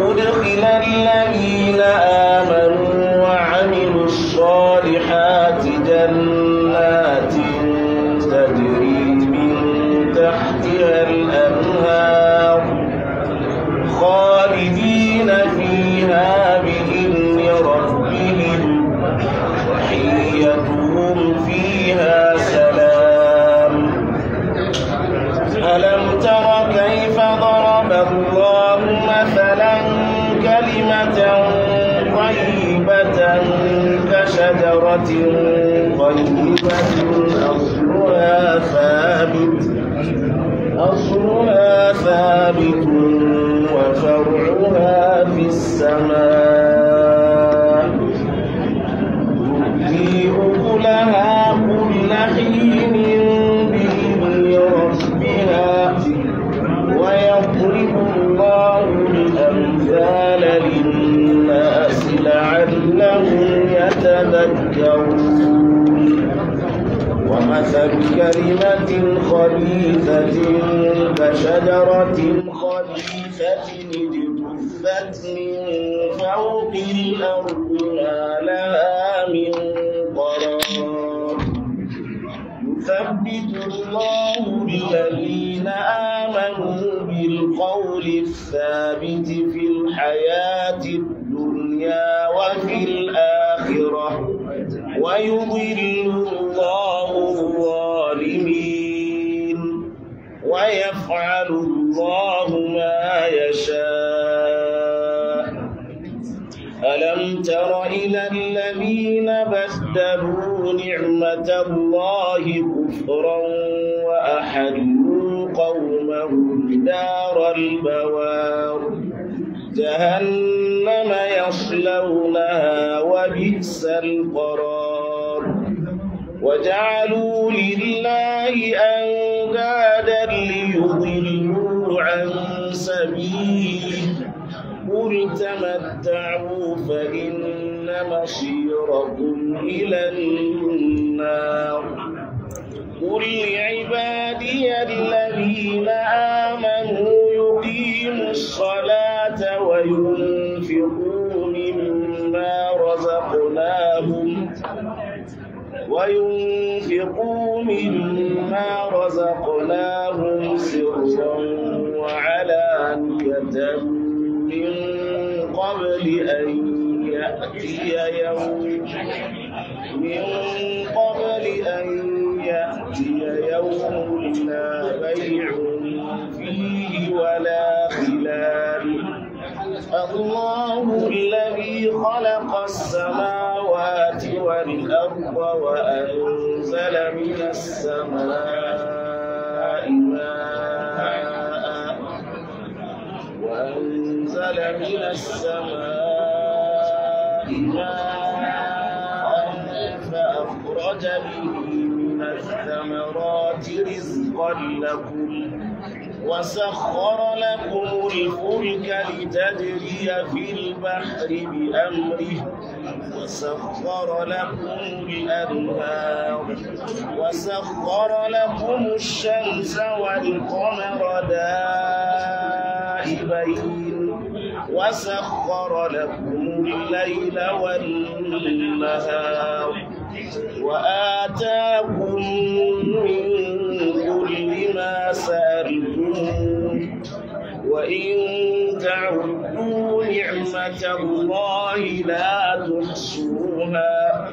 وأدخل الذين آمنوا Glad بكلمة خبيثة كشجرة بدلوا نعمة الله كفرا وأحلوا قومهم دار البوار جهنم يصلونها وبئس القرار وجعلوا لله أندادا ليضلوا عن سبيله قل تمتعوا فإن مصيركم إلى النار قل لعبادي الذين آمنوا يقيموا الصلاة وينفقوا مما رزقناهم وينفقوا مما رزقناهم سرا وعلانية من قبل أن يأتي يوم من قبل أن يأتي يوم لا بيع فيه ولا خلال الله الذي خلق السماوات والأرض وأنزل من السماء ماء وأنزل من السماء ماء فأخرج به من الثمرات رزقا لكم وسخر لكم الفلك لتجري في البحر بأمره وسخر لكم الأنهار وسخر لكم الشمس والقمر دائبين وسخر لكم الليل والنهار وآتاكم من كل ما سألتم وإن تعدوا نعمة الله لا تحصوها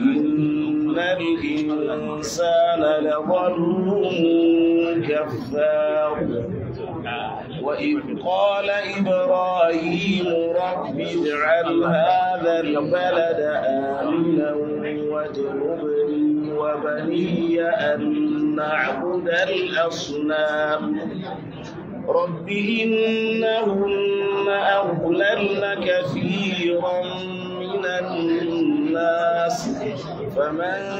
إن الإنسان لظلم كفار وإذ قال إبراهيم رب اجعل هذا البلد آمنا واجنبني وبني أن نعبد الأصنام رب إنهن أضللن كثيرا من الناس فمن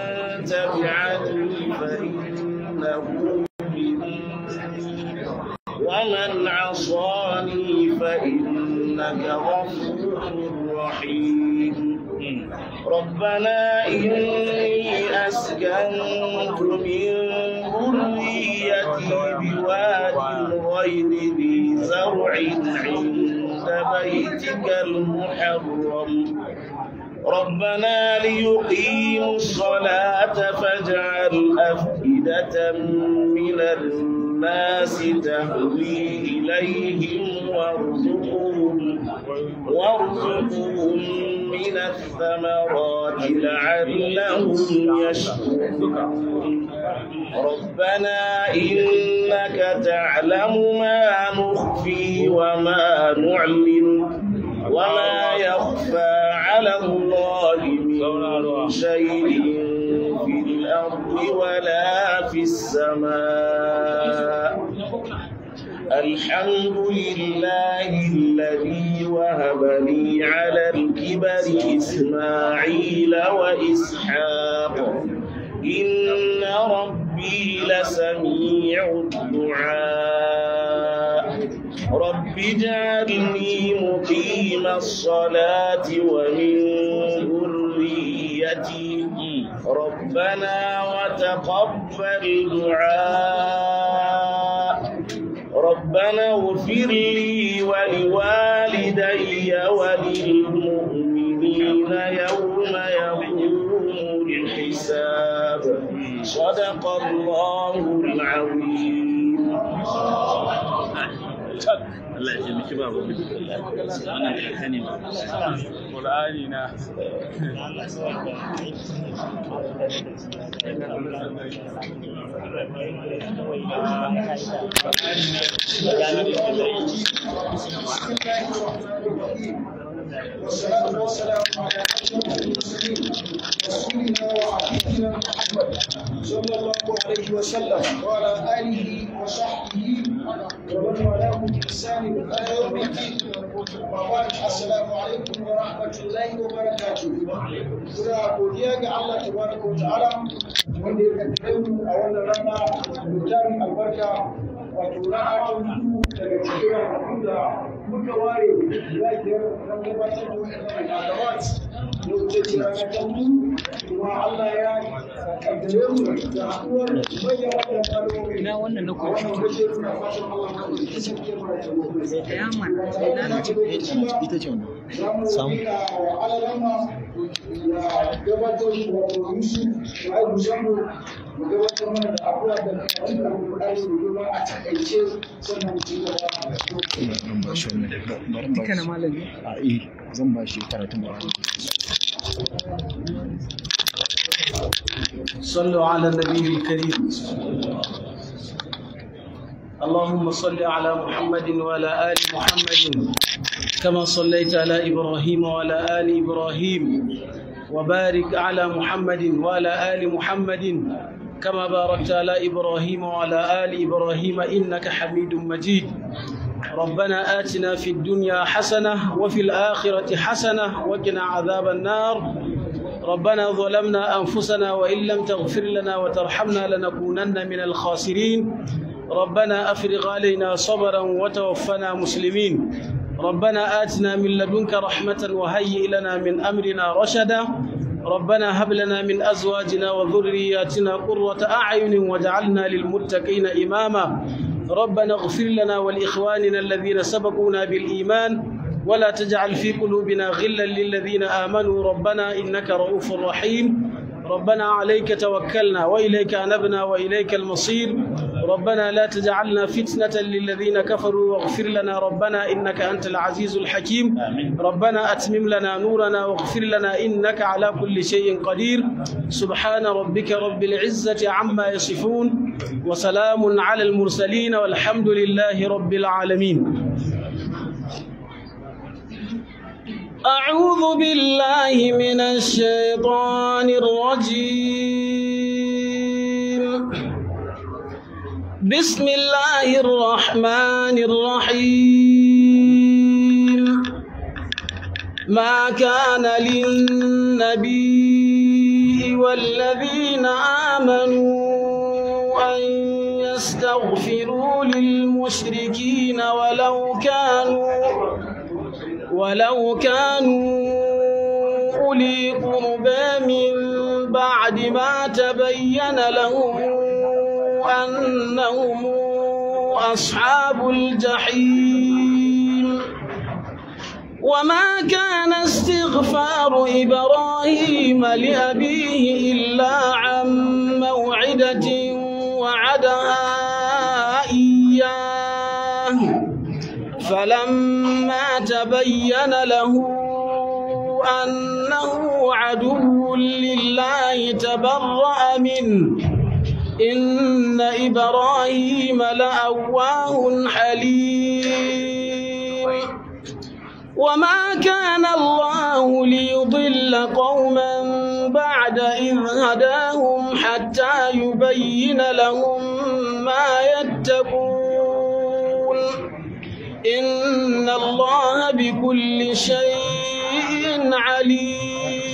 تبعني فإنه ومن عصاني فإنك غفور رحيم ربنا إني أسكنت من ذريتي بواد غير ذي زرع عند بيتك المحرم ربنا ليقيموا الصلاة فاجعل أفئدة من الناس الناس تهوي إليهم وارزقهم وارزقهم من الثمرات لعلهم يشكرون ربنا إنك تعلم ما نخفي وما نعلن وما يخفى على الله من شيء الأرض ولا في السماء الحمد لله الذي وهب لي على الكبر إسماعيل وإسحاق إن ربي لسميع الدعاء رب اجعلني مقيم الصلاة ومن ذريتي ربنا وتقبل دعاء ربنا اغفر لي ولوالدي وللمؤمنين يوم يقوم الحساب صدق الله العظيم Allah ya taimaki ba ba wannan kaka ne ba Qur'ani na na والصلاة والسلام على أشرف المرسلين رسولنا وحبيبنا محمد صلى الله عليه وسلم وعلى آله وصحبه ومن والاه بإحسان إلى يوم الدين السلام عليكم ورحمة الله وبركاته muna godiya ga Allah tabaraka wa ta'ala wanda ya kaddare mu a wannan wato ra'ayoyi daga cikin da muka ware gabatar da wuce kuma Allah ya kaddare mu da haɗuwar bayan na wannan na kuma da yaman na na ce ita ce wannan samu صلوا على النبي الكريم اللهم صل على محمد وعلى ال محمد كما صليت على ابراهيم وعلى ال ابراهيم وبارك على محمد وعلى آل محمد كما باركت على إبراهيم وعلى آل إبراهيم إنك حميد مجيد ربنا آتنا في الدنيا حسنة وفي الآخرة حسنة وقنا عذاب النار ربنا ظلمنا أنفسنا وإن لم تغفر لنا وترحمنا لنكونن من الخاسرين ربنا أفرغ علينا صبرا وتوفنا مسلمين ربنا آتنا من لدنك رحمة وهيئ لنا من أمرنا رشدا ربنا هب لنا من أزواجنا وذرياتنا قرة أعين وجعلنا للمتقين إماما ربنا اغفر لنا ولإخواننا الذين سبقونا بالإيمان ولا تجعل في قلوبنا غلا للذين آمنوا ربنا إنك رؤوف رحيم ربنا عليك توكلنا وإليك أنبنا وإليك المصير ربنا لا تجعلنا فتنة للذين كفروا واغفر لنا ربنا إنك أنت العزيز الحكيم ربنا أتمم لنا نورنا واغفر لنا إنك على كل شيء قدير سبحان ربك رب العزة عما يصفون وسلام على المرسلين والحمد لله رب العالمين أعوذ بالله من الشيطان الرجيم بسم الله الرحمن الرحيم ما كان للنبي والذين آمنوا أن يستغفروا للمشركين ولو كانوا ولو كانوا أولي قربى من بعد ما تبين لهم أنهم أصحاب الجحيم وما كان استغفار إبراهيم لأبيه إلا عن موعدة وعدها فلما تبين له أنه عدو لله تبرأ منه إن إبراهيم لأواه حليم وما كان الله ليضل قوما بعد إذ هداهم حتى يبين لهم ما يتقون إن الله بكل شيء عليم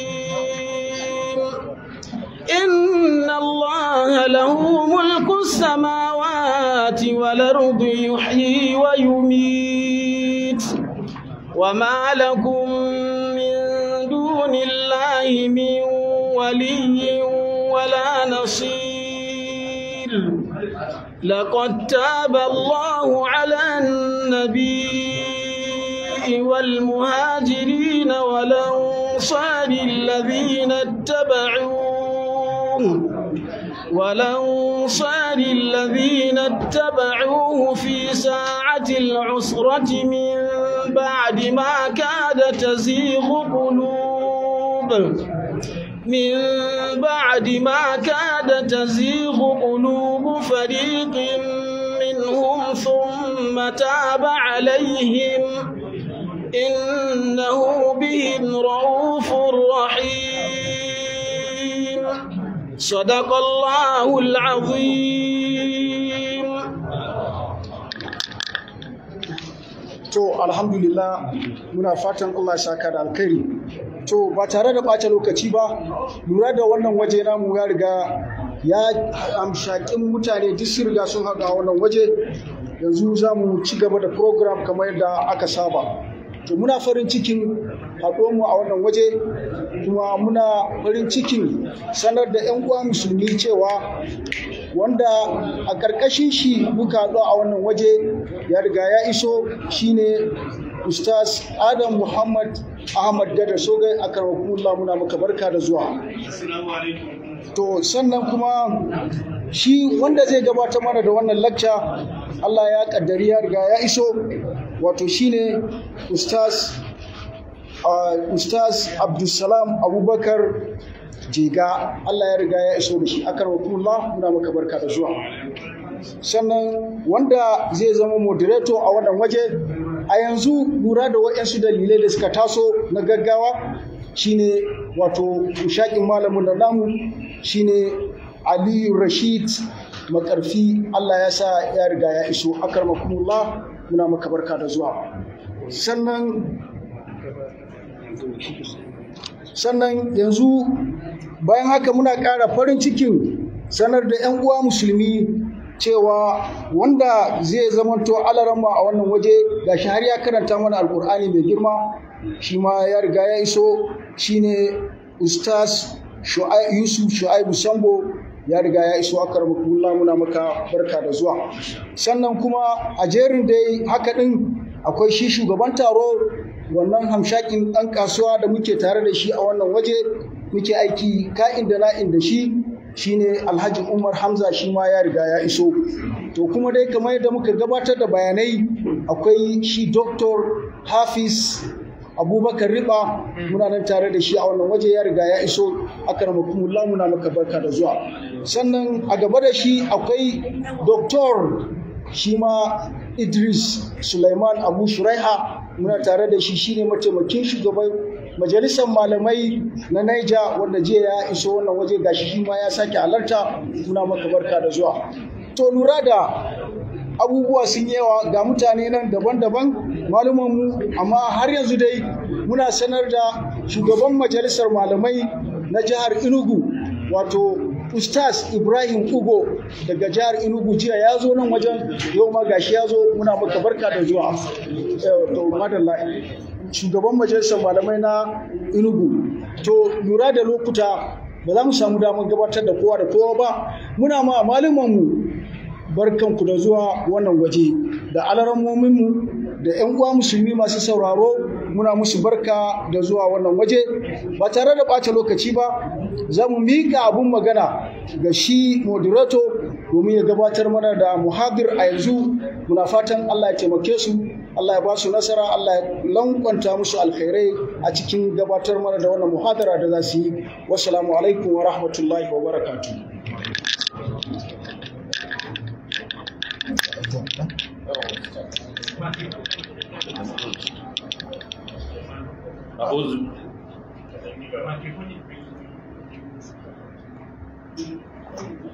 إن الله له ملك السماوات والأرض يحيي ويميت وما لكم من دون الله من ولي ولا نصير لقد تاب الله على النبي والمهاجرين والأنصار الذين اتبعوه والأنصار الذين اتبعوه في ساعة العسرة من بعد ما كاد تزيغ قلوب من بعد ما كاد تزيغ قلوب فريق منهم ثم تاب عليهم إنه بهم رؤوف رحيم صدق الله العظيم تو الحمد لله fatan الله شاكر الكريم to ba tare da ɓata lokaci ba lura da wannan waje namu ya riga ya amshakin mutane duk sun riga sun haɗu a wannan waje yanzu za mu ci gaba da program kamar yadda aka saba to muna farin cikin mu a wannan waje kuma muna farin cikin sanar da 'yan uwa musulmi cewa wanda a ƙarƙashin shi muka haɗu a wannan waje ya riga ya iso shine ustaz adam muhammad Ahmad Dada Sogai a karwakullah muna maka barka da zuwa. To sannan kuma shi wanda zai gabata mana da wannan lacca Allah ya kaddari ya riga ya iso wato shine Ustaz uh, Ustaz Abdulsalam Abubakar Jega Allah ya riga ya iso da shi a muna maka barka da zuwa. sannan wanda zai zama moderator a wannan waje a yanzu lura da waɗansu dalilai da suka taso na gaggawa shine wato shaƙin malamin da namu shine aliyu rashid makarfi allah ya sa ya riga ya iso akarmakumullah muna maka barka da zuwa sannan sannan yanzu bayan haka muna ƙara farin cikin sanar da 'yan uwa musulmi cewa wanda zai zamanto alarama a wannan waje gashi har ya karanta mana alkur'ani mai girma shi ma ya riga ya iso shine ustaz yusuf shu'aibu sambo ya riga ya iso aka kula muna maka barka da zuwa sannan kuma a jerin dai haka din akwai shi shugaban taro wannan hamshakin ɗan kasuwa da muke tare da shi a wannan waje muke aiki ka'in da na'in da shi Shi ne alhaji umar hamza shi ma ya riga ya iso to kuma dai kamar yadda muka gabatar da bayanai akwai shi Dr. hafiz abubakar riba muna nan tare da shi a wannan waje ya riga ya iso aka rama kuma muna maka barka da zuwa sannan a gaba da shi akwai Dr. shi ma idris suleiman abu shuraiha muna tare da shi shine mataimakin shugaban majalisar malamai na naija wanda jiya ya iso wannan waje gashi shi ma ya sake halarta muna maka barka da zuwa to lura da abubuwa sun yi yawa ga mutane nan daban-daban malumanmu amma har yanzu dai muna sanar da shugaban majalisar malamai na jihar inugu wato ustaz ibrahim ugo daga jihar inugu jiya ya zo nan wajen yau ma gashi ya zo muna maka barka da zuwa eh, shugaban majalisar malamai na inugu to lura da lokuta ba za mu samu damar gabatar da kowa da kowa ba muna ma malumanmu barkanku da zuwa wannan waje da alarammominmu da 'yan uwa musulmi masu sauraro muna musu barka da zuwa wannan waje ba tare da ɓata lokaci ba za mu miƙa abun magana ga shi moderator domin ya gabatar mana da muhabir a yanzu muna fatan allah ya taimake su Allah ya ba su nasara Allah ya lankwanta musu alkhairai a cikin gabatar mana da wannan muhadara da za su yi wasu alaikum wa rahmatullahi wa barakatu. Thank you.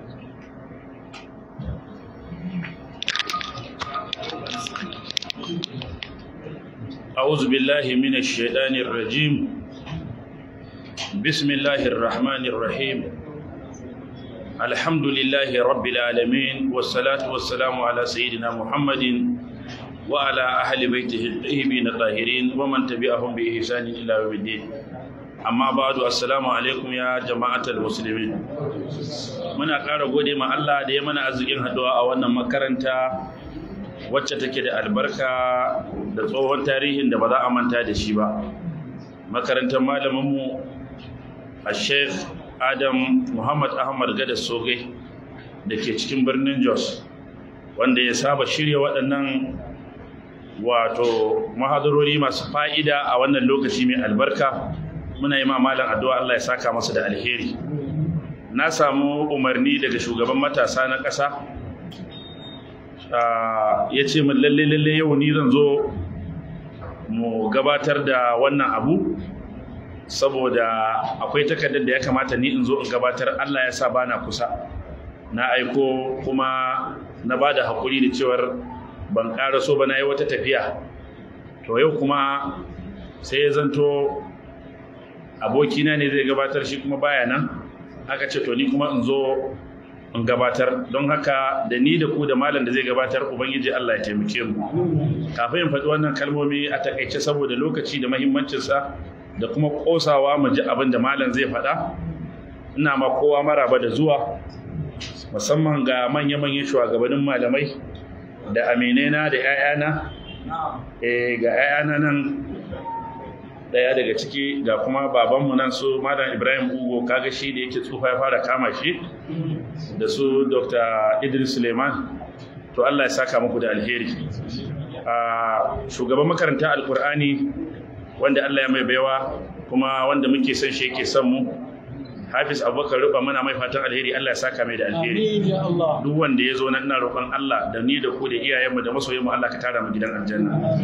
أعوذ بالله من الشيطان الرجيم بسم الله الرحمن الرحيم الحمد لله رب العالمين والصلاة والسلام على سيدنا محمد وعلى أهل بيته الطيبين الطاهرين ومن تبعهم بإحسان إلى يوم الدين amma ba'du assalamu alaikum ya jama'atul muslimin muna ƙara gode ma Allah da ya mana arzikin haɗuwa a wannan makaranta wacce take da albarka da tsohon tarihin da ba za a manta da shi ba makarantar malaminmu a sheikh adam muhammad ahmad gada soge da ke cikin birnin jos wanda ya saba shirya waɗannan wato mahadarori masu fa'ida a wannan lokaci mai albarka muna yi malam addu'a Allah ya saka masa da alheri na samu umarni daga shugaban matasa na ƙasa ya ce min lalle lalle yau ni zan zo mu gabatar da wannan abu saboda akwai takardar da ya kamata ni in zo in gabatar Allah ya sa bana kusa na aiko kuma na ba da haƙuri da cewar ban ƙara so ba na yi wata tafiya to yau kuma sai ya zanto abokina ne zai gabatar shi kuma baya nan aka ce to ni kuma in zo in gabatar don haka da ni da ku da malam da zai gabatar ubangiji Allah ya taimake mu kafin in faɗi wannan kalmomi a takaice saboda lokaci da mahimmancinsa da kuma ƙosawa mu ji abin da malam zai faɗa ina ma kowa maraba da zuwa musamman ga manya-manyan shugabannin malamai da aminena da 'ya'yana eh ga 'ya'yana nan daya daga ciki da kuma babanmu nan su madan ibrahim ugo kaga shi da yake tsufa ya fara kama shi da su dr idris suleiman to allah ya saka muku da alheri shugaban makaranta alkur'ani wanda allah ya mai baiwa kuma wanda muke son shi yake son mu Hafiz Abubakar Ruba muna mai fatan alheri Allah ya saka mai da alheri. Duk wanda ya zo na ina roƙon Allah da ni da ku da iyayenmu da masoyinmu, Allah ka tara mu gidan aljanna.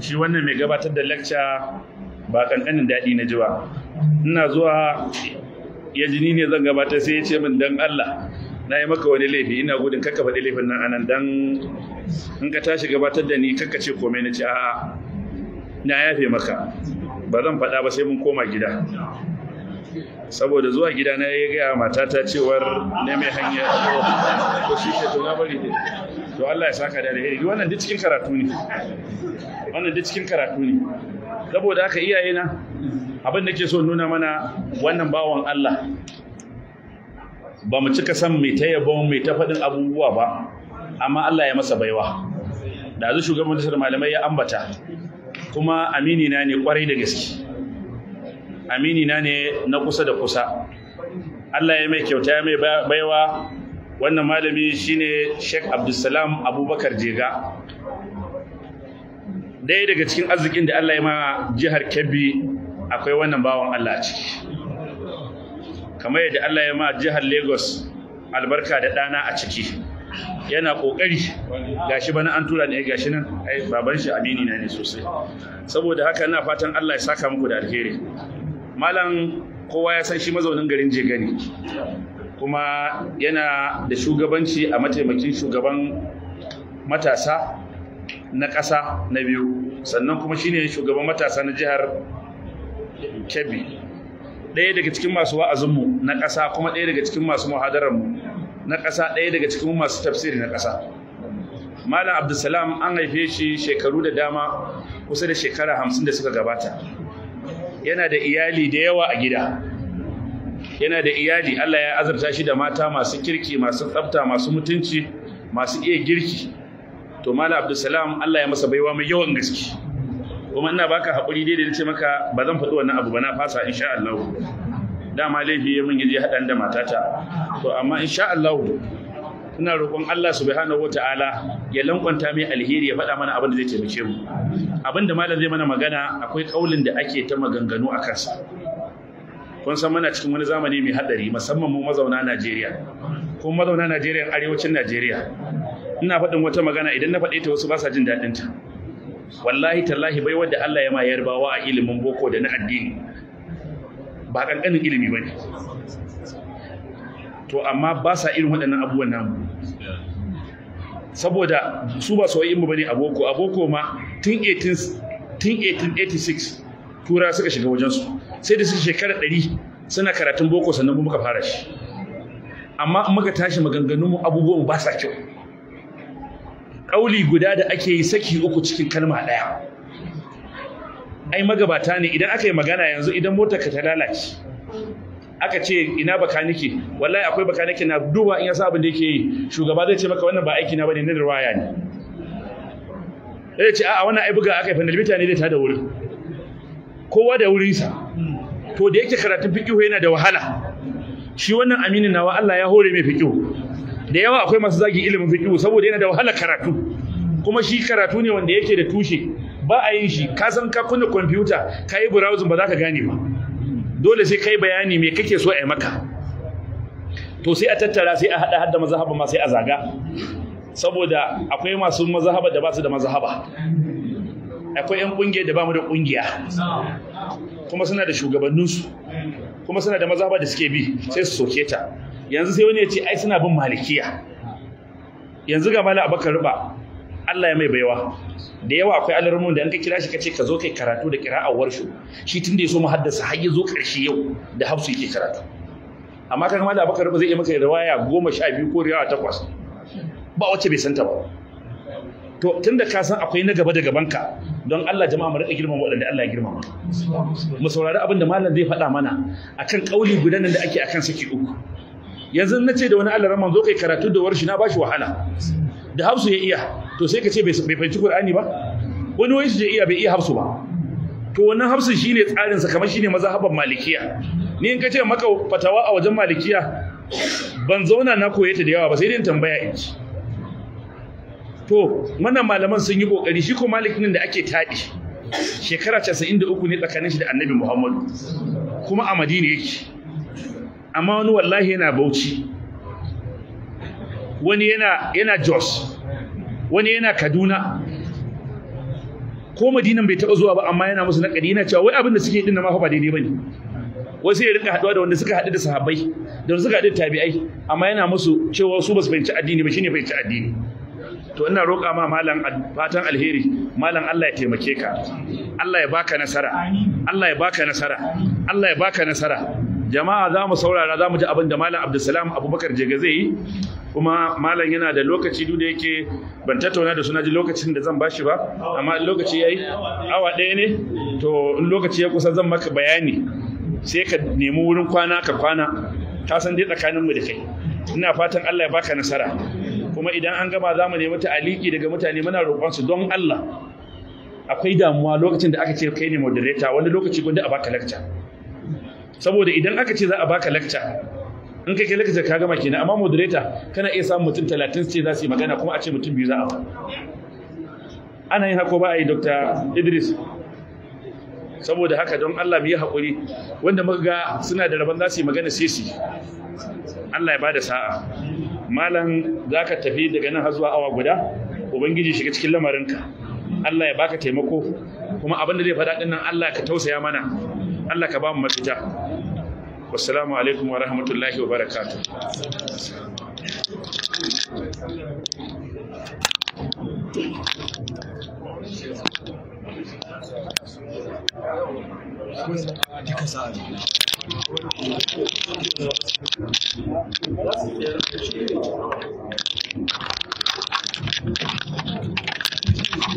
Shi wannan mai gabatar da lecture ba kankanin daɗi na ji ba ina zuwa ya jini ne zan gabata sai ya ce min dan Allah na yi maka wani laifi ina gudun kakka faɗi laifin nan anan dan in ka tashi gabatar da ni kakka ce komai na ce a'a na yafe maka ba zan faɗa ba sai mun koma gida saboda zuwa gida na ya gaya matata cewar na mai hanya ko shi ke to na bari ne to Allah ya saka da alheri wannan duk cikin karatu ne wannan duk cikin karatu ne saboda haka iyaye na abin da ke so nuna mana wannan bawan Allah ba mu cika san mai ta yabon mai ta faɗin abubuwa ba amma Allah ya masa baiwa da zu shugaban majalisar malamai ya ambata kuma amini na ne kwarai da gaske amini na ne na kusa da kusa Allah ya mai kyauta ya mai baiwa wannan malami shine Sheikh Abdulsalam Abubakar Jega ɗaya daga cikin arzikin da Allah ya ma jihar Kebbi akwai wannan bawan Allah ciki kamar yadda Allah ya ma jihar Lagos albarka da ɗana a ciki yana kokari gashi bana an tura ne gashi nan ai baban shi amini na ne sosai saboda haka ina fatan Allah ya saka muku da alheri malam kowa ya san shi mazaunin garin Jegani kuma yana da shugabanci a mataimakin shugaban matasa na ƙasa na biyu sannan kuma shine shugaban matasa na jihar kebbi ɗaya daga cikin masu wa'azinmu na ƙasa kuma ɗaya daga cikin masu muhadararmu na ƙasa ɗaya daga cikin masu tafsiri na ƙasa malam abdulsalam an haife shi shekaru da dama kusa da shekara hamsin da suka gabata yana da iyali da yawa a gida yana da iyali allah ya azurta shi da mata masu kirki masu tsafta masu mutunci masu iya girki to mala abdulsalam Allah ya masa baiwa mai yawan gaske kuma ina baka hakuri dai da ce maka ba zan faɗi wannan abu ba na fasa insha Allah dama laifi ya mun yaje haɗan da matata to amma insha Allah ina roƙon Allah subhanahu wata'ala ya lankwanta mai alheri ya faɗa mana abin da zai taimake mu abin da malam zai mana magana akwai kaulin da ake ta maganganu a kansa kun san muna cikin wani zamani mai haɗari musamman mu mazauna Najeriya Kuma mazauna Najeriya arewacin Najeriya ina faɗin wata magana idan na faɗe ta wasu ba sa jin daɗin ta wallahi tallahi bai wadda Allah ya ma yarbawa a ilimin boko da na addini ba kankanin ilimi ba ne. to amma ba sa irin waɗannan abubuwan namu saboda su ba soyayyen mu ne a boko a boko ma tun 1886 tura suka shiga wajensu sai da suka shekara ɗari suna karatun boko sannan muka fara shi amma in muka tashi maganganunmu abubuwan ba sa kyau ƙauli guda da ake yi saki uku cikin kalma ɗaya ai magabata ne idan aka yi magana yanzu idan motarka ka ta lalace aka ce ina baka nake wallahi akwai baka nake na duba in ya abin da yake yi shugaba zai ce maka wannan ba aiki na bane na ruwaya ne zai ce a'a wannan ai buga aka yi fanalbita ne zai ta da wuri kowa da wurinsa to da yake karatun fiqihu yana da wahala shi wannan aminin nawa Allah ya hore mai fiqihu da yawa akwai masu zagin ilimin fiqh saboda yana da wahala karatu kuma shi karatu ne wanda yake da tushe ba a yin shi ka san ka kunna kwamfuta ka yi browsing ba za ka gane ba dole sai kai bayani me kake so a yi maka to sai a tattara sai a hada hadda mazhaba ma sai a zaga saboda akwai masu mazhaba da ba su da mazhaba akwai yan kungiya da ba mu da kungiya kuma suna da shugabanninsu kuma suna da mazhaba da suke bi sai su soke ta yanzu sai wani ya ce ai suna bin malikiya yanzu ga malam abakar ruba Allah ya mai baiwa da yawa akwai alarmun da an ka kira shi kace ka zo kai karatu da kira'a warshu shi tunda ya so mu haddasa har ya zo karshe yau da hafsu yake karatu amma kan malam abakar ruba zai yi maka riwaya goma sha biyu ko riwaya takwas ba wacce bai santa ba to tunda ka san akwai na gaba da gabanka don Allah jama'a mu rika girmama waɗanda Allah ya girmama mu saurari abinda da malam zai faɗa mana akan kauli gudanar da ake akan saki uku yanzu na ce da wani Allah manzo kai karatu da warshi na ba shi wahala da hafsu ya iya to sai ka ce bai fahimci Qur'ani ba wani wai shi iya bai iya hafsu ba to wannan hafsu shine tsarin sa kamar shine mazhaban malikiya ni in ka ce maka fatawa a wajen malikiya ban zauna na koye ta da yawa ba sai dai tambaya in ci to wannan malaman sun yi kokari shi ko malikin din da ake taɗi shekara 93 ne tsakanin shi da annabi Muhammadu. kuma a Madina yake amma wani wallahi yana bauchi wani yana yana jos wani yana kaduna ko madinan bai taɓa zuwa ba amma yana musu na yana cewa wai abin da suke ɗin na ma ba daidai bane wai sai ya rinka haɗuwa da wanda suka haɗu da sahabbai da wanda suka haɗu da tabi'ai amma yana musu cewa su ba su fahimci addini ba shine fahimci addini to ina roƙa ma malam fatan alheri malam Allah ya taimake ka Allah ya baka nasara Allah ya baka nasara Allah ya baka nasara jama'a za mu saurara za mu ji abin da malam abdulsalam abubakar jega zai yi kuma malam yana da lokaci duk da yake ban tattauna da suna ji lokacin da zan shi ba amma lokaci ya yi awa ɗaya ne to in lokaci ya kusa zan maka bayani sai ka nemi wurin kwana ka kwana ta san dai mu da kai ina fatan allah ya baka nasara kuma idan an gama za mu nemi aliki daga mutane muna su don allah akwai damuwa lokacin da aka ce kai ne moderator wani lokaci gudu a baka lecture saboda idan aka ce za a baka lakca in kai lakca ka gama kenan amma moderator kana iya samun mutum talatin ce za su yi magana kuma a ce mutum biyu za a ana yin hako ba a yi dr idris saboda haka don allah mu yi haƙuri wanda muka ga suna da rabon za su yi magana sisi allah ya bada sa'a malam za ka tafi daga nan har zuwa awa guda ubangiji shiga cikin lamarinka allah ya baka taimako kuma abin da zai faɗa ɗin nan allah ka tausaya mana Allah ka ba mu mafita wassalamu alaikum wa rahmatullahi wa barakatuh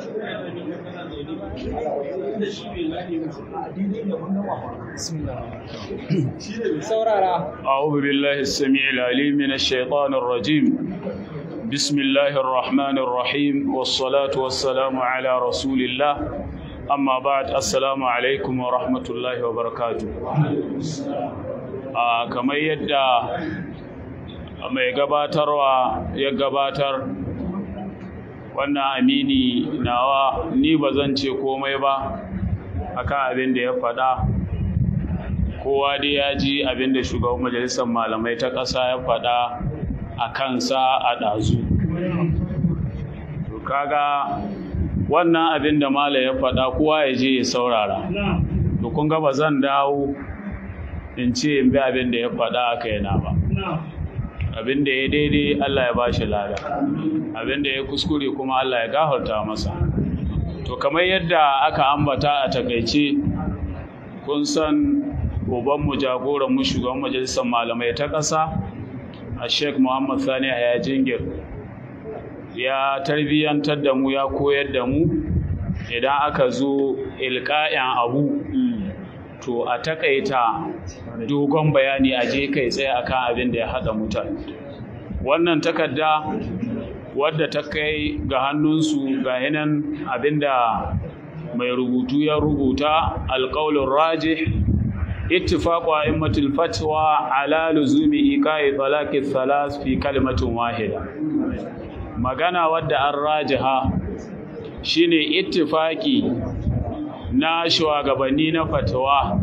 saurara a'udhu billahi as-sami'il ba'd assalamu alaykum wa wa barakatuh a kamar yadda mai gabatarwa ya gabatar wannan amini nawa ni ba zan ce komai ba akan abin da ya faɗa kowa dai ya ji abin da shugaban majalisar malamai ta ƙasa ya faɗa a kansa a ɗazu kaga wannan abin da Malam ya faɗa kowa ya je ya saurara to kun ga ba zan dawo in ce in bi abin da ya faɗa a kaina ba abin da ya daidai Allah ya bashi lada abin da ya kuskure kuma Allah ya gafarta masa to kamar yadda aka ambata a takaice kun san jagoran mu shugaban majalisar malamai ta ƙasa a sheikh muhammad sani ya jingir ya tarbiyyantar da mu ya koyar da mu idan aka zo ilka'in abu to a takaita dogon bayani a je kai tsaye akan abin da ya haɗa mutane wannan takarda wadda ta kai ga hannunsu ga yanan abin da mai rubutu ya rubuta alƙaulun raji ittifaqu a'immatul fatwa ala luzumi iqa'i talaqi thalas fi kalimatin wahida magana wadda an rajiha shine ittifaqi na shugabanni na fatawa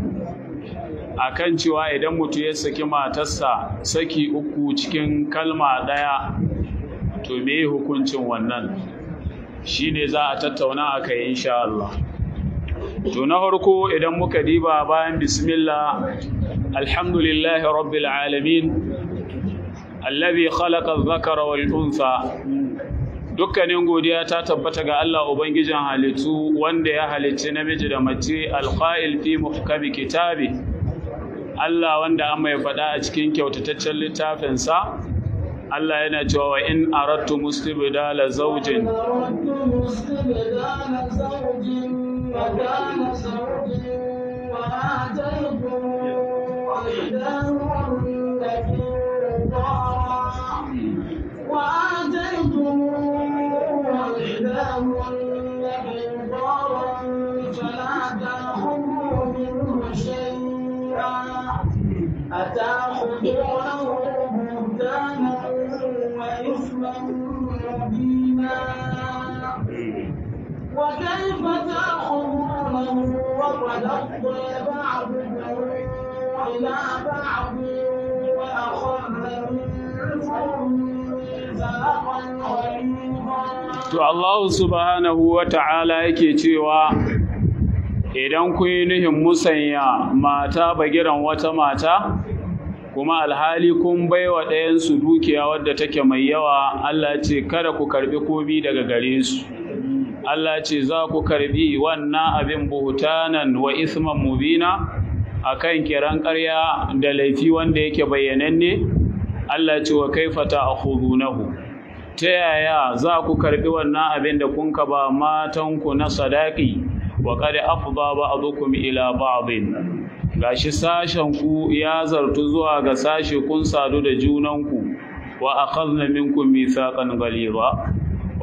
a kan cewa idan mutum ya saki matarsa saki uku cikin kalma ɗaya to me hukuncin wannan shi ne za a tattauna aka kai insha Allah to na farko idan muka diba bayan bismillah alhamdulillahi rabbil alamin alladhi khalaqa adh-dhakara wal untha dukkanin godiya ta tabbata ga Allah Ubangijin halittu wanda ya halicci namiji da mace alƙa'il fi muhkami kitabi Allah wanda an mai faɗa a cikin kyautataccen littafinsa Allah yana cewa wa in arattu mustibdala zawjin وآتيتم وآتيتم لهن حجارا فلا تأخذوا منه شيئا أتأخذونه بهتانا وإثما مبينا وكيف تأخذونه وقد أفضى بعضكم إلى بعض وأخذ منكم to Allah subhanahu wa ta'ala yake cewa idan ku yi nuhin musanya mata bagiran wata mata kuma alhali kun baiwa ɗayansu dukiya wadda take mai yawa Allah ce kada ku karbi komi daga gare su Allah ce za ku karbi wannan abin buhutanan wa isman mubina akan kiran ƙarya da laifi wanda yake bayyananne Allah ce wa kaifa ta'khudunahu ta yaya za ku karbi wannan abin da kun ka ba matan ku na sadaki wa qad afda ba'dukum ila ba'din gashi sashen ku ya zartu zuwa ga sashi kun sadu da junan ku wa akhadna minkum mithaqan ghalira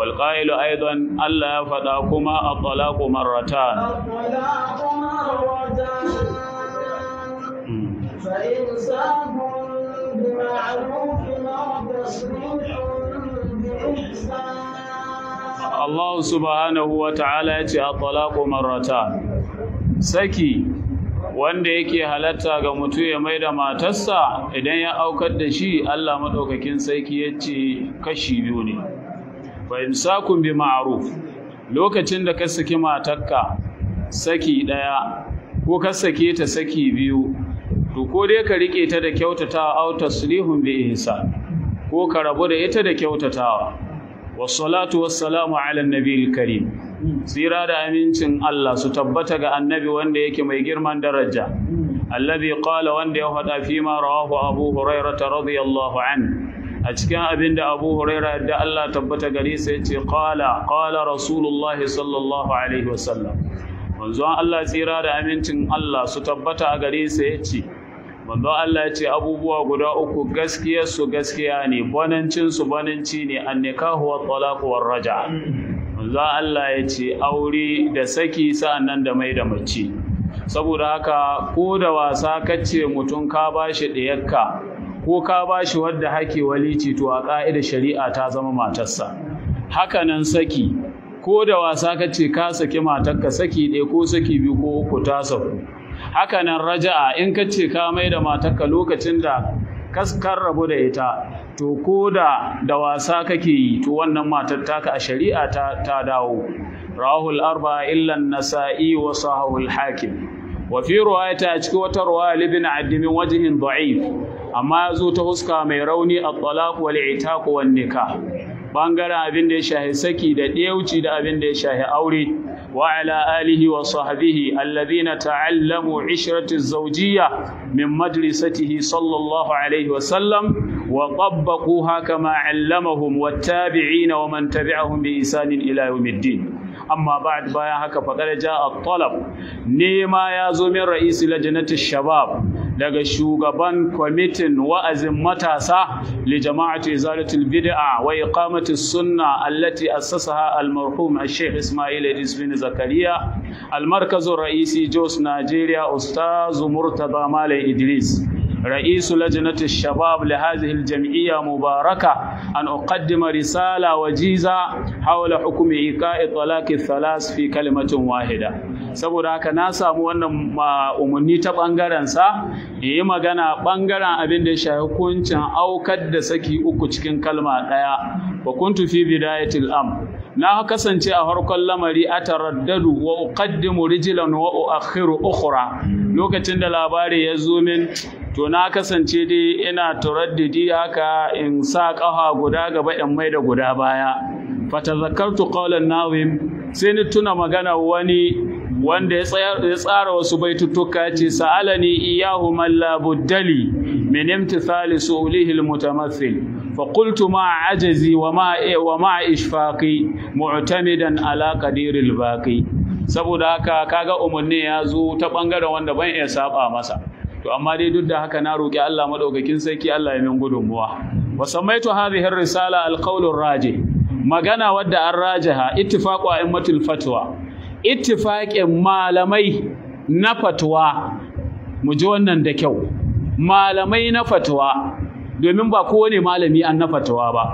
wal qailu aidan Allah ya faɗa kuma at-talaqu marratan at-talaqu marratan hmm. fa in Allah subhanahu wa ta'ala ya ce a marata, saki wanda yake halatta ga mutum ya mai da matarsa idan ya aukar da shi Allah maɗaukakin saki ya ce kashi biyu ne fa imsakun bi ma'ruf lokacin da ka saki matarka saki ɗaya ko ka sake ta saki biyu to ko dai ka rike ta da kyautatawa aw taslihun bi ihsan ko ka rabu da ita da kyautatawa wassalatu wassalamu ala nabiyil karim tsira da amincin Allah su tabbata ga annabi wanda yake mai girman daraja alladhi qala wanda ya faɗa fi ma rawahu abu hurairah radiyallahu anhu a cikin abin da abu huraira da Allah tabbata gare sa yace qala qala rasulullah sallallahu alaihi wasallam manzon Allah tsira da amincin Allah su tabbata a gare sa yace manzo Allah ya ce abubuwa guda uku gaskiyar su gaskiya ne banancin su bananci ne annikahu wa talaqu war raja manzo Allah ya ce aure da saki sa'annan da mai da mace saboda haka ko da wasa kace mutum ka bashi ɗiyarka, ko ka bashi wadda hake walici to a ka'ida shari'a ta zama matarsa Haka nan saki ko da wasa kace ka saki matarka saki ɗaya ko saki biyu ko uku ta saku haka nan raja'a in ka ce ka mai da matarka lokacin da kaskar rabu da ita to ko da da wasa kake yi to wannan matar taka a shari'a ta, ta dawo rahul arba illa nasa'i wa sahul hakim wa fi ta a cikin wata ruwaya libin addimin wajihin da'if amma ya zo ta huska mai rauni a talaq wal itaq wan nikah bangaren abin da ya shahi saki da ɗiyauci da abin da ya shahi aure وعلى آله وصحبه الذين تعلموا عشرة الزوجية من مجلسته صلى الله عليه وسلم وطبقوها كما علمهم والتابعين ومن تبعهم بإحسان إلى يوم الدين amma ba'd bayan haka faqad ja'a talab nema ya zo min ra'isi lajnati shabab daga shugaban kwamitin wa'azin matasa li jama'ati izalatul bid'a wa iqamati sunna allati assasaha al-marhum a sheikh Ismail Idris bin Zakariya al ra'isi Jos Najeriya, Ustaz Murtada Malai Idris رئيس لجنة الشباب لهذه الجمعية مباركة أن أقدم رسالة وجيزة حول حكم إيقاء طلاق الثلاث في كلمة واحدة saboda haka na samu wannan umarni ta ɓangarensa ya yi magana ɓangaren abin da ya shafi hukuncin aukar da saki uku cikin kalma ɗaya wa kuntu fi bidayatil am na kasance a harkon lamari a taraddadu wa uqaddimu rijlan wa uakhiru ukhra lokacin da labari ya zo min to na kasance dai ina turaddidi haka in sa ƙafa guda gaba in mai da guda baya fatazakartu qawlan nazim sai ni tuna magana wani wanda ya tsara wasu baitutuka ce sa'alani iyahu man la buddali min imtithali su'ulihi almutamathil fa qultu ma ajazi wa ma wa ma ishfaqi mu'tamidan ala qadiril baqi saboda haka kaga umurni ya zo ta bangaren wanda ban iya saba masa to amma dai duk da haka na roƙi Allah madaukakin sarki Allah ya min gudunmuwa wa samaitu hadhihi risala alqawlur raji magana wadda an rajaha ittifaqu a'immatul fatwa ittifaqin malamai na fatwa mu ji wannan da kyau malamai na fatwa domin ba kowane malami an na fatwa ba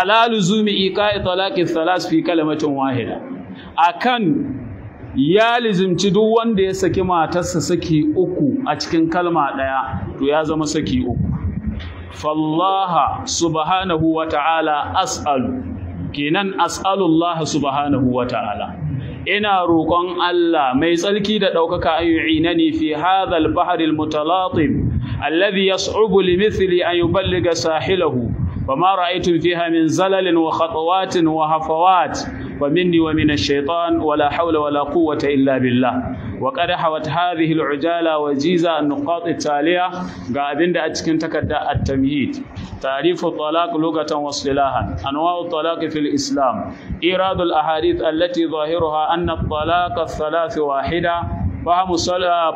ala luzumi iqa'i talaqi thalas fi kalamatin wahida akan ya lizimci duk wanda ya saki matarsa saki uku a cikin kalma ɗaya to ya zama saki uku fallaha subhanahu wa ta'ala as'alu kenan as'alullah subhanahu wa ta'ala ina roƙon Allah mai tsarki da ɗaukaka an yu'inani fi hadha al-bahr al-mutalatib alladhi yas'ubu li mithli an yuballigha sahilahu wa ma ra'aytum fiha min zalalin wa khatawatin wa hafawat wa minni wa min ash-shaytan wa la hawla wa la quwwata illa billah wa qad hawat hadhihi al-ujala wa jiza an-nuqat ga abinda a cikin takarda at-tamhid ta'rifu talaq lugatan wa silahan anwa'u talaq fi al-islam iradu al-ahadith allati zahiruha anna at-talaq ath-thalath wahida فهم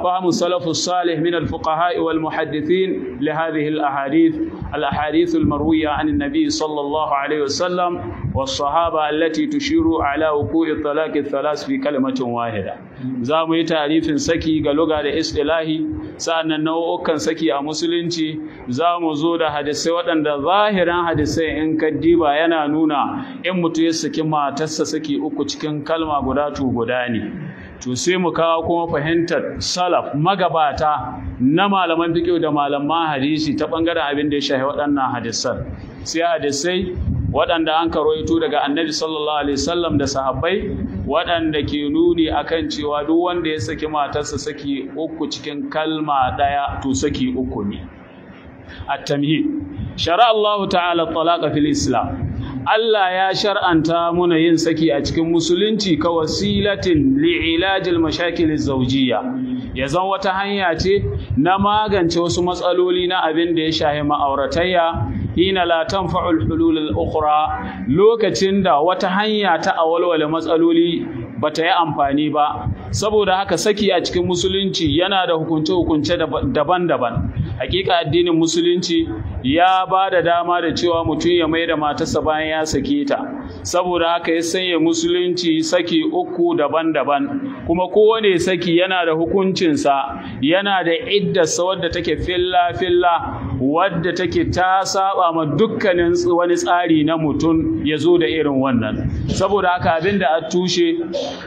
فهم السلف الصالح من الفقهاء والمحدثين لهذه الأحاديث الأحاديث المروية عن النبي صلى الله عليه وسلم والصحابة التي تشير على وقوع الطلاق الثلاث في كلمة واحدة زامو تعريف سكي قالوا إصطلاحي sa'annan nau'ukan saki a musulunci za mu zo da hadisai waɗanda zahiran hadisai in kaddiba yana nuna in mutu ya saki matarsa saki uku cikin kalma guda to guda ne to sai mu kawo kuma fahimtar salaf magabata na malaman fiqh da malaman hadisi ta ɓangaren abin da ya shafi waɗannan hadisan sai hadisai waɗanda an karoito daga annabi sallallahu alaihi wasallam da sahabbai waɗanda ke nuni akan cewa duk wanda ya saki matarsa saki uku cikin kalma ɗaya to saki uku ne at-tamhid shara Allah ta'ala talaqa fil islam Allah ya shar'anta muna yin saki a cikin musulunci ka wasilatin li'ilajil mashakil zawjiyya ya zan wata hanya ce na magance wasu matsaloli na abin da ya shahi ma'auratayya hina la tanfa'ul hulul ukhra lokacin da wata hanya ta awalwale matsaloli ba ta yi amfani ba saboda haka saki a cikin musulunci yana da hukunce-hukunce daban-daban hakika addinin musulunci ya ba da dama da cewa mutum ya mai da matarsa bayan ya sake ta saboda haka ya sanya musulunci saki uku daban-daban kuma kowane saki yana da hukuncinsa yana da iddarsa wadda take filla-filla wadda take ta saba ma dukkanin wani tsari na mutum ya zo da irin wannan saboda haka abin da a tushe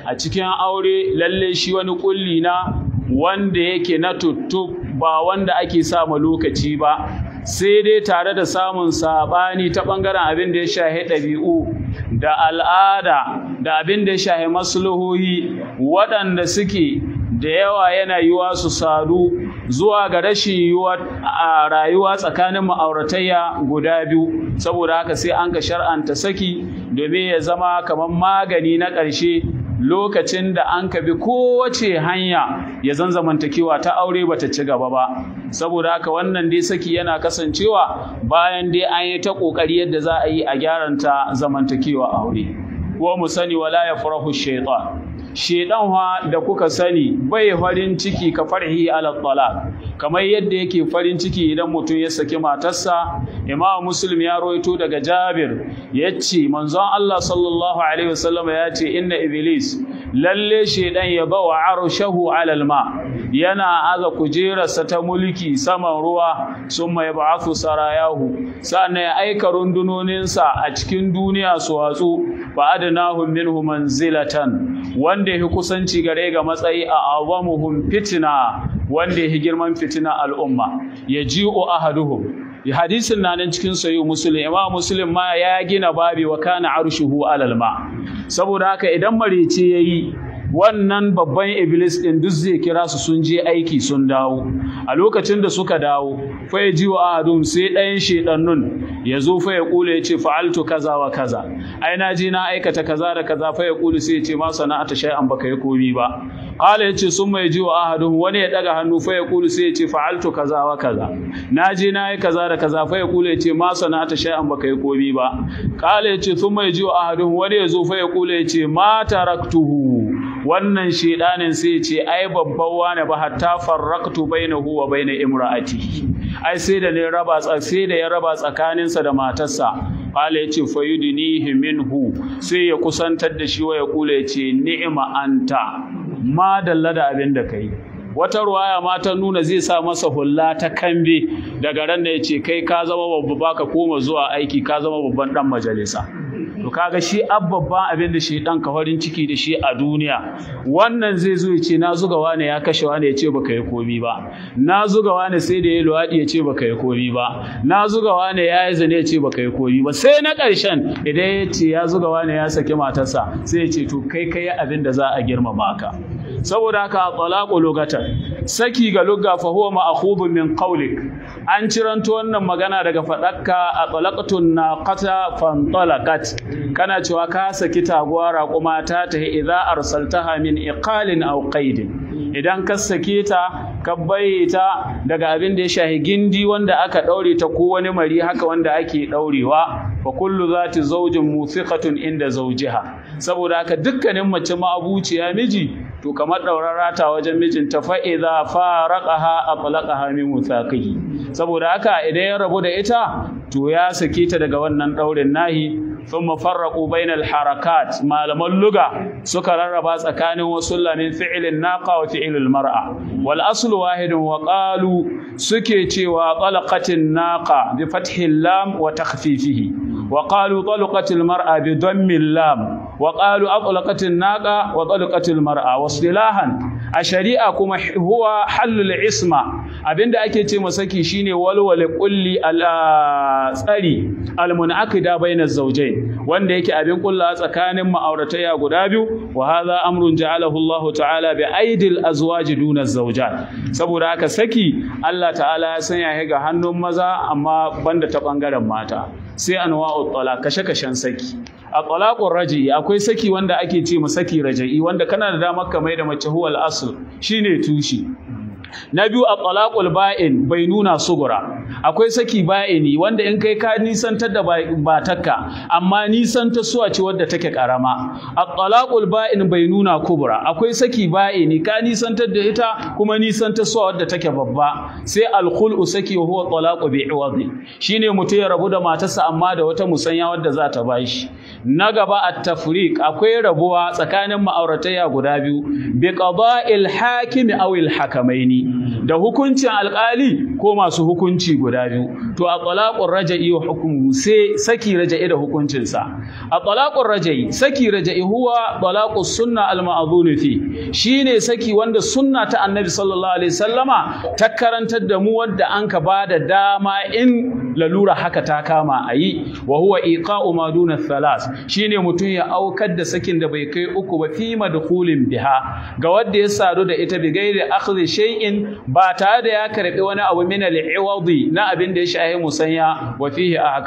a cikin aure lalle shi wani kulli na wanda yake na tuttu ba wanda ake sama lokaci ba sai dai tare da samun saɓani ta ɓangaren abin da ya shahe ɗabi'u da al'ada da abin da ya shahe masluhohi waɗanda suke da yawa yana yiwa su sadu zuwa ga rashin yiwa a rayuwa tsakanin ma'auratayya guda biyu saboda haka sai an ka shar'anta saki domin ya zama kamar magani na ƙarshe lokacin da an ka bi kowace hanya ya zan zamantakewa ta aure bata ci gaba ba saboda haka wannan dai saki yana kasancewa bayan dai an yi ta ƙoƙari yadda za a yi a gyaranta zamantakewa aure wa mu sani wala ya farahu shaitan shedan wa da kuka sani bai farin ciki ka farhi ala talaq kamar yadda yake farin ciki idan mutum ya saki matarsa imam muslim ya roito daga jabir yace manzon Allah sallallahu alaihi wasallam ya ce inna iblis lalle shedan ya ba wa arshahu ala alma yana aza kujerarsa ta mulki saman ruwa summa yab'athu sarayahu sannan ya aika rundunoninsa a cikin duniya su watsu fa adnahum minhu manzilatan wanda ya kusanci gare ga matsayi a awamuhum fitina wanda ya girman fitina al'umma ya ji'u ahaduhum hadisin na nan cikin sayu muslim imam muslim ma ya gina babi wa kana arshuhu alal ma saboda haka idan marici yayi wannan babban iblis ɗin duk zai kira su sun je aiki sun dawo a lokacin da suka dawo fa ya ji wa adum sai ɗayan nun, ya zo fa ya kula ya ce fa'altu kaza wa kaza ai na je na aikata kaza da kaza fa ya kula sai ya ce ma sana'ata shay'an baka yi komi ba qala ya ce sun mai ji wa ahadum wani ya daga hannu fa ya kula sai ya ce fa'altu kaza wa kaza na je na yi kaza da kaza fa ya kula ya ce ma sana'ata shay'an baka yi komi ba qala ya ce sun mai ji wa ahadum wani ya zo fa ya kula ya ce ma taraktuhu wannan shedanin sai ce ai babban wani ba hatta farraqtu bainahu wa bain imraati ai sai da ne raba sai da ya raba tsakaninsa da matarsa qala ce, fayudnihi minhu sai ya kusantar da shi wa ya kula Ni'ima anta ma dalla da abin da kai wata ruwaya ma ta nuna zai sa masa hulla ta kambe daga ran da ce kai ka zama babba ka koma zuwa aiki ka zama babban dan majalisa to kaga shi babban abin da shi dan ka farin ciki da shi a duniya wannan zai zo ya ce na zuga wane ya kashe wane ya ce baka yi komi ba na zuga wane sai da ya luwaɗi ya ce baka yi komi ba na zuga wane ya yi zane ya ce baka yi komi ba sai na ƙarshen idan ya ce ya zuga wane ya saki matarsa sai ya ce to kai kai abin da za a girmama ka saboda haka talaqu lugatan saki ga lugga fa huwa ma'khudun min qawlik an ciranto wannan magana daga fadakka a talaqtun naqata fantalaqat kana cewa ka saki taguwa raƙuma ta ta idza arsaltaha min iqalin aw qaidin idan ka sake ta ka baye daga abin da ya shahi gindi wanda aka daure ta ko wani mari haka wanda ake daurewa fa kullu zati zawjin muthiqatun inda zawjiha saboda haka dukkanin mace ma abuciya miji to kamar ɗaurar rata wajen mijinta fa'iza faraqaha atlaqaha min wuthaqihi saboda haka idan ya rabu da ita to ya sake ta daga wannan ɗaurin nahi thumma farraqu bainal harakat malaman luga suka rarraba tsakanin lanin fi'ilin naqa wa fi'ilil mar'a wal aslu wahidun wa qalu suke cewa talaqatin naqa bi fathin lam wa takhfifihi wa qalu talaqatil mar'a bi min lam wa qalu atlaqatin naqa wa talaqatil mar'a wasilahan a shari'a kuma huwa halul isma abinda ake ce masaki shine walwale kulli al ah, tsari al munaqida baina zawjayn wanda yake abin kulla tsakanin ma'aurataya guda biyu wa hadha amrun ja'alahu Allah ta'ala bi aidil azwaj duna zawjat saboda aka saki Allah ta'ala ya sanya shi ga hannun maza amma banda ta bangaren mata sai anwa'ut talaq kashe-kashen saki a talaqur raji'i akwai saki wanda ake ce saki raja'i wanda kana da damar ka mai da mace huwal asl shine tushi na biyu a talaqul ba'in bai nuna sugura akwai saki ba'ini wanda in kai ka nisantar da batakka amma nisan ta suwa ce wadda take karama at-talaqul ba'in nuna kubra akwai saki ba'ini ka nisantar da ita kuma nisan ta suwa wadda take babba sai al-khul'u saki wa huwa talaqu bi'iwadi shine mutum ya rabu da matarsa amma da wata musanya wadda za ta bashi na gaba at-tafriq akwai rabuwa tsakanin ma'auratayya guda biyu bi qada'il hakimi aw al-hakamaini da hukuncin alƙali ko masu hukunci guda guda biyu to a talaqur raja'i wa hukmuhu sai saki raja'i da hukuncinsa. a talaqur raja'i saki raja'i huwa talaqus sunna al ma'dhun fi shine saki wanda sunna ta annabi sallallahu alaihi sallama ta karantar da mu wanda anka bada dama in lalura haka ta kama ayi wa huwa iqa'u ma duna thalas shine mutum ya aukar da sakin da bai kai uku ba fi madkhulin biha ga wanda ya sadu da ita bi gairi akhdhi shay'in ba tare da ya karbi wani abu min al-iwadi na abin da ya shahi musanya wa fihi a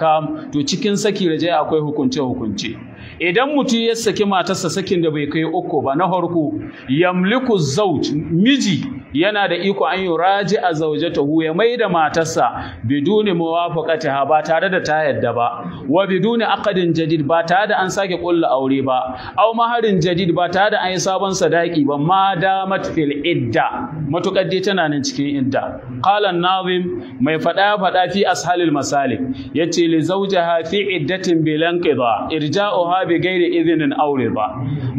to cikin saki da jai akwai hukunce hukunce idan mutum ya saki matarsa sakin da bai kai uku ba na harko yamliku zauj miji yana da iko an yuraji a zaujatahu ya mai da matarsa biduni ha ba tare da ta yadda ba wa biduni akadin jadid ba tare da an sake kulla aure ba aw maharin jadid ba tare da an yi sabon sadaki ba ma damat fil idda matukar dai tana nan cikin idda qala nazim mai fada fada fi ashalil masalik yace li zawjaha fi iddatin bilanqida irja'uha bi bi gairi izinin aure ba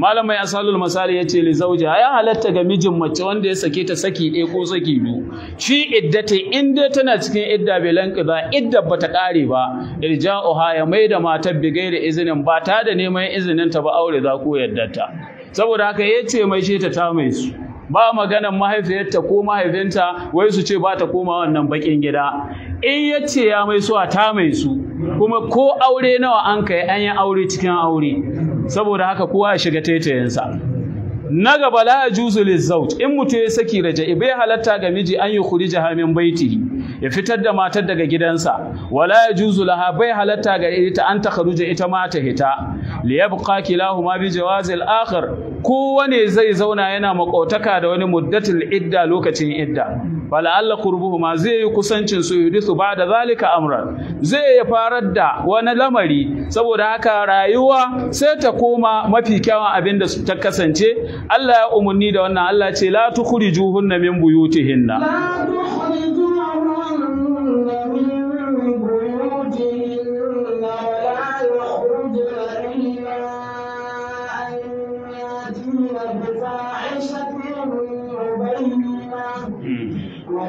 malamai asalul misali yace li zauji ya halatta ga mijin mace wanda ya sake ta saki ɗaya ko saki biyu shi iddata in dai tana cikin idda bai lanƙiza idda ta ƙare ba irja'uha ya da matar bi gairi izinin ba ta da neman izinin ta ba aure za ko yaddata saboda haka yace mai shi ta ta mai su ba maganan mahaifiyarta ko mahaifinta wai su ce ba ta koma wannan bakin gida in ya ce ya mai su a ta mai su kuma ko aure nawa an kai an yi aure cikin aure saboda haka kowa ya shiga taitayensa na gaba la juzu lizauj in mutum ya saki raja bai halatta ga miji an yi kuri min baiti ya fitar da matar daga gidansa wala ya juzu laha bai halatta ga ita an ta kharuja ita ma ta hita liyabqa kilahuma bi jawazil akhar kowane zai zauna yana makautaka da wani muddatul idda lokacin idda fala'alla qurbuhuma zai yi kusancin su yudisu ba'da zalika amran zai ya farar da wani lamari saboda haka rayuwa sai ta koma mafi kyawun abin da ta kasance Allah ya umarni da wannan Allah ce la tukhrijuhunna min buyutihinna la tukhrijuhunna min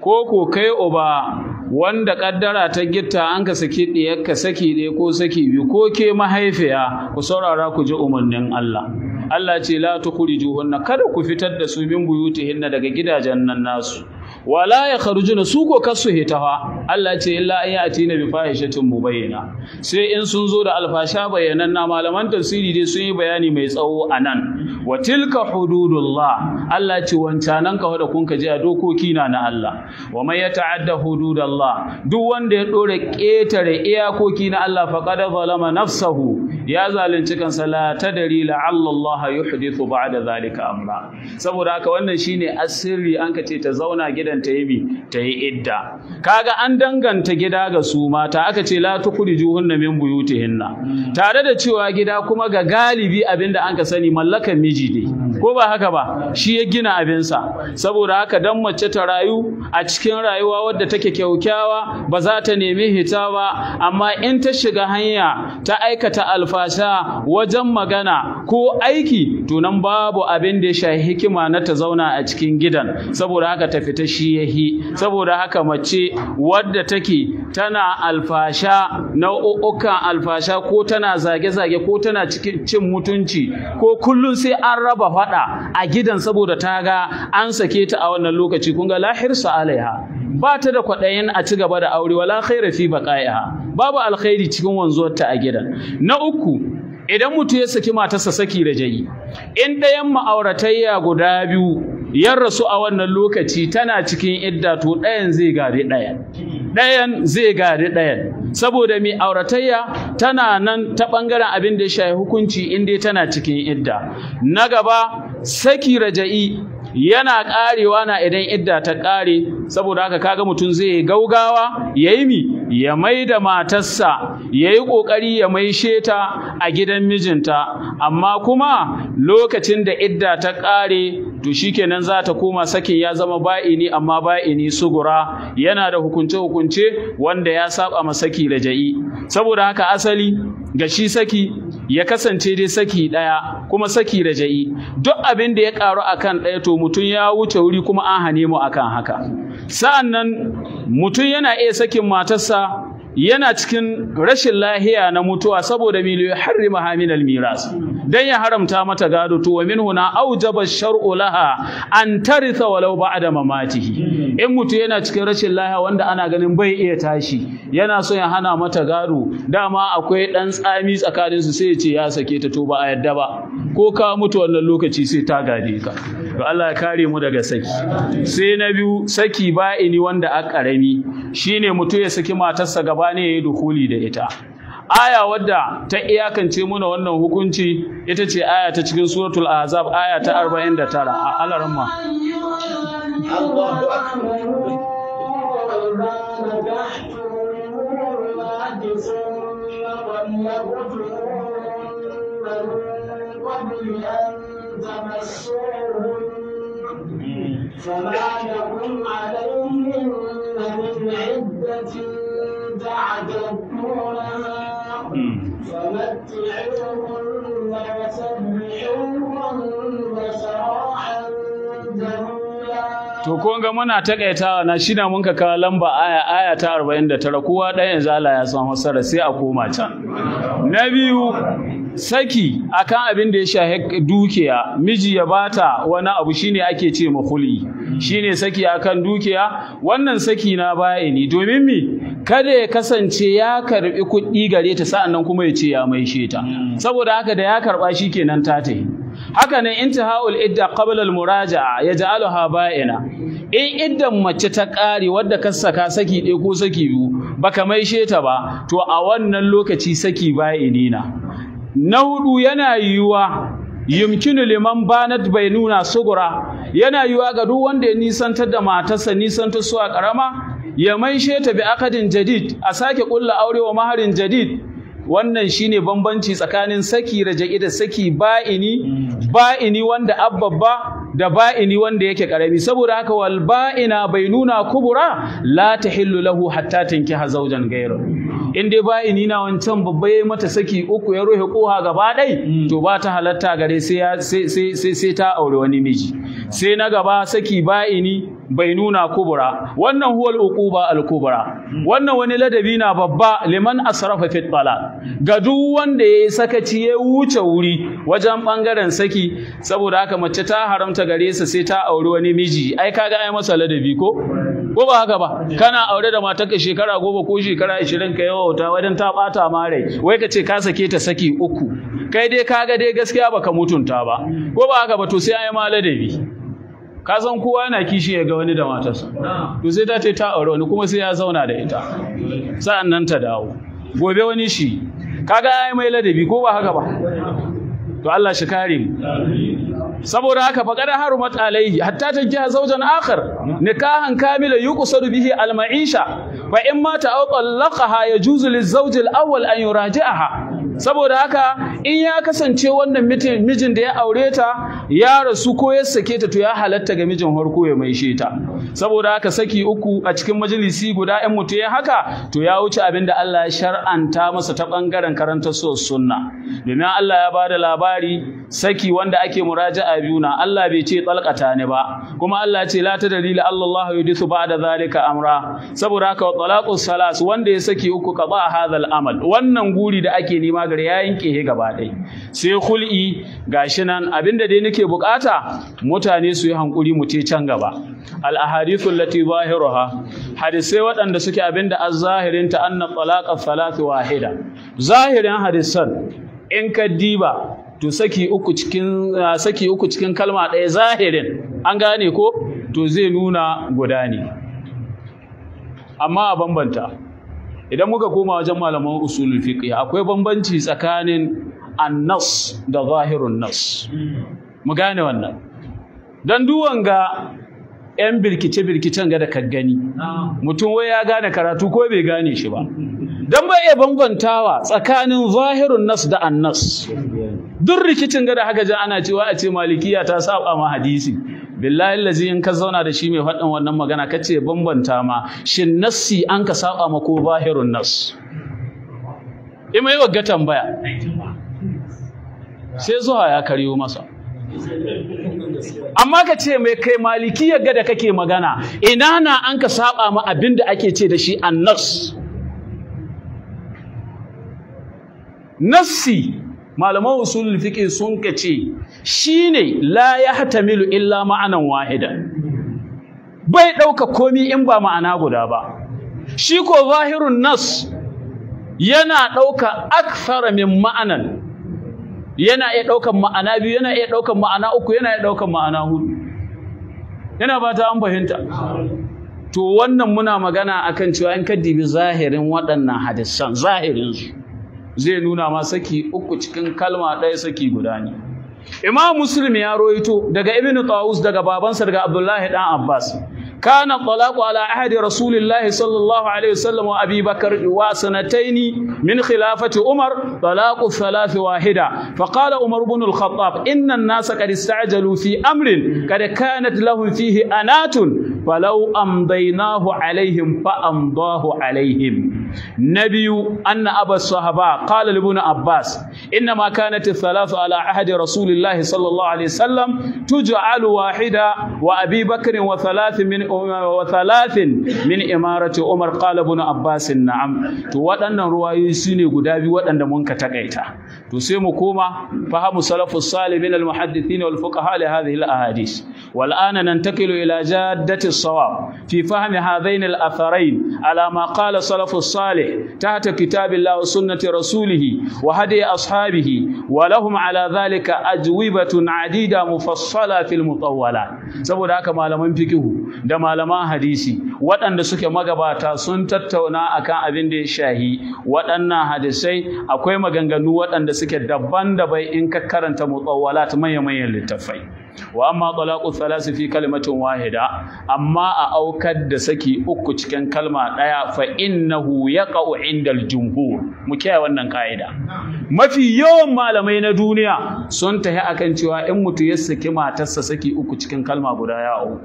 ko ko kai uba wanda kaddara ta gitta an ka saki ɗiyarka saki ɗaya ko saki biyu ko ke mahaifiya ku saurara ku ji umarnin Allah Allah ce la tukhrijuhunna kada ku fitar da su min hinna daga gidajen nan nasu wala ya kharujuna su ko kasu hitawa Allah ce illa an yati na bi fahishatin mubayyana sai in sun zo da alfasha bayanan na malaman tafsiri dai sun yi bayani mai tsawo anan wa tilka hududullah Allah ce wancanan ka da kun ka ji a dokoki na na Allah wa ya yata'adda hududallah duk wanda ya dore ketare iyakoki na Allah faqad zalama nafsahu ya zalunci kansa la tadri la'alla Allah yuhdithu ba'da zalika amra saboda haka wannan shine asirri an ka ce ta zauna gidan gidan ta yi ta yi idda kaga an danganta gida ga su mata aka ce la hunna min buyutihinna tare da cewa gida kuma ga galibi abinda an ka sani mallakar miji ne ko ba haka ba shi ya gina abin sa saboda haka dan mace ta rayu a cikin rayuwa wadda take kyaukyawa ba za ta nemi hita ba amma in ta shiga hanya ta aikata alfasha wajen magana ko aiki to nan babu abin da ya shahi hikima na ta zauna a cikin gidan saboda haka ta fita shi saboda haka mace wadda take tana alfasha nau'ukan alfasha ko tana zage-zage ko tana cikin cin mutunci ko kullum sai an raba fada a gidan saboda ta ga an sake ta a wannan lokaci kun ga lahirsa alaiha ba ta da kwaɗayin a ci gaba da aure wala khaira fi baqaiha babu alkhairi cikin wanzuwar ta a gidan na uku idan mutum ya saki matarsa saki da jayi in ɗayan ma'auratayya guda biyu yar rasu a wannan lokaci tana cikin idda to ɗayan zai gari ɗayan ɗayan zai gari ɗayan saboda mai auratayya tana nan ta ɓangaren abin da ya shafi hukunci inda tana cikin idda na gaba saki raja'i yana ƙarewa na idan idda ta ƙare, saboda haka kaga mutum zai yi gaugawa yayi mi ya mai da matarsa yayi ƙoƙari ya maishe ta a gidan mijinta amma kuma lokacin da idda ta ƙare to shikenan za ta koma sakin ya zama ba'ini amma ba'ini sugura yana da hukunce hukunce wanda ya saba saki da ja'i saboda haka asali ga shi saki ya kasance dai saki ɗaya kuma saki raja'i duk abin da ya ƙaru a kan ɗaya to mutum ya wuce wuri kuma an hane mu akan haka sa'an nan mutum yana iya sakin matarsa yana cikin rashin lahiya na mutuwa saboda miliyoyi harrima haminal miras Don ya haramta mata gado to wa huna au aujaba shar'u laha an tarisa walau ba da mamatihi in mutu yana cikin rashin lahiya wanda ana ganin bai iya tashi yana so ya hana mata gado dama akwai ɗan tsami tsakanin su sai ya ce ya sake ta to ba a yadda ba ko ka mutu wannan lokaci sai ta gade ka to Allah ya kare mu daga saki sai na biyu saki ba'ini wanda a karami shine mutu ya saki matarsa gaba ne ya yi dukuli da ita aya wadda ta iyakance muna wannan hukunci ita ce aya ta cikin suratul azab aya ta 49 a alarma فما لكم عليهم من عدة تعتدونها فمتعوهن وسبحوهن سراحا to kun ga muna takaitawa na shi na mun ka kawo lamba aya aya ta arba'in 49 kowa ɗaya zala ya san hasara sai a koma can na biyu saki akan abin da ya sha dukiya miji ya bata wani abu shine ake ce mahuli shine saki akan dukiya wannan saki na baya ni domin mi kada ya kasance ya karɓi kuɗi gare ta sa'annan kuma ya ce ya maishe ta saboda haka da ya karɓa karba kenan ta yi. haka in intihaul idda qabla al muraja'a yaj'aluha ba'ina in iddan mace ta ƙare wadda ka saka saki ɗaya ko saki biyu baka maishe ta ba to a wannan lokaci saki ba'ini na na hudu yana yiwuwa yumkinu liman banat bainuna sugura yana yiwuwa ga duk wanda ya nisantar da matarsa nisantar su a ƙarama ya maishe ta bi akadin jadid a sake ƙulla aure wa maharin jadid wannan shine bambanci tsakanin saki jaki da saki ba'ini mm. ba'ini wanda abbabba da ba'ini wanda yake ƙarami. saboda haka wal ba'i bainuna kubura la tahillu lahu hatta tankiha zawjan ghayra in dai ba'ini na wancan babba yayi mata saki uku ya rohe koha gaba dai mm. to ba ta halatta gare sai sai sai ta aure wani miji sai na gaba saki ba'ini bainuna kubura. wannan huwal uquba al kubra wannan wani ladabi na babba liman asrafa fi tala ga duk wanda yayi sakaci ya wuce wuri wajen bangaren saki saboda haka mace ta haramta gare sa sai ta auri wani miji ai kaga ai masa ladabi ko ko ba haka ba kana aure da matarka shekara goma ko shekara 20 ka yawa ta wajen ta bata ma wai ka ce ka sake ta saki uku kai dai kaga dai gaskiya baka mutunta ba ko ba haka ba to sai ai ma ladabi ka san kowa yana kishi ya ga wani da matarsa to sai ta ce ta aure wani kuma sai ya zauna da ita sa'an nan ta dawo gobe wani shi kaga ai mai ladabi ko ba haka ba to Allah shi kare mu saboda haka faqad harumat alaihi hatta ji zaujan akhar nikahan kamila yuqsadu bihi al-ma'isha fa in mata aw talaqaha yajuzu lizawjil awwal an yuraji'aha saboda haka in ya kasance wannan mijin da ya aure ta ya rasu ko ya sake ta to ya halatta ga mijin harko ya maishe ta saboda haka saki uku a cikin majalisi guda ɗan mutu ya haka to ya wuce abin da Allah ya shar'anta masa ta ɓangaren karantar sunna domin Allah ya ba da labari saki wanda ake muraja'a biyu na Allah bai ce tsalkata ne ba kuma Allah ce la ta dalila Allah yudisu ba'da zalika amra saboda haka talaqus salas wanda ya saki uku qada hadal amal wannan guri da ake nema gare ya yanke he gaba dai sai khul'i gashi nan abinda dai nake bukata mutane su yi hankuri mu ce can gaba al ahadithu allati zahiruha hadisai waɗanda suke abinda az-zahirin ta anna talaqa salas wahida zahirin hadisan in ka diba to saki uku cikin saki uku cikin kalma ɗaya zahirin an gane ko to zai nuna guda ne amma a bambanta idan muka koma wajen malaman usulul fiqh akwai bambanci tsakanin annas da zahirun nas mu gane wannan dan duwan ga yan birkice birkicen ga da ka gani mutum wai ya gane karatu ko bai gane shi ba dan bai iya bambantawa tsakanin zahirun nas da annas duk rikicin gada haka ji ana cewa a ce malikiya ta saba ma hadisi billahi lazi in ka zauna da shi mai faɗin wannan magana ka ce bambanta ma shin nassi an ka saba ma ko bahirun nas ima eh, mai wagga tambaya sai zuwa ya karyo masa amma ka ce mai kai malikiya gada kake magana ina na an ka saba ma abinda ake ce da shi annas nassi malaman usulul fiqh sun kace shine la yahtamilu illa ma'anan wahida. bai dauka komi in ba ma'ana guda ba shi ko zahirun nas yana dauka akthara min ma'anan yana iya daukan ma'ana biyu yana iya daukan ma'ana uku yana iya daukan ma'ana hudu yana ba ta an fahimta to wannan muna magana akan cewa in ka dibi zahirin waɗannan hadisan zahirin su zai nuna ma saki uku cikin kalma ɗaya saki guda ne imam muslim ya roito daga Ibn tawus daga babansa daga abdullahi ɗan abbas kana talaqu ala ahadi rasulillahi sallallahu alaihi wasallam wa abubakar wa sanataini min khilafati umar talaqu thalath wahida fa qala umar ibn al-khattab inna an-nasa qad ista'jalu fi amrin kada kanat lahum fihi anatun falau amdaynahu alaihim fa amdahu alaihim nabiyyu anna aba sahaba qala ibn abbas inna ma kanat thalath ala ahadi rasulillahi sallallahu alaihi wasallam tuj'alu wahida wa abubakar wa thalath min thalathin min imarati Umar qala abbasin Abbas na'am to waɗannan ruwayoyi sune guda biyu waɗanda mun ka takaita to sai mu koma fahimu salafus salih min al-muhaddithin wal fuqaha li hadhihi al-ahadith wal ana nantaqilu ila jaddati as-sawab fi fahmi hadhain al-atharain ala ma qala salafus salih tahta kitabillahi wa sunnati rasulih wa hadi ashabihi wa lahum ala dhalika ajwibatun adida mufassala fil mutawwalat saboda haka malaman fikihu da malaman hadisi waɗanda suke magabata sun tattauna akan abin da ya shahi waɗannan hadisai akwai maganganu waɗanda suke daban-daban in ka karanta mutawwalat manya-manyan littafai wa amma talaqu thalath fi kalimatin wahida amma a aukar da saki uku cikin kalma daya fa innahu yaqa'u indal jumhur mu kiyaye wannan kaida mafi yawan malamai na duniya sun tahi akan cewa in mutu ya saki matarsa saki uku cikin kalma guda ya au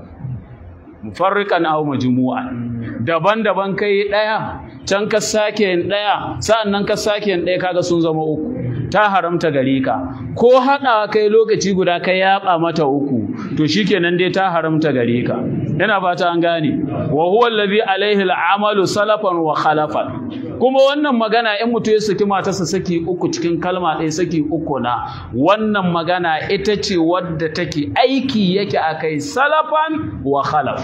mufarriqan aw majmu'an daban-daban kai daya can ka sake daya sa'annan ka sake daya kaga sun zama uku ta haramta gare ka ko haɗawa kai lokaci guda kai yaɓa mata uku to shikenan dai ta haramta gare ka ina fata an gane wa huwa allazi alaihi al'amalu salafan wa khalafan kuma wannan magana in mutum ya saki matarsa saki uku cikin kalma ɗaya saki uku na wannan magana ita ce wadda take aiki yake akai salafan wa khalaf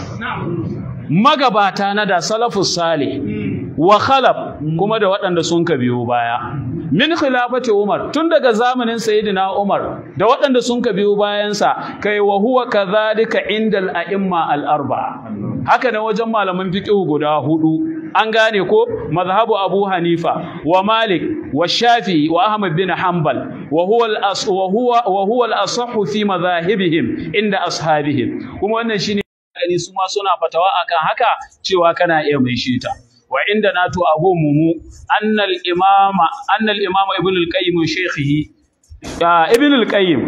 magabata na da salafus salih wa khalaf kuma da waɗanda sun ka biyo baya min khilafati umar tun daga zamanin sayyidina umar da waɗanda sun ka biyo bayansa kai wa huwa kadhalika indal a'imma al arba haka na wajen malaman fiqh guda hudu an gane ko mazhabu abu hanifa wa malik wa shafi wa ahmad bin hanbal wa huwa al asah fi madhahibihim inda ashabihim kuma wannan shine gani su ma suna fatawa akan haka cewa kana iya mai ta. wa inda na to abu mumu annal imama annal imama ibn qayyim shaykhihi ya ibn qayyim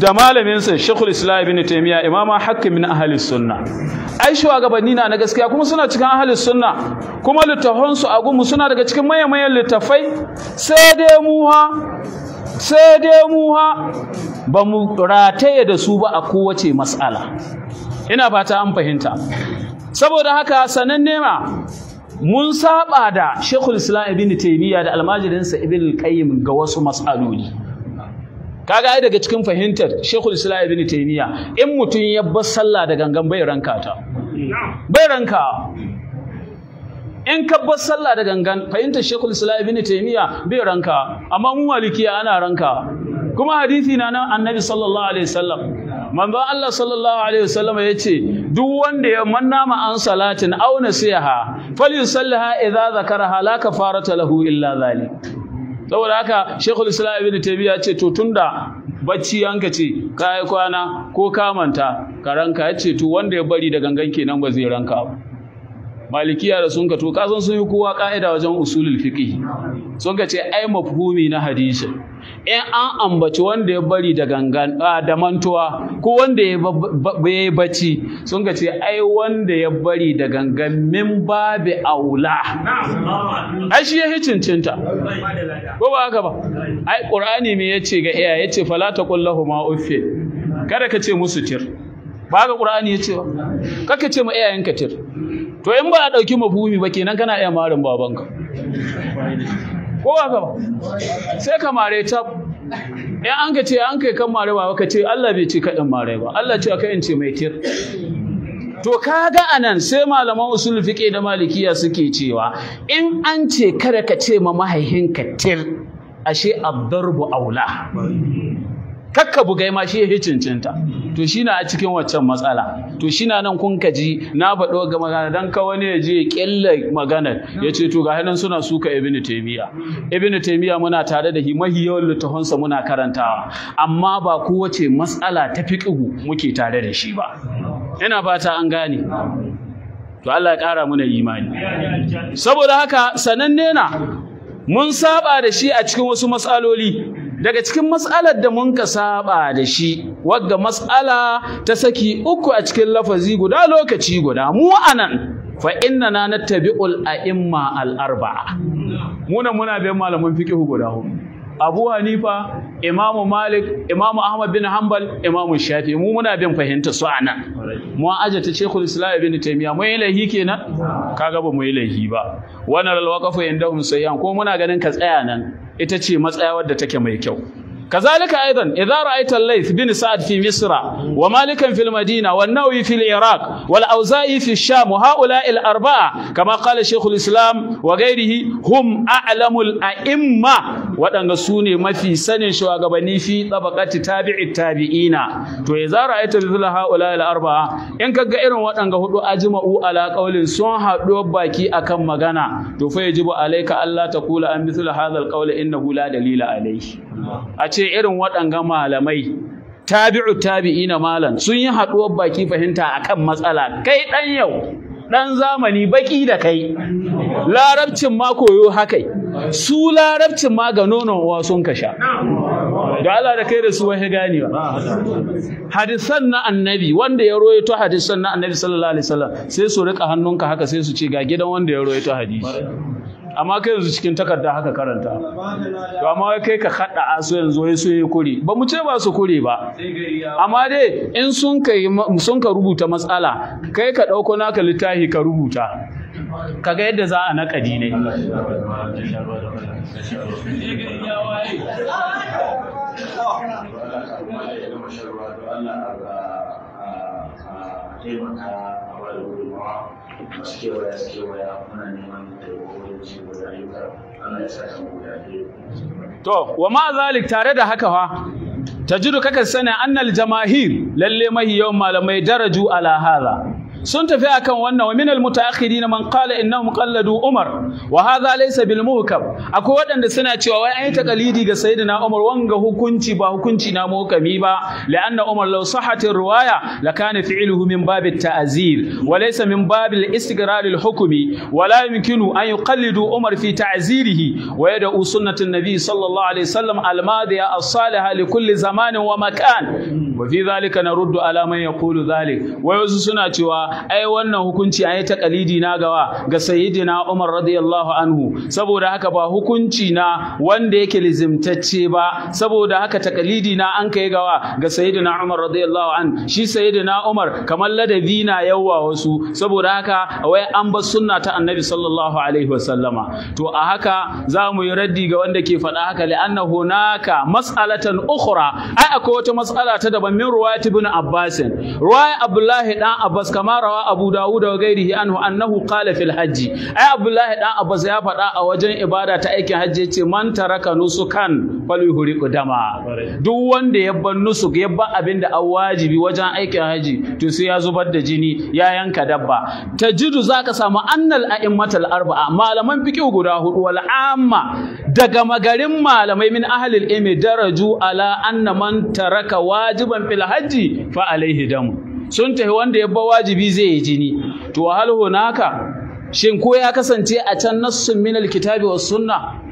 da malamin sa shaykhul islam ibn taymiya imama hakki min ahli sunna ai shugabanni na na gaskiya kuma suna cikin ahli sunna kuma littafan su a mu suna daga cikin mayan littafai sai dai mu ha sai dai mu ha ba mu rataye da su ba a kowace mas'ala ina fata an fahimta saboda haka sananne ma mun saba da Sheikhul Islam Ibn Taymiyyah da almajirinsa Ibn al-Qayyim ga wasu mas'aloli kaga ai daga cikin fahimtar Sheikhul Islam Ibn Taymiyyah in mutum ya bar sallah da gangan bai ranka ta bai ranka in ka bar sallah da gangan fahimtar Sheikhul Islam Ibn Taymiyyah bai ranka amma mu malikiya ana ranka kuma hadisi na nan Annabi sallallahu alaihi wasallam manzon Allah sallallahu alaihi wasallam yace duk wanda ya manna ma an salatin aw nasiha falyusalliha idza zakaraha la kafarata lahu illa zalik saboda haka shaykhul Islam Ibn ya ce to tunda bacci yanka ce kai kwana ko ka kamanta karanka yace to wanda ya bari da gangan kenan ba zai ranka ba malikiya da sun ka to sun yi kowa ka'ida wajen usulul fiqh sun ce ai mafhumi na hadisi in an ambaci wanda ya bari da gangan ah, da mantuwa ko wanda ya yi bacci sun ga ce ai wanda ya bari da gangan min babu aula ai shi ya cincinta ko ba haka ba ai qur'ani me yace ga iya yace fala taqul lahum uffi kada ka ce musu tir ba ga qur'ani yace ba kaka ce ma iyayenka tir to in ba a dauki mafhumi ba kenan kana iya marin babanka ko ba ka ba sai ka mare ta in an ka ce an kai kan mare ba ka ce Allah bai ce kaɗan mare ba Allah ce aka in ce mai tir to kaga anan sai malaman usul fiqi da malikiya suke cewa in an ce kada ka ce ma mahaihinka tir ashe ad-darbu aula kakka bugai ma shi ya cincinta to shi na a cikin waccan matsala to shi na nan kun ka ji na faɗo ga magana dan ka wani ya je ya ƙyalla maganar ya ce to ga hannun suna suka ibnu taymiya ibnu taymiya muna tare da himahi yawan littafansa muna karantawa amma ba kowace matsala ta fiqhu muke tare da shi ba ina fata an gane to Allah ya ƙara mana imani saboda haka sananne na mun saba da shi a cikin wasu matsaloli daga cikin mas'alar da mun ka saba da shi wadda mas'ala ta saki uku a cikin lafazi guda lokaci guda mu anan fa inna na nattabi'ul a'imma al-arba'a muna muna bin malamin fiqh guda hudu Abu Hanifa, Imamu Malik, Imamu Ahmad bin Hanbal, Imamu Shafi, mu muna bin fahimta su a nan. Mu aje ta Sheikhul Islam Ibn Taymiyyah, mu yi lahi kenan? Kaga ba mu yi lahi ba. Wannan alwaqafu indahum sayyan ko muna ganin ka tsaya nan. ita ce matsaya wadda take mai kyau كذلك أيضا إذا رأيت الليث بن سعد في مصر ومالكا في المدينة والنووي في العراق والأوزائي في الشام وهؤلاء الأربعة كما قال شيخ الإسلام وغيره هم أعلم الأئمة ودنسوني ما في سن شواغبني في طبقة تابع التابعين تو إذا رأيت مثل هؤلاء الأربعة إن كغير ودنغهدو أجمعوا على قول سنها دوباكي أكم مغانا تو فيجب عليك ألا تقول أن مثل هذا القول إنه لا دليل عليه a ce irin waɗanga malamai tabi'u tabi'i na malam sun yi haɗuwar baki fahimta a kan matsala kai ɗan yau ɗan zamani baki da kai larabcin ma koyo hakai su larabcin ma ga nonon uwa sun ka sha da Allah da kai da su wani gani ba hadisan na annabi wanda ya royato hadisan na annabi sallallahu alaihi wasallam sai su rika hannunka haka sai su ce ga gidan wanda ya royato hadisi amma kai yanzu cikin takarda haka karanta to amma kai ka hada asu yanzu wai su yi kure ba mu ce ba su kure ba amma dai in sun ka sun ka rubuta matsala kai ka dauko naka littafi ka rubuta kaga yadda za a naƙadi ne taimaka a gudunmawa masu kewaya su kewaya muna neman da ayyuka ya mu to wa ma zalik tare da haka fa tajidu kaka sana annal jamahir lalle mai yawan malamai daraju a lahaza. sun tafi akan wannan wa min almutaakhirin man qala innahum qalladu umar wa hadha laysa bil muhkam akwai waɗanda suna cewa wai ai taqalidi ga sayyidina umar wanga hukunci ba hukunci na muhkami ba la'anna umar law sahhat riwaya lakana fi'luhu min bab at-ta'zir wa laysa min bab al-istiqrar al-hukmi wa la yumkinu an yuqallidu umar fi ta'zirihi wa yad'u sunnat an-nabi sallallahu alayhi wasallam al-madiya as-salihah li kulli zamanin wa makan wa fi dhalika naruddu ala man yaqulu dhalik wa yuzu suna cewa ai wannan hukunci ai yi takalidi na gawa ga sayyidina Umar radiyallahu anhu saboda haka ba hukunci na wanda yake lizimtacce ba saboda haka takalidi na an kai gawa ga sayyidina Umar radiyallahu an shi sayyidina Umar kamar ladabi na yawa wasu saboda haka wai an bar sunna ta Annabi sallallahu alaihi wasallama to a haka za mu yi raddi ga wanda ke faɗa haka li'anna hunaka mas'alatan ukhra ai akwai wata mas'ala ta daban min ruwayat ibn Abbas ruwayat Abdullahi dan Abbas kama kama rawa Abu Dawud da ghairihi anhu annahu qala fil hajji ai Abdullahi dan Abbas ya faɗa a wajen ibada ta aikin hajji yace man taraka nusukan falyuhri qudama duk wanda ya bar nusuk ya bar abin da wajibi wajen aikin hajji to sai ya zubar da jini ya yanka dabba tajidu zaka samu annal a'immatal arba'a malaman fiqh guda hudu wal amma daga magarin malamai min ahlil ilmi daraju ala anna man taraka wajiban fil hajji fa alaihi damu sun tafi wanda ya ba wajibi zai yi jini to hal hunaka shin ko ya kasance a can nassun min alkitabi was sunna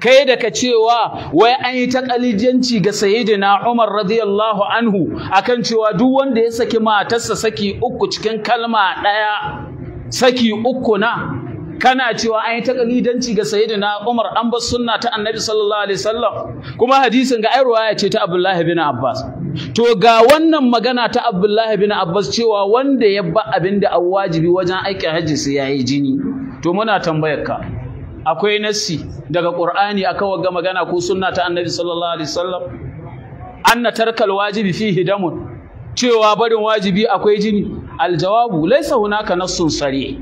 kai da ka cewa wai an yi takalijanci ga sayyidina Umar radiyallahu anhu akan cewa duk wanda ya saki matarsa saki uku cikin kalma ɗaya, saki uku na kana cewa an yi takalidanci ga sayyidina Umar an bar sunna ta Annabi sallallahu alaihi wasallam kuma hadisin ga ai ruwaya ce ta Abdullah bin Abbas to ga wannan magana ta Abdullahi bin Abbas cewa wanda ya ba abin da wajibi wajen aikin hajji sai yayi jini to muna tambayar ka akwai nassi daga Qur'ani aka waga magana ko sunna ta Annabi sallallahu alaihi wasallam anna tarkal wajibi fihi damun cewa barin wajibi akwai jini aljawabu laysa hunaka nassun sarih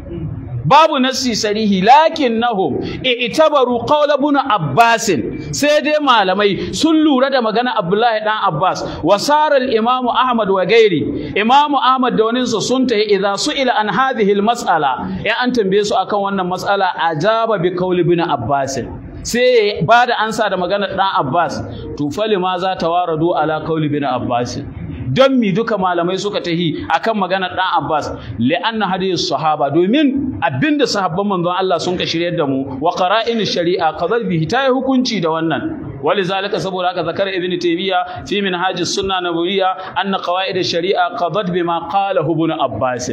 babu nassi sarihi lakinnahum i'tabaru qawla ibn Abbasin. sai dai malamai sun lura da magana Abdullahi dan Abbas wa saral Imam Ahmad wa gairi Imam Ahmad da waninsa sun tahi idza su'ila an hadhihi al-mas'ala ya an tambaye su akan wannan mas'ala ajaba bi qawli ibn Abbas sai ba da ansa da magana dan Abbas to fali ma za ta waradu ala qawli ibn Abbas don mi duka malamai suka tahi akan maganar ɗan Abbas li'anna hadis sahaba domin abinda sahabban manzon Allah sun ka shiryar da mu wa qara'in shari'a qadar bihi ta hukunci da wannan ولذلك saboda haka zakar ibn taymiya fi minhajis sunna nabawiyya anna qawaid ash-shari'a qadat bima qalahu ibn abbas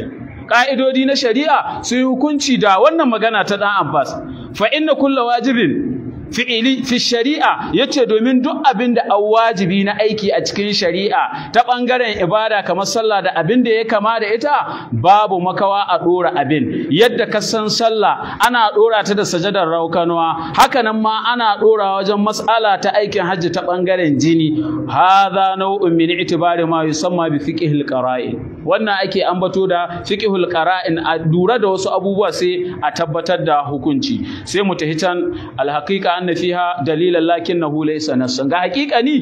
ka'idodi na shari'a su yi hukunci da wannan magana ta ɗan abbas fa inna kullu wajibin fi'ili fi shari'a yace domin duk abin da an wajibi na aiki a cikin shari'a ta bangaren ibada kamar sallah da abin da ya kama da ita babu makawa a dora abin yadda ka san sallah ana dora ta da sajadar raukanwa haka nan ma ana dora wajen mas'ala ta aikin hajji ta bangaren jini hadha nau'un min itibari ma yusamma bi al qara'in wannan ake ambato da al qara'in a dura da wasu abubuwa sai a tabbatar da hukunci sai mu tahi can alhaqiqa na fiha dalilan na laysa nassan ga ni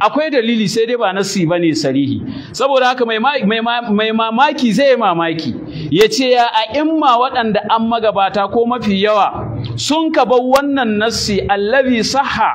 akwai dalili sai dai ba ba ne sarihi saboda haka mai mamaki zai yi mamaki ya ce ya a imma waɗanda an magabata ko mafi yawa sun ka kaba wannan nassi allabi saha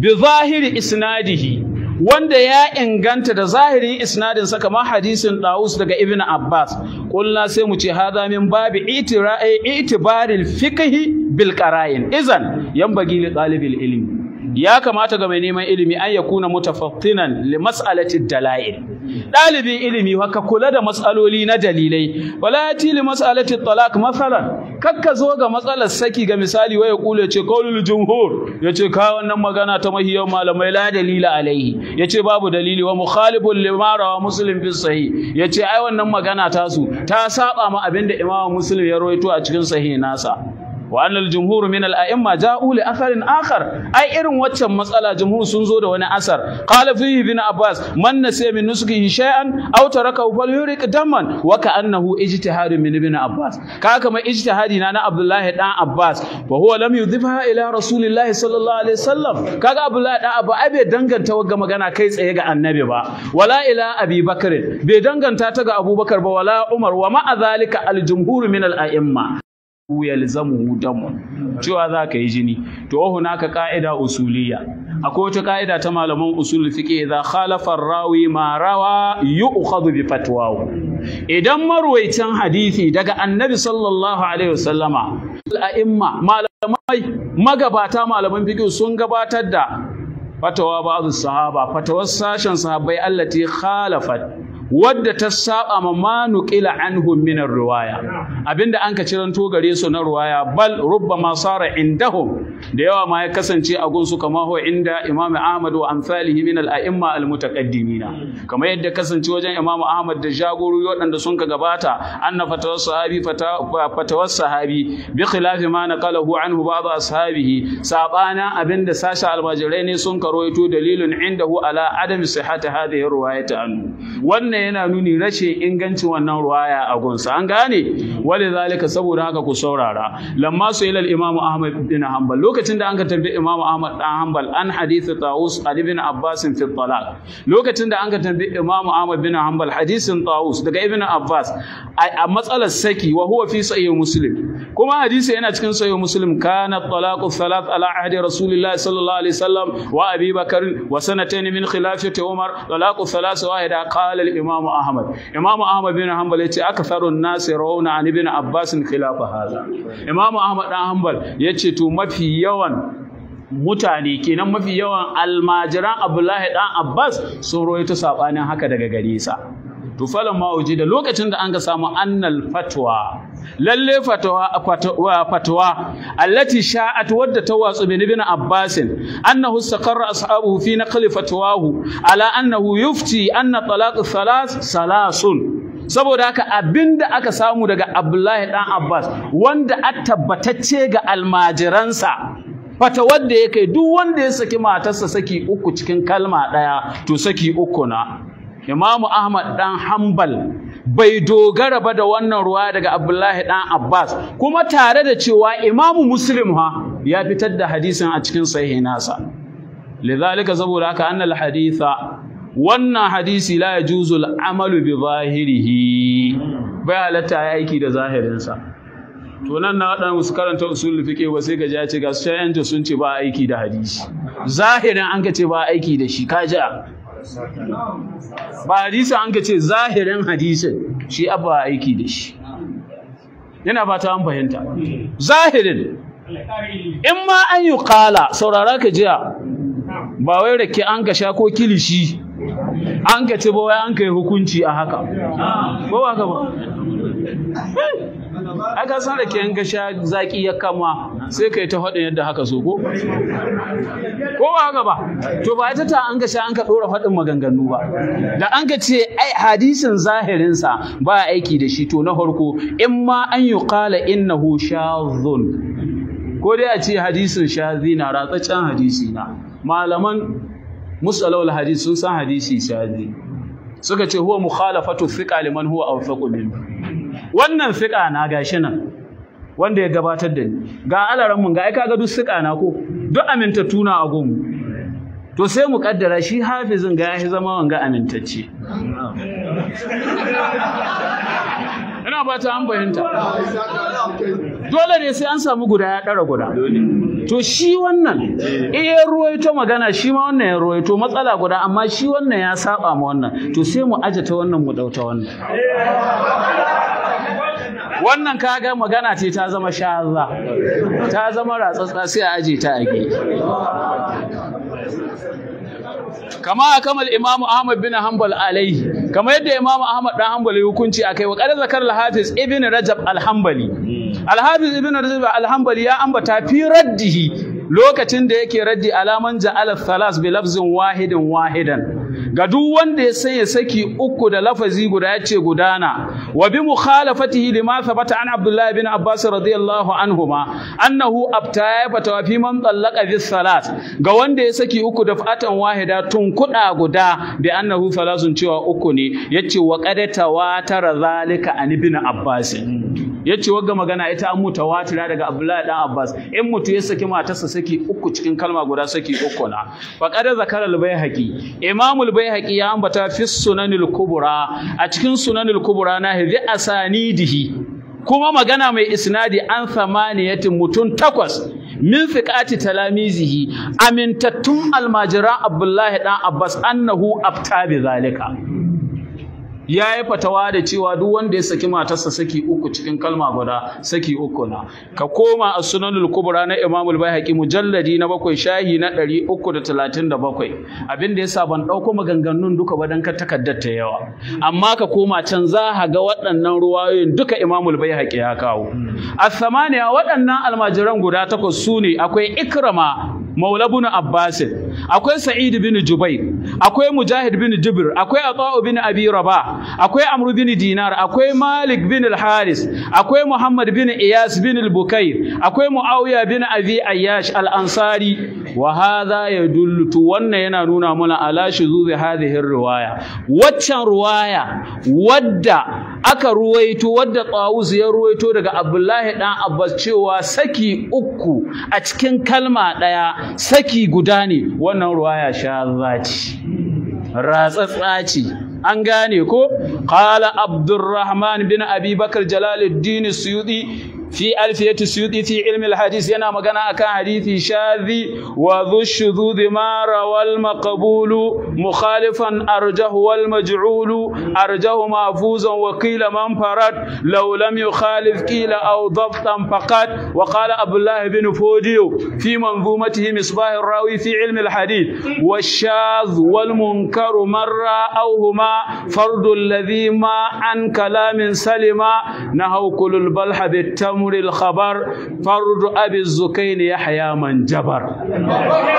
bi zahiri isnadihi wanda ya inganta da zahirin isnadin sa kamar hadisin Dawus daga Ibn Abbas kulna sai mu ce hada min babi itira'i itibaril fiqhi bil qara'in idan yanbaghi li talibil ilmi ya kamata ga mai neman ilimi an ya kuna mutafattinan li mas'alati dalail dalibin ilimi haka kula da matsaloli na dalilai wala yati li mas'alati talak masalan kakka zo ga matsalar saki ga misali waya kula ce qaulul jumhur yace ka wannan magana ta mahiyar malamai la dalila alaihi yace babu dalili wa mukhalibun lima rawa muslim fi sahih yace ai wannan magana tasu ta saba ma abinda imamu muslim ya rawaito a cikin sahih nasa wa annal jumhur min al a'imma ja'u li atharin akhar ai irin waccan matsala jumhur sun zo da wani asar qala fihi ibn abbas man nasiya min nuskihi shay'an aw tarakahu falyuriq daman wa ka'annahu ijtihadu min ibn abbas ka kamar ijtihadi na na abdullahi dan abbas wa huwa lam yudhibha ila rasulillahi sallallahu alaihi wasallam kaga abdullahi dan abba bai danganta wa magana kai tsaye ga annabi ba wala ila abi bai danganta ta ga abubakar ba wala umar wa ma'a zalika al jumhur min al a'imma yalzamuhu damu cewa za ka yi jini to wa ƙa'ida ka'ida usuliyya akwai wata ka'ida ta malaman usul fiqh za khalafa rawi ma rawa yu'khadhu bi fatwahu idan marwaycin hadisi daga annabi sallallahu alaihi wasallama al'imma malamai magabata malaman fiqh sun gabatar da fatawa ba'dhu sahaba fatawar sashen sahabbai allati khalafat wadda ta saba ma manu qila anhum min riwaya abinda an ka ciranto gare su na riwaya bal rubbama sara indahum da yawa ma ya kasance a gunsu kama ho inda Imam Ahmad wa amsalihi min al-a'imma al-mutaqaddimina kamar yadda kasance wajen Imam Ahmad da jagorori waɗanda sun ka gabata anna fatawar sahabi fatawar sahabi bi khilafi ma naqalahu anhu ba'd ashabihi sabana abinda sasha almajirai ne sun karoito dalilun indahu ala adami sihhati hadhihi riwayati anhu wannan yana nuni rashin ingancin wannan ruwaya a gunsa an gane wale zalika saboda haka ku saurara lamma su ilal imam ahmad bin hanbal lokacin da an ka tambayi imam ahmad dan hanbal an hadithu taus ibn abbas fi talaq lokacin da an ka tambayi imam ahmad bin hanbal hadisin taus daga ibn abbas a matsalar saki wa huwa fi sahih muslim kuma hadisi yana cikin sahih muslim kana talaqu thalath ala ahdi rasulillah sallallahu alaihi wasallam wa abi bakr wa sanatayn min khilafati umar talaqu thalath wa ida qala qala al-imam ahmad imam ahmad bin hanbal yace aktharun nas yarawna an ibn abbas khilafa hadha imam ahmad dan hanbal yace to mafi yawan mutane kenan mafi yawan almajiran abdullahi dan abbas sun rawaito sabanin haka daga gare sa to falan ma da lokacin da an ga samu annal fatwa lalle fatwa fatawa allati sha'at wadda ta watsu bin Abbasin, Abbas annahu saqarra ashabuhu fi naqli fatawahu ala annahu yufti anna talaq thalas salasun saboda haka abinda aka samu daga Abdullahi dan Abbas wanda a tabbatacce ga almajiransa fata wanda ya kai duk wanda ya saki matarsa saki uku cikin kalma ɗaya to saki uku na Imamu Ahmad dan Hanbal bai dogara ba da wannan ruwa daga Abdullahi dan Abbas kuma tare da cewa imamu Muslim ha ya fitar da hadisin a cikin sahihi nasa lidhalika saboda haka annal haditha wannan hadisi la yajuzu al-amalu bi zahirihi bai halatta ya aiki da zahirinsa to nan na waɗanda su karanta usul fiqh ba sai gaji ya ce ga su sun ce ba aiki da hadisi zahirin an ka ce ba aiki da shi kaja ba hadisi an ka ce zahirin hadisin shi abba aiki da shi yana ba ta an fahimta zahirin in ma an yi kala saurara ka jiya ba wai rake an ka sha ko kilishi an ka ci ba wai an ka yi hukunci a haka ba ba ka ba ai san da kiyan ka sha zaki ya kama sai kai ta faɗin yadda haka so ko ko ba haka ba to ba ita ta an ka sha an ka ɗora faɗin maganganu ba da an ka ce ai hadisin zahirinsa ba aiki da shi to na farko in ma an yi ƙala innahu shazun ko dai a ce hadisin shazi na ratsaccen hadisi na malaman musalawul hadis sun san hadisi shazi suka ce huwa mukhalafatu thiqa liman huwa awthaqu minhu wannan fiƙa na gashi nan wanda ya gabatar da ni ga alaran mun ga ai ga duk suƙa na ko duk aminta tuna a gomu to sai mu kaddara shi hafizin ga ya zama wanga amintacce ina ba ta an bayanta. dole ne sai an samu guda ya ɗara guda to shi wannan iya ruwaito magana shi ma wannan ya ruwaito matsala guda amma shi wannan ya saba ma wannan to sai mu ajata wannan mu ɗauta wannan wannan kaga magana ce ta zama sha'aza ta zama ratsatsa sai a aje ta a kama kamal imamu ahmad bin hanbal alaihi kama yadda imamu ahmad dan hanbal ya hukunci akai wa qala zakar al-hafiz ibn rajab al-hanbali al-hafiz ibn rajab al-hanbali ya ambata fi raddihi lokacin da yake raddi alaman ja'ala thalas bi lafzin wahidin wahidan ga duk wanda ya sanya saki uku da lafazi guda ya ce gudana wa bi mukhalafatihi lima thabata an Abdullahi bin Abbas radiyallahu anhuma annahu abtaya fata fi man tallaqa bi thalas ga wanda ya saki uku da fatan wahida tun kuda guda bi annahu salasun cewa uku ne yace wa wa tara zalika an ibn Abbas yace wagga magana ita an mutawatira daga Abdullahi dan Abbas in mutu ya saki matarsa saki uku cikin kalma guda saki uku na faqad zakara al-baihaqi imam al-baihaqi ya ambata fi sunanil kubra a cikin sunanil kubra na hizi asanidihi kuma magana mai isnadi an samaniyatin mutun takwas min fiqati talamizihi amintattun almajiran abdullahi dan abbas annahu abta bi zalika ya yi fatawa da cewa duk wanda ya saki matarsa saki uku cikin kalma guda saki uku na ka koma a sunanul kubra na imamul baihaqi mujalladi na bakwai shahi na ɗari uku da talatin da bakwai abin da sa ban ɗauko maganganun duka ba dan ka takardar ta yawa amma ka koma can za a ga waɗannan ruwayoyin duka imamul baihaqi ya kawo a samaniya waɗannan almajiran guda takwas su ne akwai ikrama maula Abbasin, akwai sa'id bin jubair akwai mujahid bin jibr akwai ata'u bin abi raba akwai amru bin dinar akwai malik bin al-haris akwai muhammad bin iyas bin al-bukair akwai muawiya bin abi ayyash al-ansari wa hadha yadullu wannan yana nuna mana ala shuzuzi hadhihi riwaya waccan riwaya wadda aka ruwaito wadda tsawus ya ruwaito daga Abdullahi ɗan Abbas cewa saki uku a cikin kalma ɗaya saki guda ne wannan ruwa ya sha ce ratsatsa ce an gane ko qala abdurrahman bin abi bakar jalaluddin suyudi في ألفية السيوطي في علم الحديث ينا مغانا أكان حديثي شاذي وذو الشذوذ ما روى المقبول مخالفا أرجه والمجعول أرجه مافوزا وقيل من فرد لو لم يخالف قيل أو ضبطا فقط وقال أبو الله بن فوديو في منظومته مصباح الراوي في علم الحديث والشاذ والمنكر مرة أو هما فرد الذي ما عن كلام سلم نهو كل البلح بالتم أمر Habar, فرد أبي Zukaini يحيى Manjabar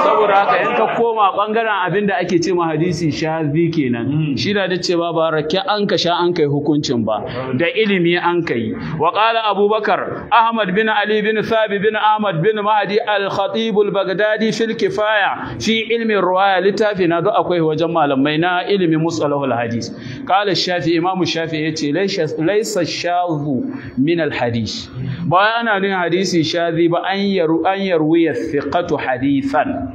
saboda haka in ka koma bangaren abin da ake ce ma hadisi shazi kenan hmm. shi da da cewa ba rake an ka sha an kai hukuncin ba da ilimi an kai wa qala abubakar ahmad bin ali bin sabi bin ahmad bin mahdi al khatib al bagdadi fil kifaya fi ilmi riwaya littafi na duk akwai wajen malamai na ilimin musalahul hadis qala shafi imam shafi yace laysa shazu min al hadis ba ana nuna hadisi shazi ba an yaru an ya thiqatu hadithan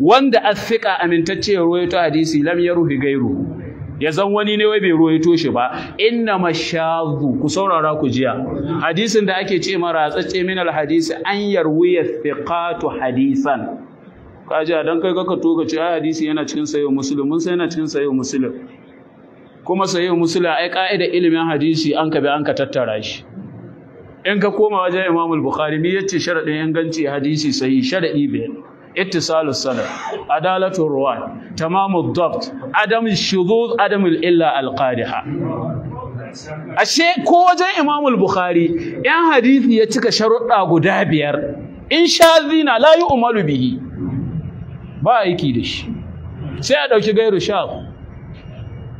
wanda athiqa amintacce ya ruwaito hadisi lam yaruhi gairu ya zan wani ne wai bai ruwaito shi ba inna mashadhu ku saurara ku jiya hadisin da ake ce mara tsacce min al hadisi an ya thiqatu hadithan kaji dan kai kaka to ka ce ai hadisi yana cikin sayyid muslim mun sai yana cikin sayyid muslim kuma sayyid muslim ai ka'ida ilimin hadisi an ka bi an ka tattara shi in ka koma wajen Imam Bukhari me yace sharadin inganci hadisi sahihi sharadi be ittisalu sanad adalatu ruwan tamamu dabt adam shudud adam illa al-qadiha ashe ko wajen Imam Bukhari yan hadisi ya cika sharuɗa guda biyar in shazina la yu'malu bihi ba aiki da shi sai a ɗauki gairu sha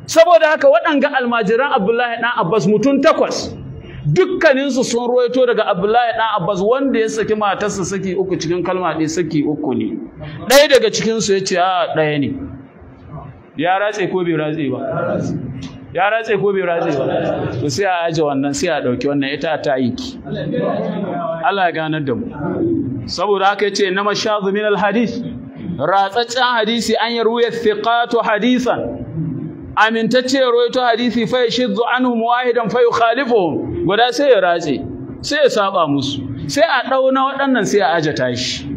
saboda haka waɗanga almajiran abdullahi ɗan abbas mutum takwas dukkaninsu sun ruwaito daga Abdullahi ɗan Abbas wanda ya saki matarsa saki uku cikin kalma ɗaya saki uku ne ɗaya daga cikinsu ya ce a ɗaya ne ya ratse ko bai ratse ba ya ratse ko bai ratse ba to sai a aje wannan sai a ɗauki wannan ita ta yi ki Allah ya ganar da mu saboda haka yace na mashadhu min al ratsaccen hadisi an yarwaya thiqatu hadisan amintacce ya hadisi fa yashiddu anhum wahidan fa yukhalifuhum guda sai ya ratse sai ya saba musu sai a dauna waɗannan sai a ajata shi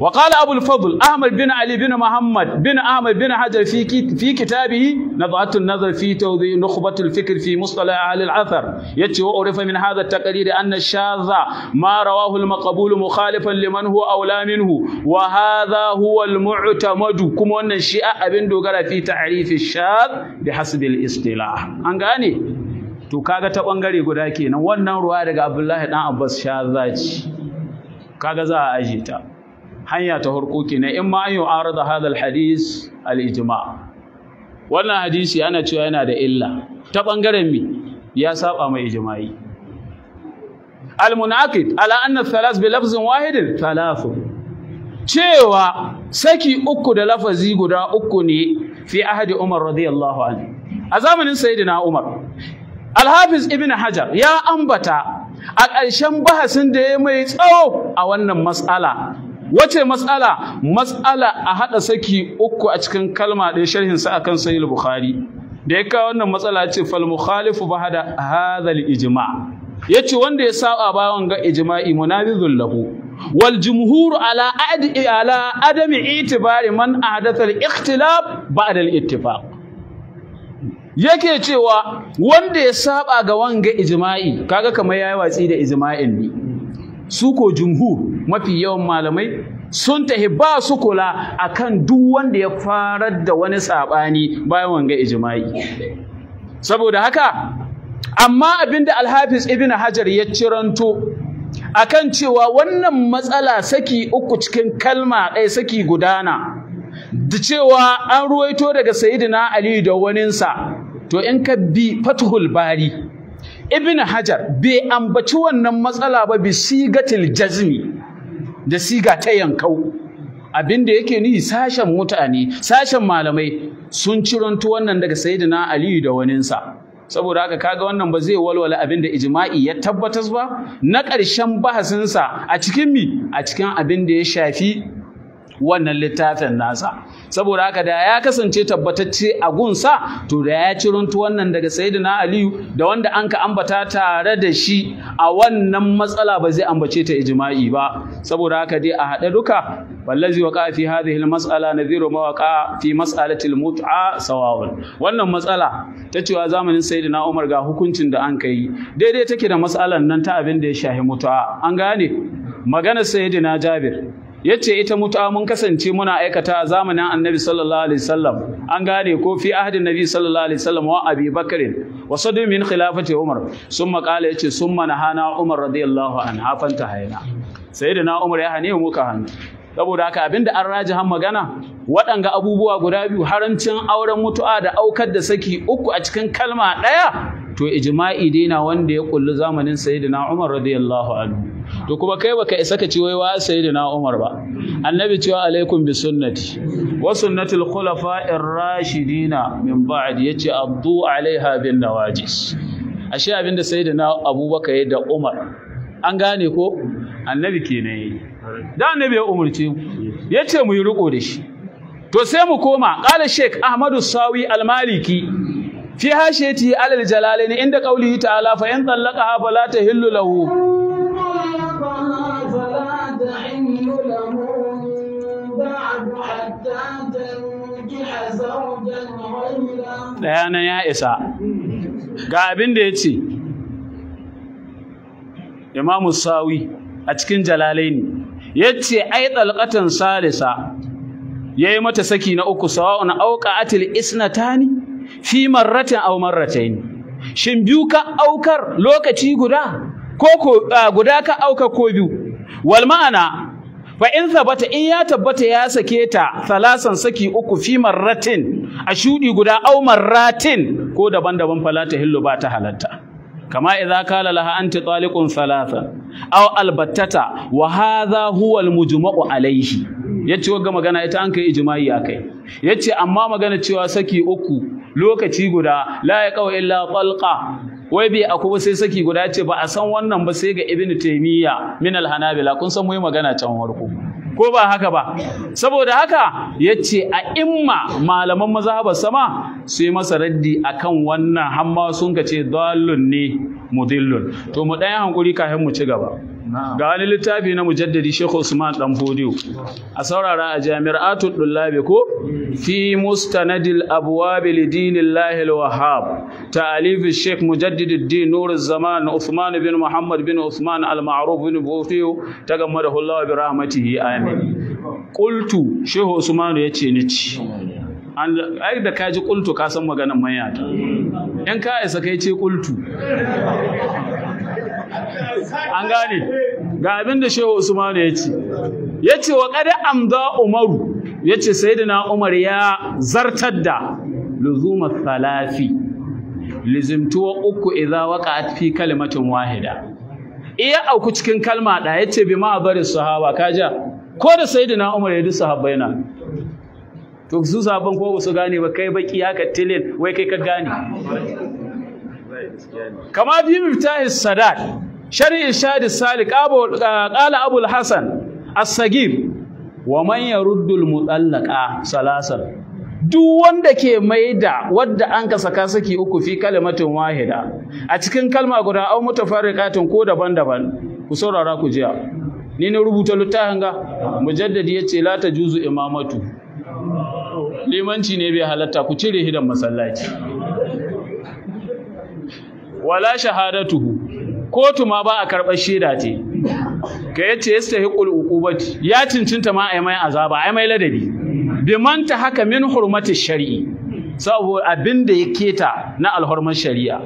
وقال أبو الفضل أحمد بن علي بن محمد بن أحمد بن حجر في في كتابه نظرة النظر في توضيح نخبة الفكر في مصطلح أهل الأثر يتي وعرف من هذا التقرير أن الشاذ ما رواه المقبول مخالفا لمن هو أولى منه وهذا هو المعتمد كما أن الشيعة أبن دوغرا في تعريف الشاذ بحسب الاصطلاح أنغاني to kaga ta bangare guda kenan wannan ruwa daga Abdullahi dan Abbas shazaci kaga za a aje ta hanya ta harkoki kenan in ma ayu arada hadal hadis al ijma wannan hadisi ana cewa yana da illa ta bangaren mi ya saba mai ijma'i al munaqid ala anna thalas bi lafzin wahidin thalathu cewa saki uku da lafazi guda uku ne fi ahadi umar radiyallahu anhu a zamanin sayyidina umar alhafiz hafiz ibn hajar ya ambata a ƙarshen bahasin da ya mai tsawo a wannan matsala wace matsala matsala a haɗa saki uku a cikin kalma sharhin sa akan sahih bukhari da ya kawo wannan matsala ce fal mukhalifu hada hadha al ijma yace wanda ya saba bayan ga ijma'i munadizul lahu wal jumhur ala adi ala adami itibari man ahdatha al ikhtilaf ba'da al ittifaq yake cewa wanda ya saba ga wanga ijma'i kaga kamar yayi watsi da ijma'in ne su ko jumhur mafi yawan malamai sun tahi ba su kula kan duk wanda ya farar da wani saɓani bayan wanga ijima'i saboda haka amma abinda alhafiz ibn hajar ya ciranto a kan cewa wannan matsala saki uku cikin kalma ɗaya saki gudana da cewa an ruwaito daga sayidina ali da waninsa to in ka bi fatuhul bari ibn hajar bai ambaci wannan matsala ba bi sigatil jazmi da siga ta yankau abinda yake ni sashen mutane sashen malamai sun cirantu wannan daga sayyidina aliyu da waninsa saboda haka kaga wannan ba zai walwala abin da ijma'i ya tabbatar ba na ƙarshen bahasinsa a cikin mi a cikin abin da ya shafi wannan littafin nasa saboda haka da ya kasance tabbatacce a gunsa to da ya ciruntu wannan daga sayyidina aliyu da wanda an ka ambata tare da shi a wannan matsala ba zai ambace ta ijma'i ba saboda haka dai a haɗe duka wallazi waqa fi hadhihi almas'ala nadhiru ma waqa fi mas'alati almut'a sawa'un wannan matsala ta cewa zamanin sayyidina umar ga hukuncin da an kai daidai take da mas'alan nan ta abin da ya shahi mutu'a an gane maganar sayyidina jabir yace ita muta mun kasance muna aikata zamanin annabi sallallahu alaihi wasallam an gane ko fi ahdin nabi sallallahu alaihi wasallam wa abi bakr wa sadu min khilafati umar summa qala yace summa nahana umar radiyallahu anha fanta hayna sayyidina umar ya hane mu ka hannu saboda haka abinda an raji han magana waɗanga abubuwa guda biyu haramcin auren mutu'a da aukar da saki uku a cikin kalma ɗaya to ijma'i dai na wanda ya kulli zamanin sayyidina umar radiyallahu anhu to kuma kai baka isa ka ci wai wa sayyidina Umar ba annabi wa alaikum bi sunnati wa khulafa ar rashidina min ba'd yace abdu alaiha bin nawajis ashe abinda sayyidina Abubakar ya da Umar an gane ko annabi kenan da annabi ya umurce mu yace mu yi riko da shi to sai mu koma qala sheikh Ahmadu Sawi al-Maliki fi hashiyati alal jalalaini inda qawlihi ta'ala fa in talaqaha fala tahillu lahu ɗaya nan ya isa ga abin da ya ce imamu sawi a cikin jalalaini ya ce ai ɗalƙatan salisa ya yi mata saki na uku sawa'un auka atil isnatani fi marratin aw ne. shin biyu ka aukar lokaci guda ko guda ka auka ko biyu wal ma'ana fa in zabata in ya tabbata ya sake ta salasan saki uku fi marratin a shudi guda au marratin ko daban-daban fa fala ta hillu ba ta halatta kama idza kala laha anti taliqun salasan aw albattata wa hadha huwa almujma'u alayhi yace ga magana ita an kai ijma'i akai yace amma magana cewa saki uku lokaci guda la ya illa talqa wai bai ba sai saki guda ce ba a san wannan ba sai ga ibnu taymiya min al-hanabila kun san muyi magana can warko ko ba haka ba saboda haka yace a imma malaman mazhabar sama su yi masa raddi akan wannan hamma sun ka ce ne mudillun to mu ɗayan hankuri kafin mu ci gaba ga wani littafi na mujaddadi Sheikh Usman dan Fodiyo a saurara a Jami'atul Dullabi ko fi mustanadil abwab li dinillahi al-wahhab ta'alif Sheikh Mujaddid din Nur zaman Usman bin Muhammad bin Usman al bin Fodiyo ta Allah bi rahmatihi amin qultu Sheikh Usman yace ni ci an da kaji qultu ka san maganar ta in ka isa kai ce qultu an gane ga abin da shehu usmanu ya ce ya ce wa kada amza umaru ya ce na umar ya zartar da luzuma salafi lizimtuwa uku idza waqa'at fi kalimatin wahida iya auku cikin kalma da yace bi ma bari sahaba kaja ko da sayyidina umar ya dusa sahabbai na to su sabon ko su gane ba kai baki haka tilin wai kai ka gane kama bi miftahi sadat shar'i shadi salik abu eh, qala abul hasan as-sagir wa man yaruddu al-mutallaqa salasan duk wanda ke maida wadda an ka saka saki uku fi kalimatin wahida a cikin kalma guda au mutafarriqatin ko daban-daban ku saurara ku jiya ni na rubuta littafin ga mujaddadi yace la tajuzu imamatu limanci ne bai halatta ku cire hidan masallaci wala shahadatuhu kotu ma ba a karɓar shaida ce ka yace yastahiqul uqubati ya cincinta ma ai mai azaba ai mai ladabi Bimanta ta haka min hurmati shari'i saboda abinda ya keta na alhorman shari'a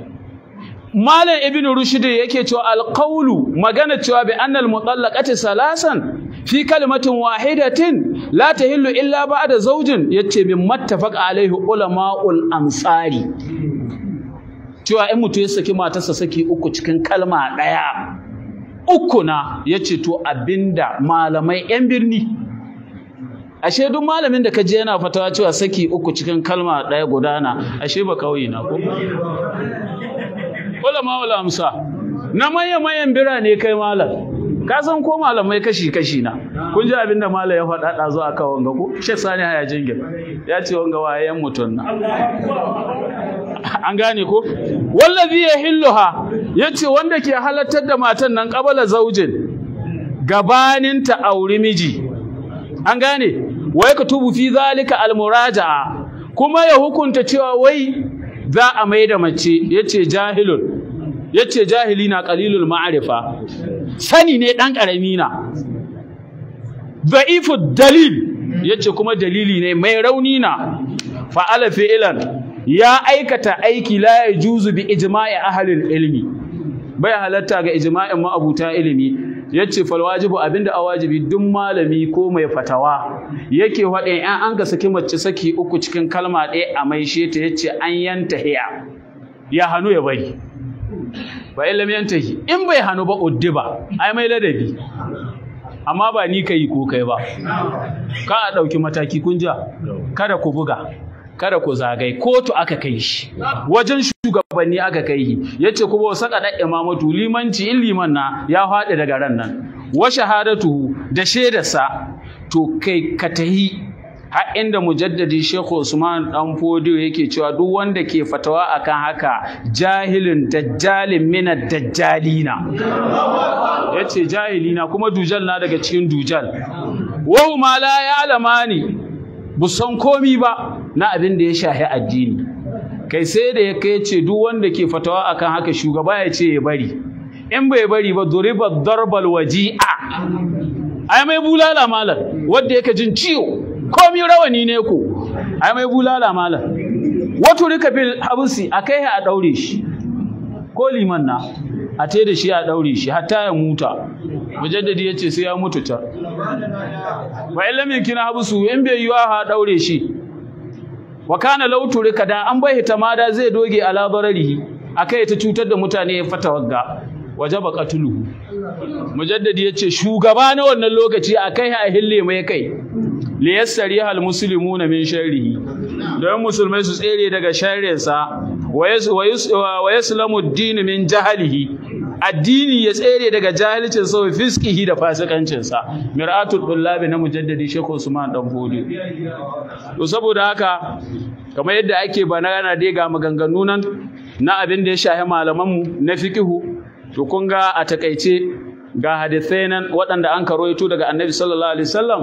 malam ibn rushd yake cewa alqawlu magana cewa bi annal mutallaqati salasan fi kalimatin wahidatin la tahillu illa ba'da zawjin yace bi mattafaq alaihi ulama'ul amsari cewa in mutum ya saki matarsa saki uku cikin kalma ɗaya uku na ya ce to abinda malamai 'yan birni ashe duk malamin da ka je yana fatawa cewa saki uku cikin kalma ɗaya gudana ashe ba kawai na ko wala ma wala amsa na maye mayan birane kai malam ka san ko malamai kashi kashi na kun ji abinda malam ya faɗa ɗazu a kan wanga ko shek sani haya jingir ya ce wanga yan mutum na an gane ko wallazi yahilluha yace wanda ke halartar da matan nan qabala zaujin gabanin ta auri miji an gane wai ka tubu fi zalika almuraja'a kuma ya hukunta cewa wai za a mai da mace yace jahilun yace jahili na qalilul ma'rifa sani ne dan karami na da'ifu dalil yace kuma dalili ne mai rauni na fa'ala fi'lan ya aikata aiki la juzubi bi ijma'i ahlil ilmi bai halatta ga ijma'in ma'abuta ilimi yace fal wajibu abinda awajibi duk malami ko mai fatawa yake faɗin an an ka saki mace saki uku cikin kalma ɗaya a maishe ta yace an yanta hiya ya hannu ya bari ba yanta hi in bai hannu ba ba. ai mai ladabi amma ba ni kai ko kai ba ka ɗauki mataki kunja kada ku buga kada ku zagai kotu aka kai shi wajen shugabanni aka kai shi yace kuma wasaka da imamatu limanci in liman na ya faɗi daga ran nan wa shahadatu da shaidarsa to kai ka tahi har inda mujaddadi Sheikh Usman dan Fodio yake cewa duk wanda ke fatawa akan haka jahilin dajjalin minad dajjalina yace jahilina kuma dujal na daga cikin dujal wa ma la ya'lamani busan komi ba na abin da ya shahi addini kai sai da ya kai ce duk wanda ke fatawa akan haka shugaba ya ce ya bari in bai bari ba duriba darbal waji'a ai mai bulala malam wanda yake jin ciwo komi rawani ne ko ai mai bulala malam wato rika bil habsi akai a daure shi ko liman na a te da shi a daure shi hatta ya muta mujaddadi yace sai ya mutu ta wa illam yakina habsu in bai yiwa ha daure shi wa kana law turika da an bai hitama da zai doge ala bararihi akai ta cutar da mutane ya fata wagga wajaba qatluhu mujaddadi yace shugaba na wannan lokaci akai a hille mai kai li yassariha al muslimuna min sharrihi don musulmai su tsere daga sharrinsa wa yaslamu min jahlihi addini ya tsere daga jahilcin sa fiskihi da fasikancin sa miratu dullabi na mujaddadi Sheikh Usman dan bodi to saboda haka kamar yadda ake banana dai ga maganganu nan na abin da ya shahi malaman mu na fikihu to kun ga a takaice ga hadisai nan waɗanda an karoito daga annabi sallallahu alaihi wasallam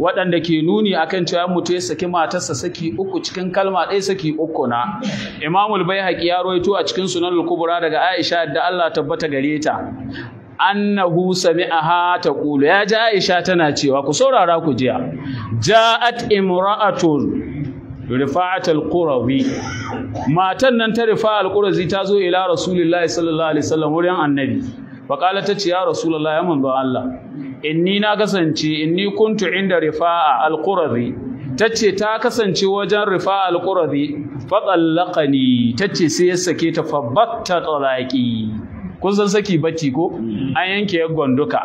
waɗanda ke nuni akan cewa mutu ya saki matarsa saki uku cikin kalma ɗaya saki uku na imamul baihaqi ya roito a cikin sunan al-kubra daga aisha da Allah tabbata gare ta annahu sami'aha taqulu ya ji aisha tana cewa ku saurara ku jiya ja'at imra'atun rifa'at al-qurawi matan nan ta rifa al qurawi ta zo ila rasulullahi sallallahu alaihi wasallam wurin annabi faƙala ta ce ya rasulallah ya manzo Allah In ni na kasance in inni kuntu inda rifa'a alqurazi tace ta kasance wajen rifa'a alqurazi fa tsallaqani tace sai ya sake ta fa batta talaqi kun san saki bacci ko an yanke ya gonduka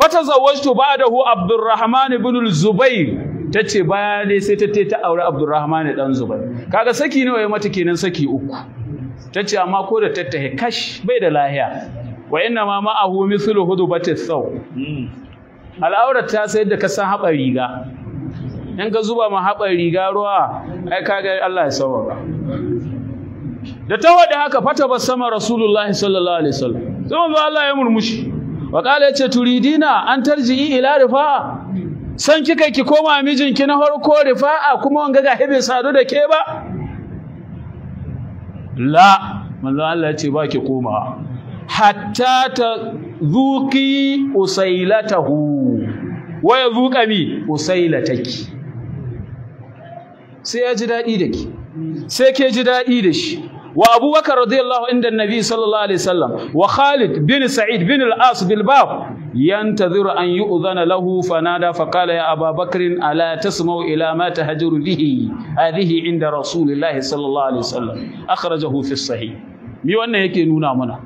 fa tazawwajtu ba'dahu abdurrahman ibn al-zubair tace baya ne sai ta ta aure abdurrahman dan zubair kaga saki ne ya mata kenan saki uku tace amma ko da tattahe kash bai da lahiya wa inna ma ma'ahu mislu hudubatis sau. Hmm. al'aurar ta sayar da kasan haɓa riga in ka zuba ma haɓar riga ruwa ai kaga Allah ya sauwaka da ta wada haka fata ba sama rasulullahi sallallahu alaihi wasallam sai manzo Allah ya murmushi wa qala yace turidina an tarji'i ila rifa'a san kika ki koma mijinki na Rifa? rifa'a kuma wanga ga hebe sado da ke ba la manzo Allah ya ce ba ki koma hatta ta zuki usailatahu Waya ya mi usailataki sai ya ji daɗi da ki sai ke ji daɗi da shi wa Abu waka radiyallahu inda Nabi sallallahu alaihi sallam, wa Khalid bin Sa'id bin al-As bil Bab yi أن يؤذن له فنادى فقال يا أبا بكر ألا تسمع إلى ما تهجر به هذه عند رسول الله صلى الله عليه sallam. أخرجه في الصحيح مي wannan yake nuna mana?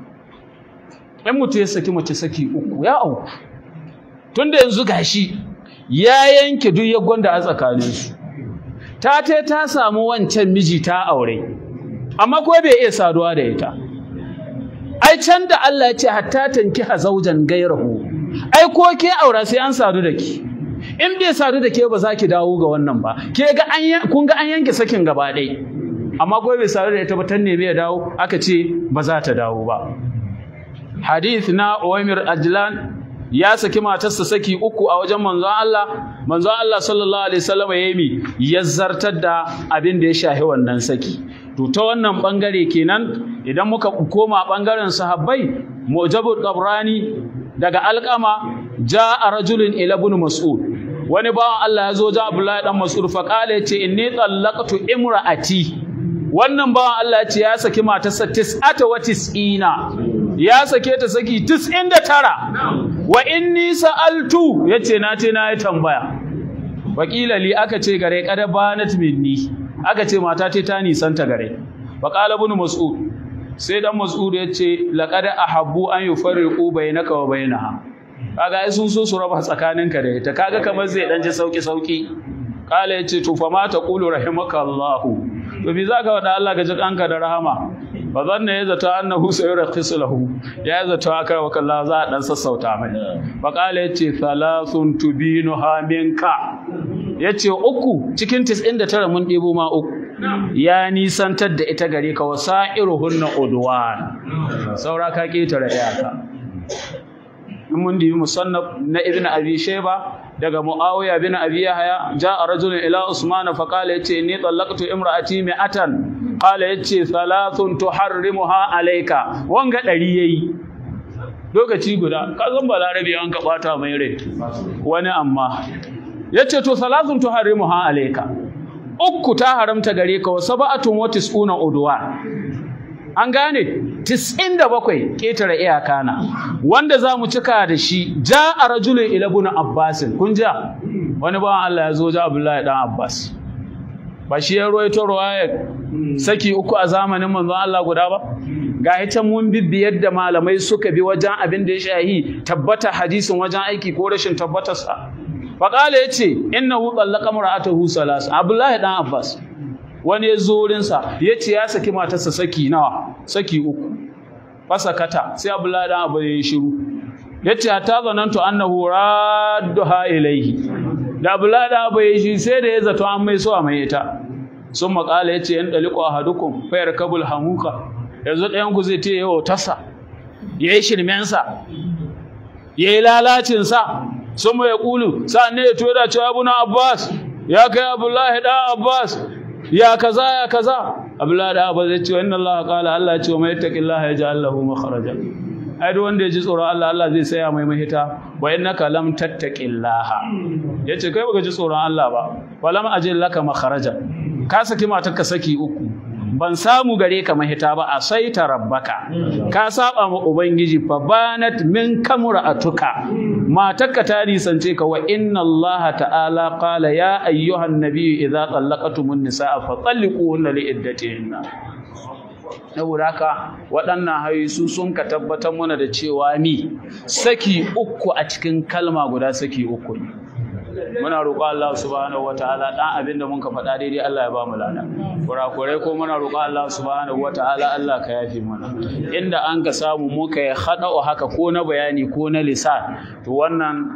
ɗan mutu ya saki mace saki uku ya auku tunda yanzu gashi ya yanke duk ya gwanda a tsakaninsu ta te ta samu wancan miji ta aure amma ko bai iya saduwa da ita ai can da Allah ya ce hatta tanki hazaujan gairahu ai ko ke aura sai an sadu da ki in bai sadu da ke ba za ki dawo ga wannan ba ke ga an kun ga an yanke sakin gaba ɗaya amma ko bai sadu da ita ba ta nemi ya dawo aka ce ba za ta dawo ba hadith na Umar Ajlan ya saki matarsa saki uku a wajen manzon Allah manzon Allah sallallahu alaihi wasallam yayi ya zartar da abin da ya shahi wannan saki to ta wannan bangare kenan idan muka koma bangaren sahabbai mujabu qabrani daga alqama jaa rajulun ila ibn mas'ud wani bawan Allah ya zo ja Abdullahi dan Mas'ud fa qala yace inni tallaqtu imraati wannan bawan Allah ya ce ya saki matarsa tis'ata wa tis'ina ya sake ta saki 99 wa inni sa'altu yace na ce na yi tambaya wakila li aka ce gare kada banat minni aka ce mata ce ta nisan ta gare wa qala ibn mas'ud sai dan mas'ud yace a Habu an yufarriqu bainaka wa bainaha kaga ai sun so su raba tsakaninka da ita kaga kamar zai dan ji sauki sauki qala yace to fa ma taqulu rahimakallahu to bi zaka wada Allah ga jikanka da rahama zan ne ya zata annahu sayurqisu lahu ya zata haka wa kalla za a dan sassauta mai eh. ya ce yace thalathun tubinu haminka ce uku cikin 99 mun ɗebo ma uku ya nisantar da ita gare ka wasa'iruhunna udwan saura ka ketare iyaka in mun dibi musannaf na ibnu abi shayba daga muawiya bin abi yahya a rajulun ila usman fa qala yace ni talaqtu imraati mi'atan qala yace salatun tuharrimuha alayka wanga dari yayi lokaci guda ka ba larabi an ka bata mai rai wani amma yace to salatun tuharrimuha alayka uku ta haramta gare ka wa sab'atun wa tis'una udwa an gane tis'in da bakwai ƙetare iyaka na wanda za mu cika da shi ja a rajulun ilabun abbasin kun ja wani bawan Allah ya zo ja abdullahi ɗan abbas ba shi ya ruwaito ruwaya saki uku a zamanin manzon Allah guda ba ga ita mun bibbi da malamai suka bi wajen abin da ya shahi tabbata hadisin wajen aiki ko rashin tabbatarsa faƙala ya ce innahu tsallaka mar'atahu salasa abdullahi ɗan abbas wani ya zo wurinsa ya ce ya saki matarsa saki nawa saki uku Fasa kata, sai abdullahi dan abu ya shiru ya ce ta zanantu annahu radduha ilaihi da abdullahi dan abu ya shi sai da ya zato an mai so a mai ita sun makala ya ce yan ɗaliƙo a hadukun fayar kabul hamuka yanzu ɗayan ku zai ta yi tasa. ya yi shirmensa ya yi lalacinsa sun mai ƙulu sa'an ne ya da cewa abu na abbas ya kai abdullahi ɗan abbas ya kaza ya kaza abdullahi da abu zai ce wa inna allaha qala allah ce mai ya yaj'al lahu makhraja ai duk wanda ya ji tsoron allah allah zai saya mai mahita wa ka lam tattaqillaha yace kai baka ji tsoron allah ba lam ajil laka makhraja ka saki matar ka saki uku ban samu gare ka mahita ba a sai ta rabbaka ka saba ma ubangiji fa banat min kamura atuka matarka ta nisance ka wa inna allaha ta'ala qala ya ayyuhan nabiyyu idza tallaqatumun nisaa fa talliquhunna li iddatihinna saboda haka waɗannan hayoyi su sun ka tabbatar mana da cewa ni saki uku a cikin kalma guda saki uku ne muna roƙo Allah subhanahu wataala dan abin da muka faɗa daidai Allah ya ba mu lada kurakurai ko muna roƙo Allah subhanahu wataala Allah ka yafe mana inda an ka samu muka ya o haka ko na bayani ko na lisan to wannan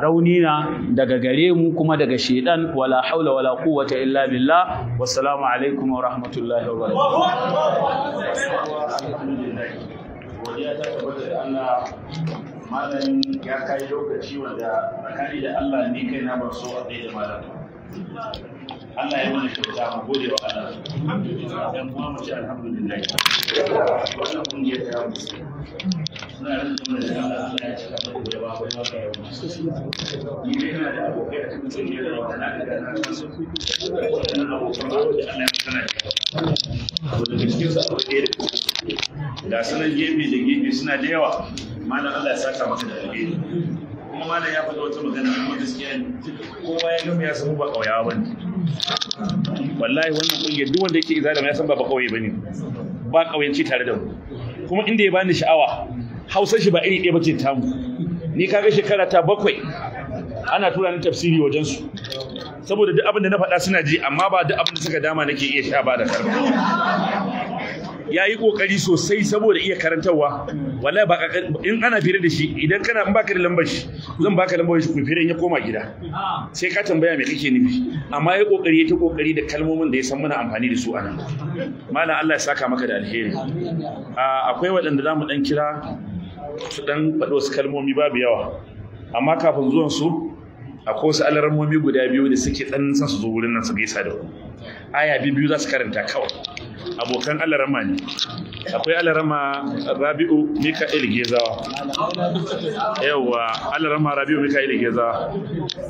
rauni na daga gare mu kuma daga shedan wala haula wala quwwata illa billah wassalamu alaikum wa rahmatullahi wa barakatuh malam ya kai lokaci wanda tsakani da Allah ni kai na ban so a tsaye da malam Allah ya mana kyauta mu gode wa Allah dan kuma mu ci alhamdulillah wannan kungiyar ta mu suna ran da da Allah Allah ya cika mu da ba wai wata yau ni dai ina da abokai a cikin kungiyar da wata na da na san su wannan abokan ba da Allah tana yawa daga cikin su abu ɗaya da kuma ga sanan gefe da gefe suna da yawa malam Allah ya saka maka da alheri kuma malam ya faɗa wata magana kuma gaskiya ne kowa ya gama ya samu ba ƙauyawa ba ne wallahi wannan ƙungiyar duk wanda yake izada ya san ba ba ƙauye ba ne ba ƙauyenci tare da mu kuma inda ya bani sha'awa hausar shi ba iri ɗaya ba ce tamu ni kaga shekara ta bakwai ana tura ni tafsiri wajen su saboda duk abin da na faɗa suna ji amma ba duk abin da suka dama nake iya sha ba da karba ya yi kokari sosai saboda iya karantarwa wallahi ba in ana fira da shi idan kana in baka da lambar shi zan baka lambar shi ku fira in ya koma gida sai ka tambaya me kake nufi amma ya kokari ya ta kokari da kalmomin da ya san muna amfani da su anan malam Allah ya saka maka da alheri akwai waɗanda zamu dan kira su dan faɗo su kalmomi babu yawa amma kafin zuwan su akwai wasu alarmomi guda biyu da suke dan san su zo wurin nan su gaisa da ku aya biyu za su karanta kawai abokan alarama ne akwai alarama rabi'u mika'il gezawa yawa alarama rabi'u mika'il gezawa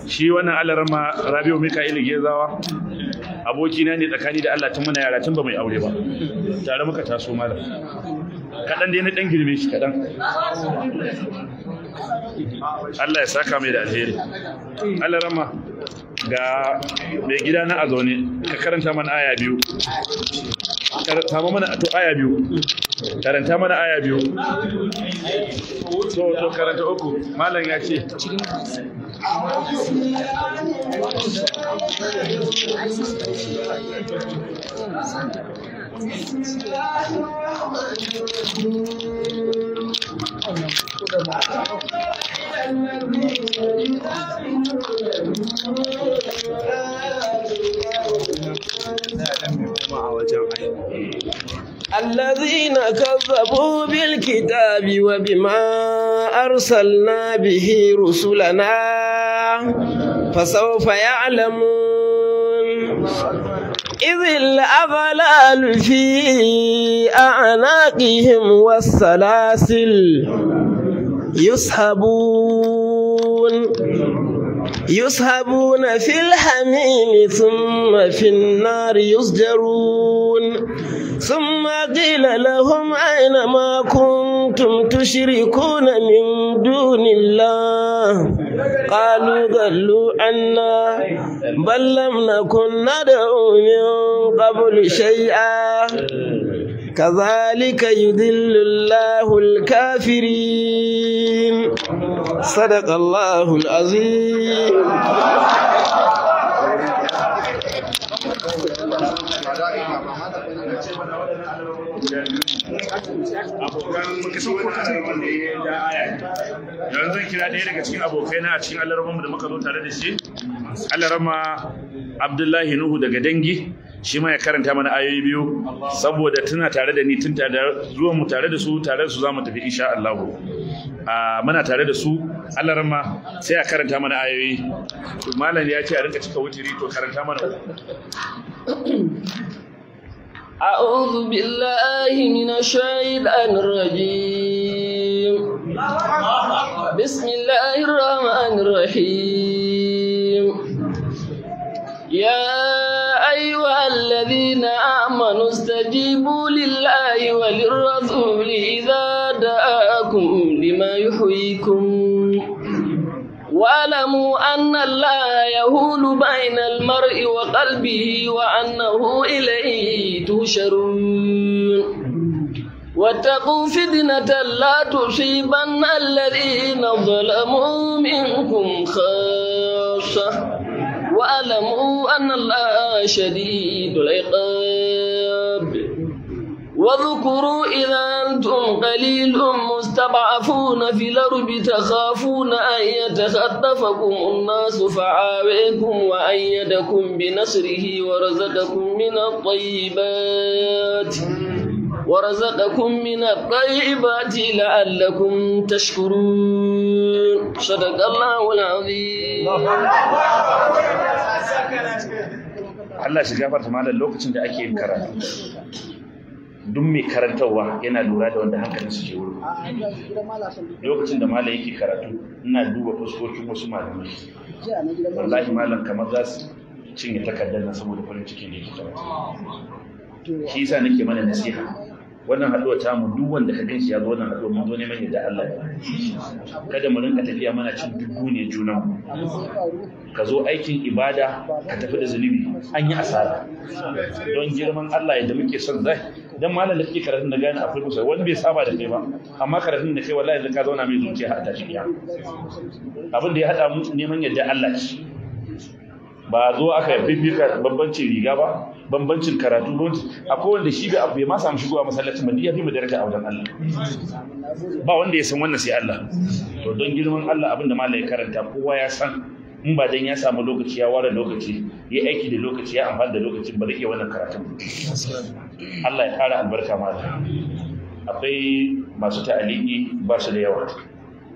shi wannan alarama rabi'u mika'il gezawa abokina ne tsakani da Allah tun muna yara tun ba mai aure ba tare muka taso malam kaɗan dai na ɗan girme shi kaɗan Allah ya saka mai da alheri Allah rama ga mai gida na a zaune ka karanta mana aya biyu karanta mana to aya biyu karanta mana aya biyu So, to karanta uku malam ya ce بسم الله الرحمن الرحيم الذين كذبوا بالكتاب وبما أرسلنا به رسلنا فسوف يعلمون إذ الأغلال في أعناقهم والسلاسل يسحبون يسحبون في الحميم ثم في النار يسجرون ثم قيل لهم أين ما كنتم تشركون من دون الله قالوا ضلوا عنا بل لم نكن ندعو من قبل شيئا كذلك يذل الله الكافرين صدق الله العظيم baka san ko kasan wanda ya da aya yanzu zan kira ɗaya daga cikin abokai na a cikin alarman da muka zo tare da shi alarma Abdullahi Nuhu daga dangi shi ma ya karanta mana ayoyi biyu saboda tana tare da ni tun zuwa mu tare da su tare da su zamu mu tafi insha Allah muna tare da su Allah rama sai a karanta mana ayoyi malam ya ce a rinka cika wutiri to karanta mana أعوذ بالله من الشيطان الرجيم بسم الله الرحمن الرحيم يا أيها الذين آمنوا استجيبوا لله وللرسول إذا دعاكم لما يحييكم واعلموا أن الله يهول بين المرء وقلبه وأنه إليه تهشرون واتقوا فتنة لا تصيبن الذين ظلموا منكم خاصة واعلموا أن الله شديد العقاب واذكروا إذا أنتم قليل مستضعفون في الأرض تخافون أن يتخطفكم الناس فعاويكم وأيدكم بنصره ورزقكم من الطيبات ورزقكم من الطيبات لعلكم تشكرون صدق الله العظيم Allah shi gafarta malam lokacin da ake duk mai karantarwa yana lura da wanda hankalin su ke wurin lokacin da malam yake karatu ina duba fuskokin wasu malamai wallahi malam kamar za su cinye takardar na saboda farin ciki ne ke karatu shi yasa nake mana nasiha wannan haɗuwa ta mu duk wanda ka gan shi ya zo wannan haɗuwa mun zo neman yadda Allah ya kada mu rinka tafiya mana cin dubu ne juna ka zo aikin ibada ka tafi da zunubi an yi asara don girman Allah yadda muke son zai dan malam da kake karatun da gane akwai musa wani bai saba da kai ba amma karatun da kai wallahi da ka zauna mai zuciya a tashi abin da ya haɗa mu neman yadda Allah ce ba zo aka fifika bambancin riga ba bambancin karatu a wanda shi bai abu ya ma samu shigowa masallacin ba ya fi mu daraja a wajen Allah ba wanda ya san wannan sai Allah to don girman Allah abinda malai karanta kowa ya san in ba dan ya samu lokaci ya ware lokaci ya aiki da lokaci ya amfani da lokacin ba rike iya wannan karatun Allah ya fara albarka mala akwai masu ta'aliki ba su da yawa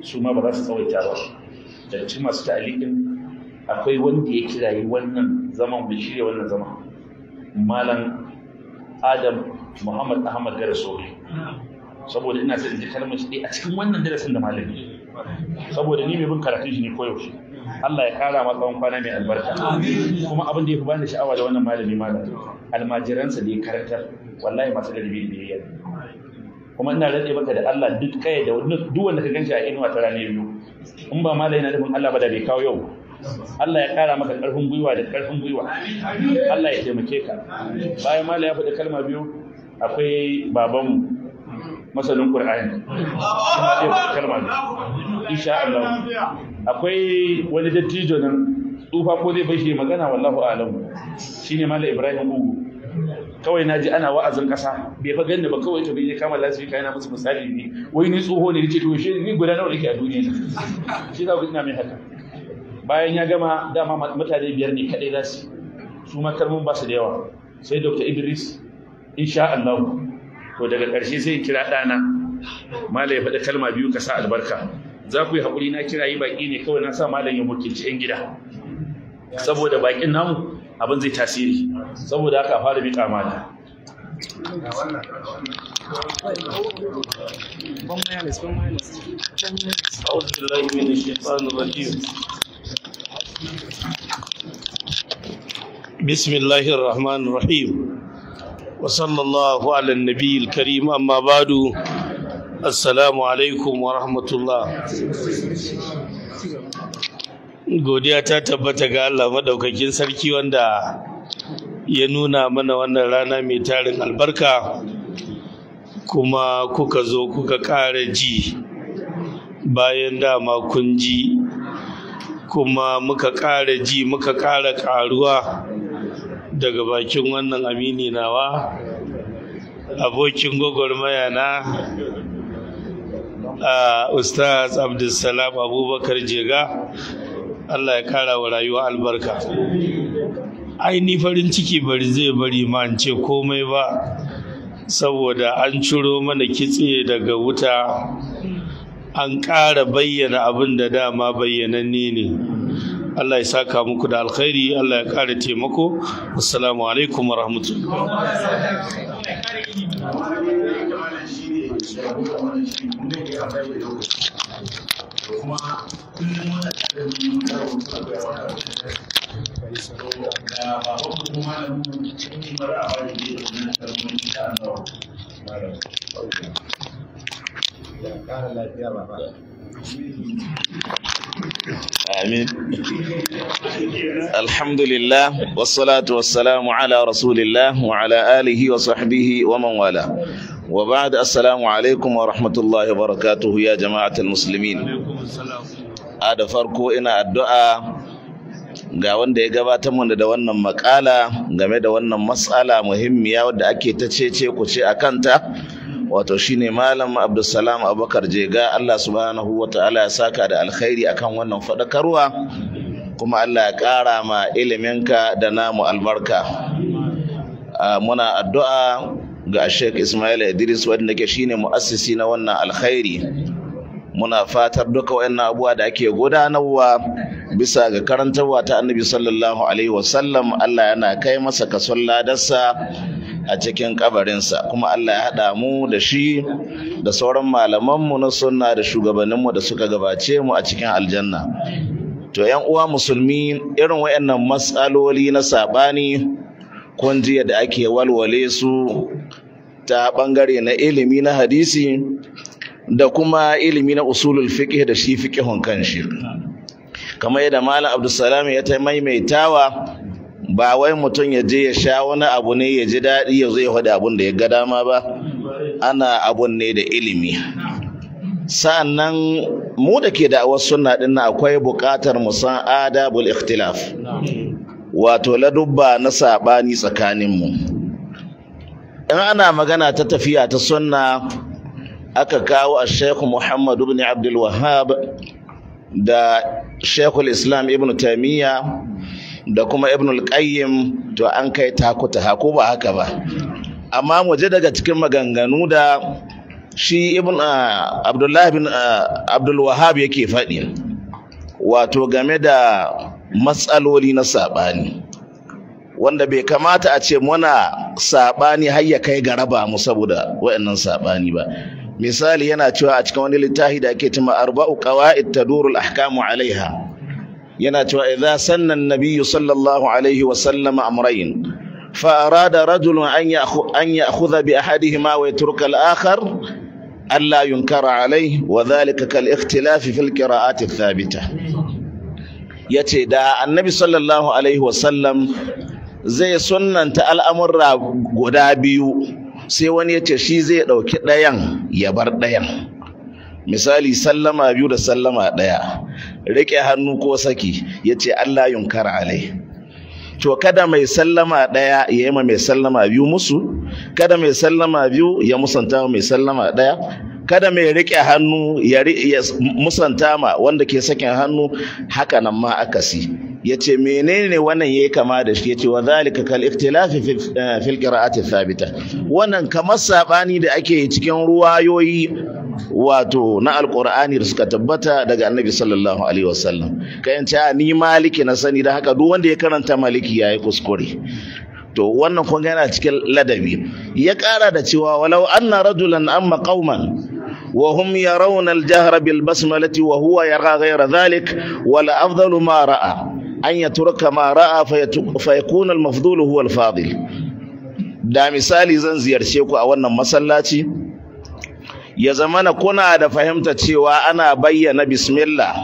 su ma ba za su tsawaita ba da cikin masu ta'alikin akwai wanda ya kirayi wannan zaman bai shirya wannan zaman malam adam muhammad ahmad garasori saboda ina son da kalmar shi a cikin wannan darasin da malami saboda ni mai bin karatun shi ne koyaushe Allah ya kara masa tsawon kwana mai albarka kuma abin da ya fi bani sha'awa da wannan malami malam almajiransa da ya karantar wallahi masu ladabi da biyayya kuma ina rade maka da Allah duk kai da duk wanda ka ganshi a inuwa ta ranar yau in ba malami na nufin Allah ba da bai kawo yau Allah ya kara maka ƙarfin gwiwa da ƙarfin gwiwa Allah ya taimake ka bayan mala ya faɗi kalma biyu akwai babanmu masanin Qur'ani faɗi kalma biyu insha Allah akwai wani dattijo nan tsufa ko zai bashi magana wallahu Shi ne mala Ibrahim Ugu kawai na ji ana wa'azin ƙasa bai fa ganni ba kawai ta bai kama lasifi kai na musu misali ne wai ni tsoho ne ce to shi ni guda nawa nake a duniya shi za ku ina mai haka bayan ya gama dama mutane biyar ne kaɗai za su su makalmin ba su da yawa sai dr idris insha Allah to daga ƙarshe sai kira ɗana mala ya faɗi kalma biyu ka sa albarka za ku yi haƙuri na kira yi baƙi ne kawai na sa malam ya wakilci ƴan gida saboda baƙin namu abin zai tasiri saboda haka fara miƙa mala أعوذ بالله من الشيطان الرجيم بسم الله الرحمن الرحيم وصلى الله على النبي الكريم أما بعد السلام عليكم ورحمة godiya ta tabbata ga Allah madaukakin sarki wanda ya nuna mana wannan rana mai tarin albarka kuma kuka zo kuka ƙara ji bayan dama kun ji kuma muka ƙara ji muka ƙara ƙaruwa daga bakin wannan amini nawa abokin gwagwarmaya na ustaz abdulsalam abubakar jega allah ya ƙara wa rayuwa albarka aini farin ciki bari zai bari ma an ce komai ba saboda an ciro mana kitse daga wuta an ƙara bayyana abin da dama bayyananne ne Allah ya saka muku da alkhairi Allah ya ƙara taimako assalamu alaikum wa rahmatullahi آمين الحمد لله والصلاة والسلام على رسول الله وعلى آله وصحبه ومن والاه وبعد السلام عليكم ورحمة الله وبركاته يا جماعة المسلمين هذا فرقو إن الدعاء ga wanda ya gabatar mana da wannan makala game da wannan matsala muhimmiya wadda ake ta cece ku ce a kanta wato shine malam abdulsalam abubakar jega allah subhanahu wa ta'ala ya saka da alkhairi akan wannan faɗakarwa kuma allah ya ƙara ma iliminka da namu albarka muna addu'a ga Sheikh Ismail Idris wanda ke shine mu'assisi na wannan alkhairi muna fatar duka wayannan abuwa da ake gudanarwa bisa ga karantarwa ta annabi sallallahu alaihi wasallam Allah yana kai masa kasuwar ladarsa a cikin kabarinsa kuma Allah ya haɗa mu da shi da sauran malamanmu na sunna da shugabanninmu da suka gabace mu a cikin aljanna to yan uwa musulmi irin wayannan matsaloli na saɓani, kun jiya da ake walwale su ta bangare na ilimi na hadisi da kuma ilimi na usulul fiqh da shi fiqhun kanshi kamar yadda malam abdulsalam ya ta maimaitawa ba wai mutum ya je ya sha wani abu ne ya ji daɗi ya zai faɗi abun da ya ga dama ba ana abun ne da ilimi sa'annan mu da ke da'awar sunna ɗin akwai buƙatar mu san adabul ikhtilaf wato ladubba na saɓani tsakaninmu in ana magana ta tafiya ta sunna aka kawo a sheikh Muhammadu bin Abdulwahab da shekul islam ibn Taymiya da kuma ibn al-qayyim to an kai takuta haku ba haka ba amma mu je daga cikin maganganu da shi ibn ah, abdullah bin ah, abdul wahab yake faɗi wato game da matsaloli na saɓani wanda bai kamata a ce muna saɓani har ya kai ga raba mu saboda waɗannan saɓani ba misali yana cewa a cikin wani littafi da ake cewa arba'u qawaid taduru al-ahkamu alaiha yana cewa idza sanna an-nabiy sallallahu alaihi wa sallam amrayn fa arada rajulun an an ya'khudha bi ahadihima wa yatruka al-akhar alla yunkara alaihi wa dhalika kal ikhtilafi fil qira'ati ath-thabita yace da annabi sallallahu alaihi wa sallam zai sunnanta al'amurra guda biyu sai wani ya ce shi zai ɗauki ɗayan ya bar ɗayan misali sallama biyu da sallama ɗaya riƙe hannu ko saki ya ce Allah yunkara alai to kada mai sallama ɗaya ya yi ma mai sallama biyu musu kada mai sallama biyu ya musanta mai sallama ɗaya kada mai riƙe hannu ya musanta ma wanda ke sakin hannu haka nan ma si. ya ce menene wannan ya yi kama da shi ya ce wa zalika kal iftilafi eh, fil qira'ati thabita wannan kamar sabani da ake cikin ruwayoyi wato na alqur'ani da suka tabbata daga annabi sallallahu alaihi wasallam kayan ta ni maliki na sani da haka duk wanda ya karanta maliki yayi kuskure to wannan kun yana cikin ladabi ya ƙara da cewa walau anna rajulan amma qauman وهم يرون الجهر بالبسملة وهو يرى غير ذلك والأفضل ما رأى أن يترك ما رأى فيكون المفضول هو الفاضل da misali zan ziyarce ku a wannan masallaci ya zamana kuna da fahimtar cewa ana bayyana bismillah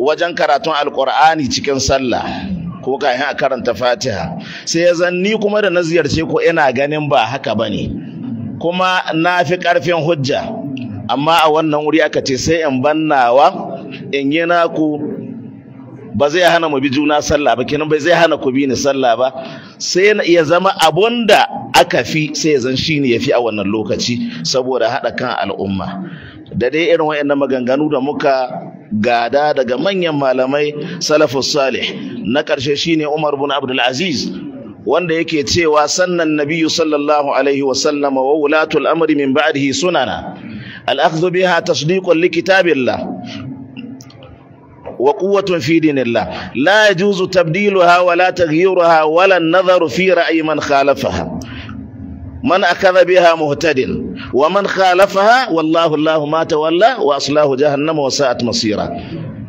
wajen karatun Alƙur'ani cikin sallah ko kafin a karanta fatiha sai ya zan kuma da na ziyarce ku ina ganin ba haka bane kuma na fi ƙarfin hujja amma a wannan wuri aka ce sai in bannawa in yi naku ba zai hana mu bi juna sallah ba kenan bai zai hana ku bi ni sallah ba sai ya zama abun da aka fi sai ya zan ne ya fi a wannan lokaci saboda haɗa kan al'umma da dai irin waɗannan maganganu da muka gada daga manyan malamai salafus salih na ƙarshe shi ne Umar bin Abdul wanda yake cewa sannan nabiyyu sallallahu alaihi wa wa wulatul amri min ba'dihi sunana al-akhdhu biha tasdiqun li kitabillah wa quwwatun fi dinillah la yajuzu tabdiluha wa la taghyiruha wa la nadharu fi ra'yi man khalafaha man akadha biha muhtadin wa man khalafaha wallahu allah ma tawalla wa aslahu jahannama wa sa'at masira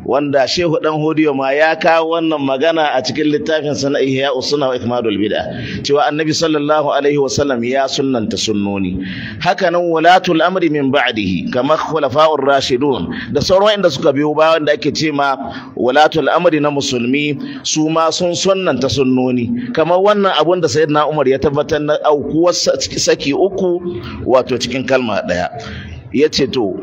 wanda shehu dan hodiyo ma ya kawo wannan magana a cikin littafin sana ihya usuna wa ikmadul bid'a cewa annabi sallallahu alaihi wasallam ya sunnanta sunnoni nan walatul amri min ba'dihi kama khulafa'ur rashidun da sauran inda suka biyo ba wanda ake ce ma walatul amri na musulmi su ma sun sunnanta sunnoni kamar wannan abun da sayyidina umar ya tabbatar na aukuwar saki uku wato cikin kalma daya ya ce to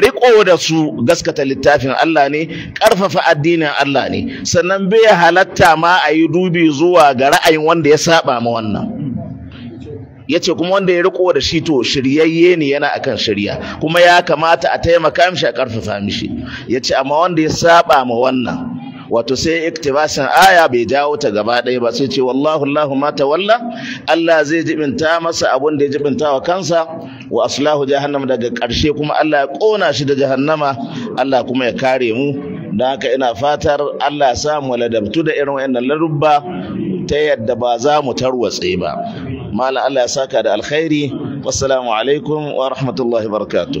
riko da su gaskata littafin Allah ne ƙarfafa addinin Allah ne sannan bai halatta ma a yi dubi zuwa ga ra'ayin wanda ya saba ma wannan ya ce kuma wanda ya riko da shi to shiryayye ne yana akan shirya kuma ya kamata a taimaka mishi a ƙarfafa mishi ya ce amma wanda ya saba ma wannan wato sai iktibasin aya bai jawo ta gaba ɗaya ba sai ce wallahu Allahu ma tawalla Allah zai jibinta masa abun da ya jibinta wa kansa wa aslahu jahannama daga ƙarshe kuma Allah ya ƙona shi da jahannama Allah kuma ya kare mu da haka ina fatar Allah ya samu ladabtu da irin wayannan larubba ta yadda ba za mu tarwatse ba malam Allah ya saka da alkhairi wassalamu alaikum wa rahmatullahi barakatuh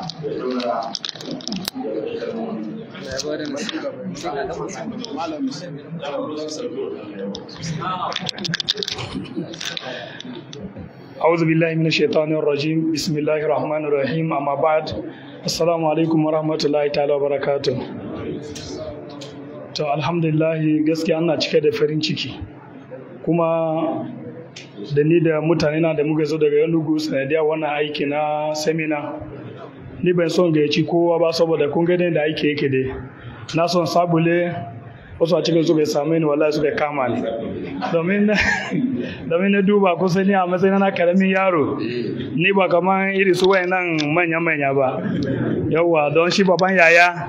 أعوذ بالله من الشيطان الرجيم بسم الله الرحمن الرحيم أما بعد السلام عليكم ورحمة الله تعالى وبركاته to alhamdulillah gaskiya ana cike da farin ciki kuma da ni da mutane na da muka zo daga yanugu sanadiyar wannan aiki na semina ni ban son gayyaci kowa ba saboda kun gani da ake yake dai na son sabule wasu a cikin suka same ni wallahi suka kama ni domin na duba kusa ni a matsayin na karamin yaro ni ba kamar iri su nan manya-manya ba yawwa don shi baban yaya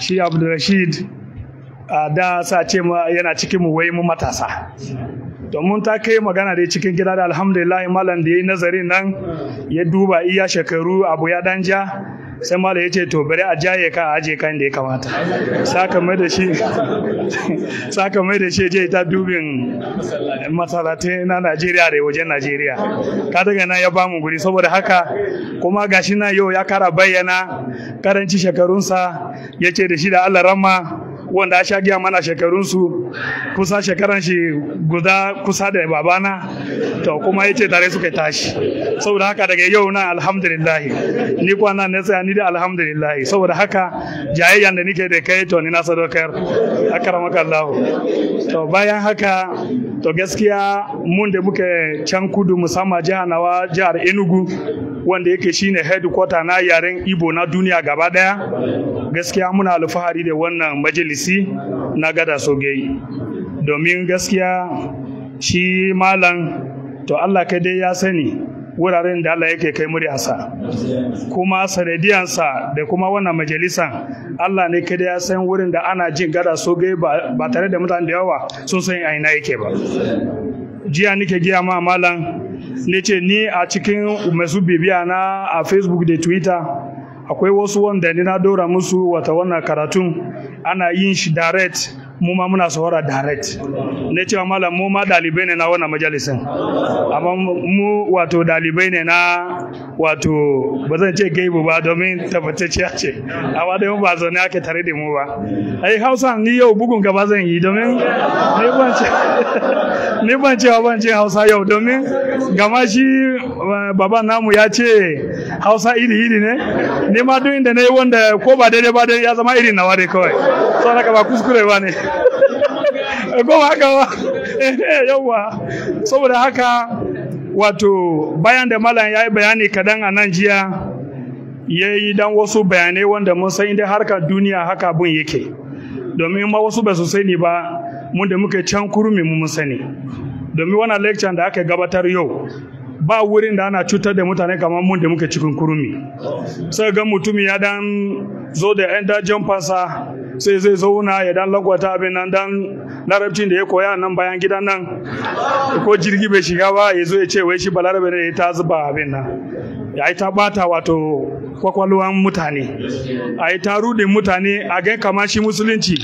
shi abdulrashid a da sa ce yana cikin mu wai mu matasa domin ta kai magana da cikin gida da alhamdulillah malam da ya yi nazarin nan ya duba iya shekaru abu ya dan ja sai malam ya ce to bari a jaye ka a aje kan da ya kamata saka mai da shi saka mai da shi je ta dubin masalatai na Najeriya da wajen Najeriya ka daga nan ya bamu guri saboda haka kuma gashi na yau ya kara bayyana karanci shekarunsa ya ce da shi da Allah rama wanda a sha mana shekarunsu kusa shekaran shi guda kusa da babana to kuma ya ce tare suka tashi saboda haka daga yau na alhamdulillah ni kwana na tsaya ni da alhamdulillah saboda haka jayayyan da nike da kai to ni na sadaukar akramaka Allah to bayan haka to gaskiya mun da muke can kudu musamman jihar nawa jihar Enugu wanda yake shine headquarter na yaren ibo na duniya gaba daya gaskiya muna alfahari da wannan majalis majalisi na gada sogai domin gaskiya shi malam to Allah kai dai ya sani wuraren da Allah yake kai muryarsa kuma sanadiyansa da kuma wannan majalisan Allah ne dai ya san wurin da ana jin gada sogai ba tare da mutane da yawa sun san aina yake ba jiya nike giya ma malam ne ni a cikin masu bibiya na a facebook da twitter akwai wasu wanda ni na dora musu wata wannan karatun ana yin shi direct mu ma muna saurara direct ne cewa malam mu ma dalibai ne na wannan majalisin amma mu wato dalibai ne na wato ba zan ce gaibu ba domin tabbatacciya ce amma dai ba zaune ake tare da mu ba ai hausa ni yau bugun gaba zan yi domin ni ban cewa ban ce hausa yau domin gama shi eh, baban namu ya ce hausa iri iri ne ni ma duk inda na yi wanda ko ba daidai ba dai ya zama irin nawa dai kawai sau ba kuskure ba ne ko haka ba eh, yauwa saboda haka wato bayan da malam ya yi bayani kaɗan a nan jiya ya yi dan wasu bayanai wanda mun san inda harkar duniya haka bun yake domin ma wasu ba su sani ba mun da muke can kurmi mun sani domin wannan lecture da aka gabatar yau ba wurin da ana cutar da mutane kamar mun da muke cikin kurumi. sai ga mutumi ya dan zo da yan dajin fasa sai zai zauna ya dan lagwata abin nan dan larabcin da ya koya nan bayan gidan nan ko jirgi bai shiga ba ya zo ya ce wai shi balarabe ne ta zuba abin nan ya ta bata wato kwakwalwan mutane a yi ta rude mutane a ga kama shi musulunci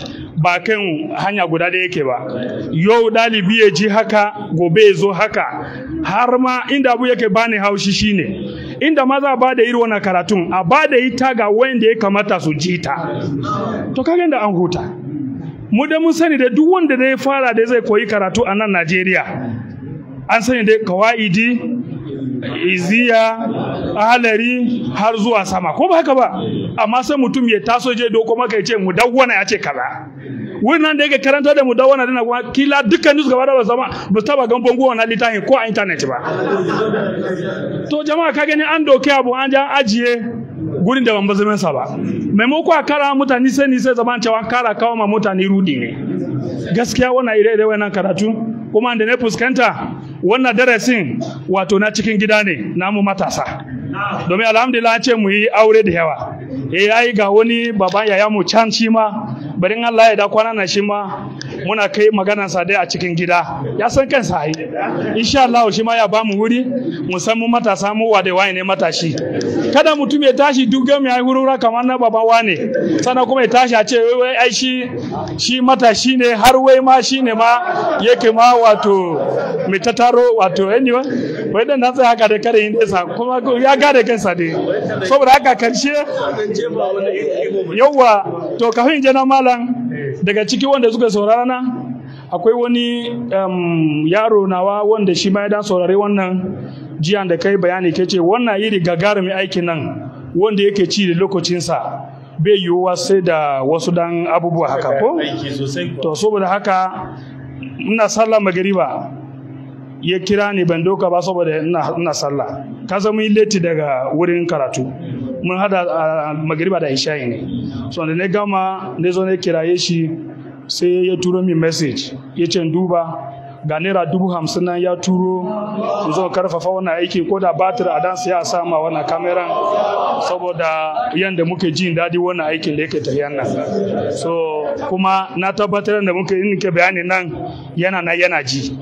ba kan hanya guda da yake ba yau dalibi ya ji haka gobe ya zo haka har ma in inda abu yake bani haushi shine inda maza ba da iri wannan karatun a ba da ita ga wanda ya kamata su ji ta to kage da an huta mu da mun sani da duk wanda da ya fara da zai koyi karatu a nan Najeriya an sani da kawaidi iziya alari har zuwa sama ko ba haka ba amma sai mutum ya taso je doko maka kai ce mu ya ce kaza wannan da yake karanta da mu dawwana dana kuma kila dukkan news gaba da ba zama ba taba gan bango wannan littafin ko a internet ba to jama'a ka gani an doke abu an ja ajiye gurin da ban bazumin ba maimako a kara mutane sai ni sai zaman cewa kara kawo ma mutane rudi ne gaskiya wannan ire-ire wannan karatu kuma da na fuskanta wannan darasin wato na cikin gida ne namu matasa domin alhamdulillah ce mu yi aure da yawa eh, ya yi ga wani baban yaya mu can shi ma barin Allah ya da kwana na shi ma muna kai magana sa dai a cikin gida ya san kansa ai insha Allah shi ma ya bamu wuri mu san mu matasa mu wa dai ne matashi kada mutum ya tashi duga mai wurura kamar na baba wane sana kuma ya tashi a ce wai ai shi shi matashi ne har wai ma shi ne ma yake ma wato mai tataro wato anyway wai dan nan sai haka da kare inda sa kuma ya kansa dai saboda haka karshe yawa to kafin je na malam eh. daga ciki wanda suka saurara na akwai wani um, yaro nawa wanda shi ma ya da saurari wannan jiyan da kai bayani ke ce wannan iri gagarumin aikin nan wanda yake ci da lokacinsa bai yiwuwa sai da wasu dan abubuwa haka ko to saboda haka ina sallah magariba ya kira ni ban doka ba saboda ina sallah ka zama yi leti daga wurin karatu hmm. mun hada a magariba da isha'i ne so da na gama ne zo ne kiraye shi sai ya turo min message ya ce duba ga naira dubu hamsin nan ya turo in zo karfafa wannan aiki ko da batir a dan ya sama wannan kameran saboda yadda muke jin daɗi wannan aikin da yake tafiya nan so kuma na tabbatar da muka yi ke bayani nan yana na yana ji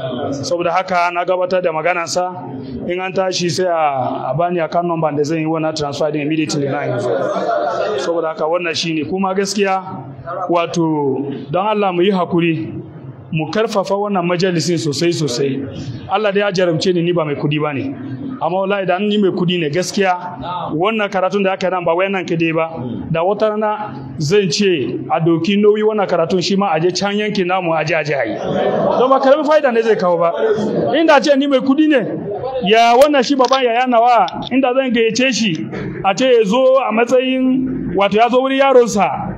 saboda haka na gabatar da maganansa in an tashi sai a bani kan number da zan yi wani transfer din immediately na yanzu saboda haka wannan shine kuma gaskiya wato don Allah mu yi hakuri mu karfafa wannan majalisin sosai sosai Allah da ya jarumce ni ni ba mai kudi ba ne amma wallahi da an yi mai kudi ne gaskiya wannan karatun da aka nan ba wayannan kade ba da wata rana zan ce a doki nauyi wannan karatun shi ma aje can yankin namu aje aje ayi don ba karamin fa'ida ne zai kawo ba inda ce ni mai kudi ne ya wannan shi baban yaya nawa inda zan gayyace shi a ce ya zo a matsayin wato ya zo wuri sa.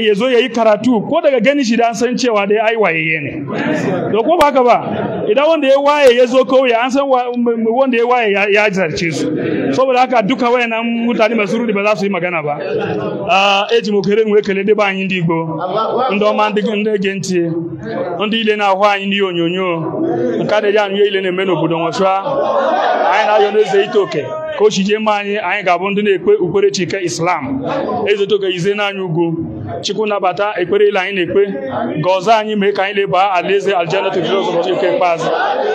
ya zo ya yi karatu ko daga gani shi da san cewa dai ai wayayye ne da ko ba haka ba idan wanda ya waye ya zo kauye an san wanda ya waye ya zarce su saboda haka duka wayannan mutane masu rudi ba za su yi magana ba eji eh, m okere nwe ekele debe anyị ndị Igbo ndị ọma ndị ge ntị ndị ile na-ahụ anyị n'ihe onyonyo nke a na-eji anụ ile na-eme obodo Nwọchụa anyị na-ayọ n'eze ite oke ka o chijie mma anyị anyị ga-abụ ndị na-ekpe ukperechi ike Islam eze oke ize n'anya ugwu chukwu bata ekpere ile anyị na-ekpe gọzie anyị mee ka anyị lebaa alaeze aljana tofiro ụbọchị nke ikpeazụ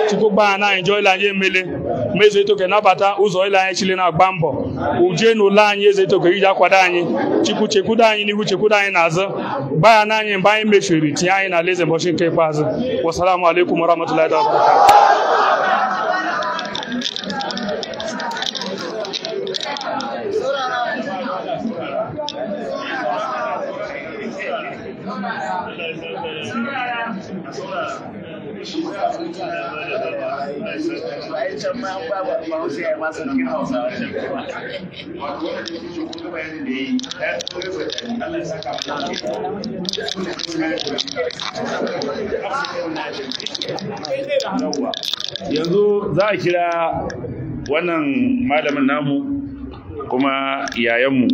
chukwu gbaghana anyị jọọ ile anyị emele mezu etoke nabata ụzọ ile anyị chile na-agba mbọ ujie na anyị eze etoke iji akwado anyị chukwu chekwudo anyị n'ihu chekwudo anyị n'azụ na anyị mgbe anyị mechiri tinye anyị na alaeze ụbọchị nke ikpeazụ wasalamu alaikum warahmatullahi wabarakatuh yanzu za a kira wannan malamin namu kuma yayanmu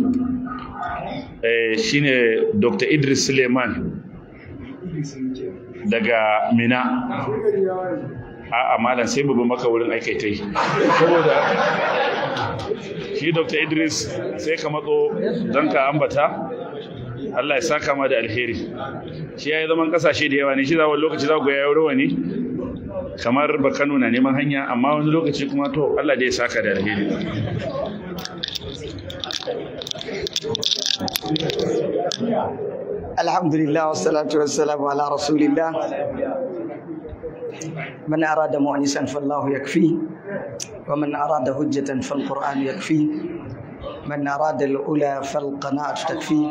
eh, shine dr idris suleiman daga mina a'a malam sai mu maka wurin yi saboda shi dr idris sai ka matso don ka ambata Allah ya saka ma da alheri shi ya yi zaman kasashe da yawa ne shi zawon lokaci za ku ya yi ne. kamar ba kano na neman hanya amma wani lokaci kuma to Allah da ya saka da alheri الحمد لله والصلاة والسلام على رسول الله من أراد مؤنسا فالله يكفيه ومن أراد هجة فالقرآن يكفيه من أراد الأولى فالقناة تكفيه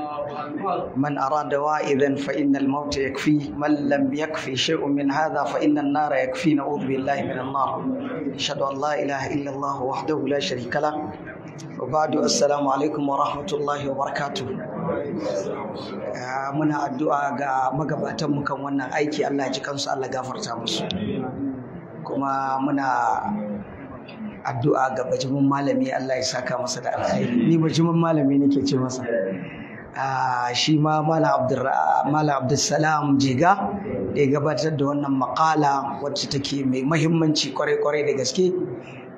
من أراد وائذا فإن الموت يكفيه من لم يكفي شيء من هذا فإن النار يكفيه نعوذ بالله من النار أشهد أن لا إله إلا الله وحده لا شريك له Ubadu assalamu alaikum wa rahmatullahi wa barakatu. Muna addu'a ga magabatan kan wannan aiki Allah ji kansu Allah gafarta musu. Kuma muna addu'a ga bajimin malami Allah ya saka masa da alkhairi. Ni bajimin malami nake ce masa. Shi ma Malam Abdulsalam Jiga da ya gabatar da wannan makala wacce take mai mahimmanci kwarai-kwarai da gaske.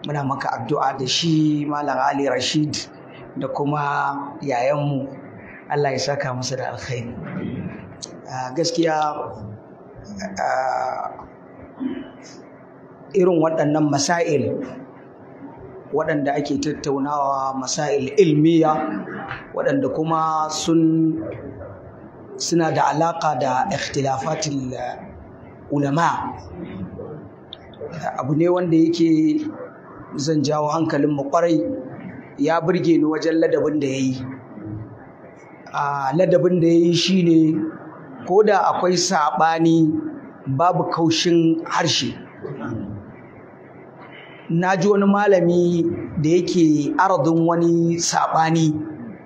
muna maka addu'a da shi malam ali rashid da kuma yayanmu allah ya saka masa da alkhairi gaskiya irin waɗannan masail waɗanda ake tattaunawa masail ilmiya waɗanda kuma sun suna da alaƙa da ikhtilafatul ulama abu ne wanda yake zan jawo hankalinmu kwarai ya burge ni wajen ladabin da ya yi ladabin da ya yi shi ne ko da akwai saɓani babu kaushin harshe na ji wani malami da yake aradun wani saɓani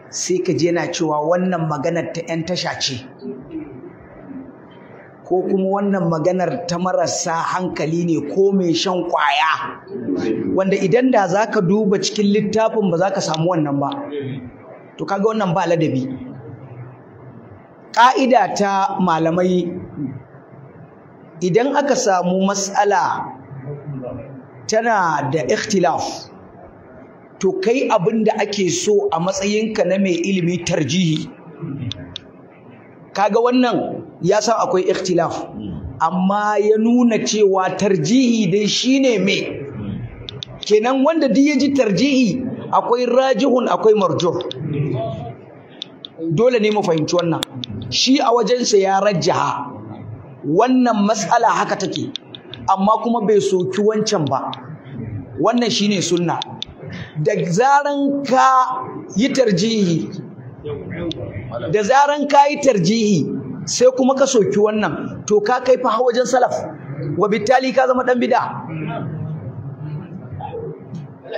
sai ka je na cewa wannan maganar ta 'yan tasha ce ko kuma wannan maganar ta marasa hankali ne ko mai shan kwaya wanda idan da za ka duba cikin littafin ba za ka samu wannan ba to kaga wannan ba ladabi ƙa'ida ta malamai idan aka samu matsala tana da ikhtilaf to kai abin da ake so a matsayinka na mai ilimi tarjihi kaga wannan ya san akwai ikhtilaf amma ya nuna cewa tarjihi dai shine me kenan wanda duk ya ji tarjihi akwai rajihun akwai marjuh dole ne mu fahimci wannan shi a wajensa ya rajaha wannan matsala haka take amma kuma bai soki wancan ba wannan shine sunna da zaran ka yi tarjihi da zaran ka yi tarjihi sai kuma ka soki wannan to ka kai fa wajen salaf wa bittali ka zama dan bid'a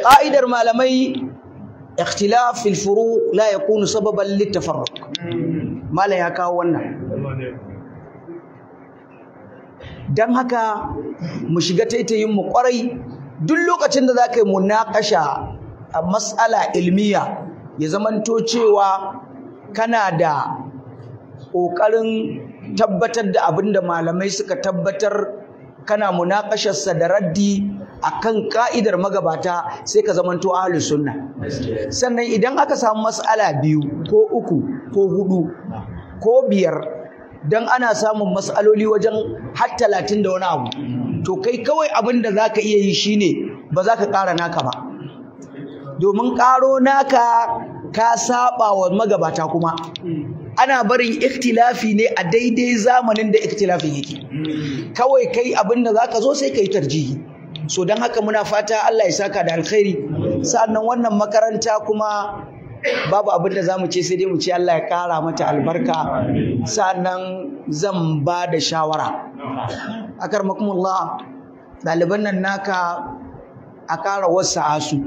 ka'idar malamai ikhtilaf fil furu la yakunu sababan lit tafarruq malam ya kawo wannan dan haka mu shiga taitayin mu kwarai duk lokacin da zaka mu munakasha a mas'ala ilmiya ya zamanto cewa kana da ƙoƙarin tabbatar da abin da malamai suka tabbatar kana munakasharsa da raddi a kan ƙa'idar magabata sai ka zamanto ahlus sunna sannan idan aka samu matsala biyu ko uku ko hudu ko biyar don ana samun matsaloli wajen har talatin da wani abu to kai kawai abin da za ka iya yi shine ba za ka ƙara naka ba domin ƙaro naka ka saba wa magabata kuma ana barin ikhtilafi ne a daidai zamanin da ikhtilafin yake kawai kai abin da zaka zo sai kai tarjihi so don haka muna fata Allah ya saka da alkhairi sa'annan wannan makaranta kuma babu abin da zamu ce sai dai mu ce Allah ya kara mata albarka sa'annan zan ba da shawara akar ɗaliban nan naka a kara wasu asu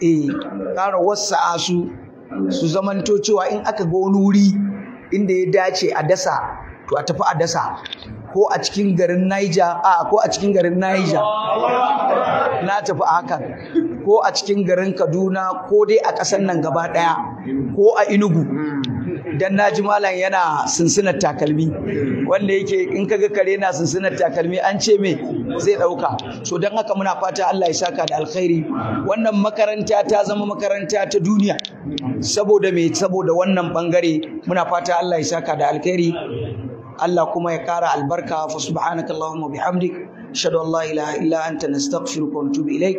eh, su zamanto cewa in aka ga wani wuri inda ya dace a dasa to a tafi a dasa ko a cikin garin Niger a ko a cikin garin Niger na tafi a hakan ko a cikin garin Kaduna ko dai a ƙasar nan gaba ɗaya ko a Enugu dan na ji malam yana sunsunar takalmi wanda yake in kaga kare na sunsunar takalmi an ce me zai ɗauka so dan haka muna fata Allah ya saka da alkhairi wannan makaranta ta zama makaranta ta duniya saboda me saboda wannan bangare muna fata Allah ya saka da alkhairi Allah kuma ya kara albarka fa subhanakallahumma bihamdik ashhadu an la ilaha illa anta nastaghfiruka wa natubu ilaik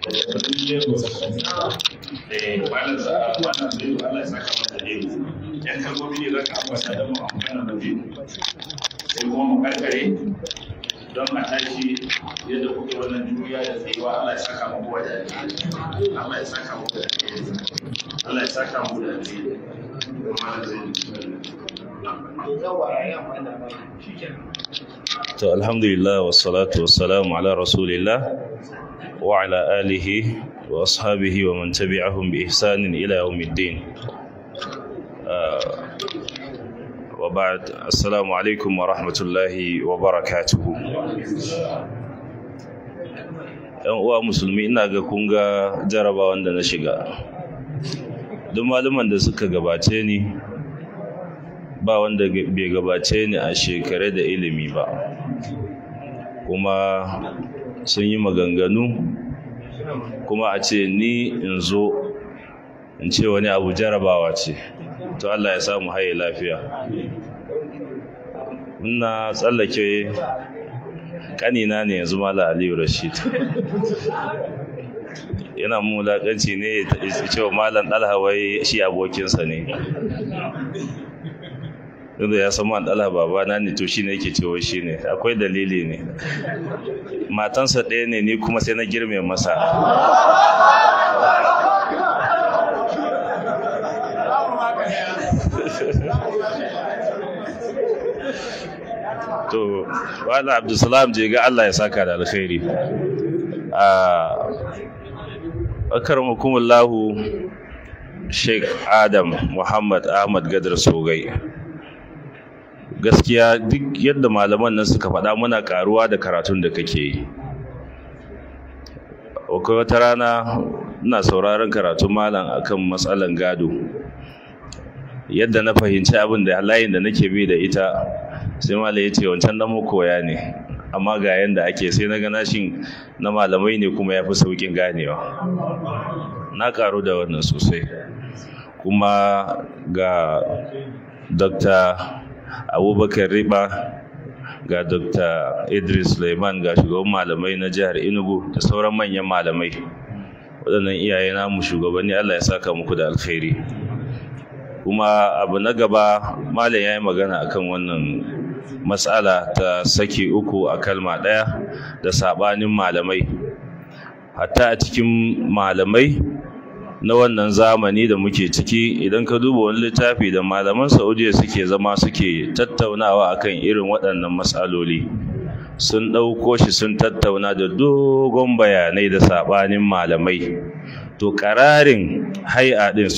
don a tashi yadda kuke wannan juriya da tsayuwa Allah ya saka muku da Allah ya saka muku da Allah ya saka muku da To alhamdulillah wassalatu wassalamu ala rasulillah وعلى آله وأصحابه ومن تبعهم بإحسان إلى يوم الدين وبعد السلام عليكم ورحمة الله وبركاته ‘yan uwa musulmi ina ga kun ga jaraba wanda na shiga duk maluman da suka gabace ni ba wanda bai gabace ni a shekare da ilimi ba kuma sun yi maganganu kuma a ce ni in zo in ce wani abu jarabawa ce to Allah ya samu haye lafiya ina tsallake kanina ne yanzu mala aliyu rashid yana mulakanci ne ya ce wa malam ɗalhawai shi abokinsa ne yanzu ya san man ɗala babana ne to shine yake cewa shine akwai dalili ne matansa ɗaya ne ni kuma sai na girme masa to wani abdulsalam je ga Allah ya saka da alkhairi a akarin shek sheik adam muhammad ahmad gadar sogai gaskiya duk yadda malaman nan suka faɗa muna karuwa da karatun da kake yi akwai wata rana ina sauraron karatun malam akan matsalan gado yadda na fahimci abin da layin da nake bi da ita sai malam ya ce wancan na koya ne amma ga yadda ake sai na gana shin na malamai ne kuma ya fi sauƙin ganewa na karu da wannan sosai kuma ga dr abubakar riba ga dr idris suleiman ga shugaban malamai na jihar enugu da sauran manyan malamai waɗannan iyaye namu shugabanni allah ya saka muku da alkhairi kuma abu na gaba malam ya yi magana akan wannan matsala ta saki uku a kalma ɗaya da saɓanin malamai hatta a cikin malamai na wannan zamani da muke ciki idan ka duba wani littafi da malaman saudiya suke zama suke tattaunawa akan irin waɗannan matsaloli sun ɗauko shi sun tattauna da dogon bayanai da saɓanin malamai to ƙararin hai'a ɗin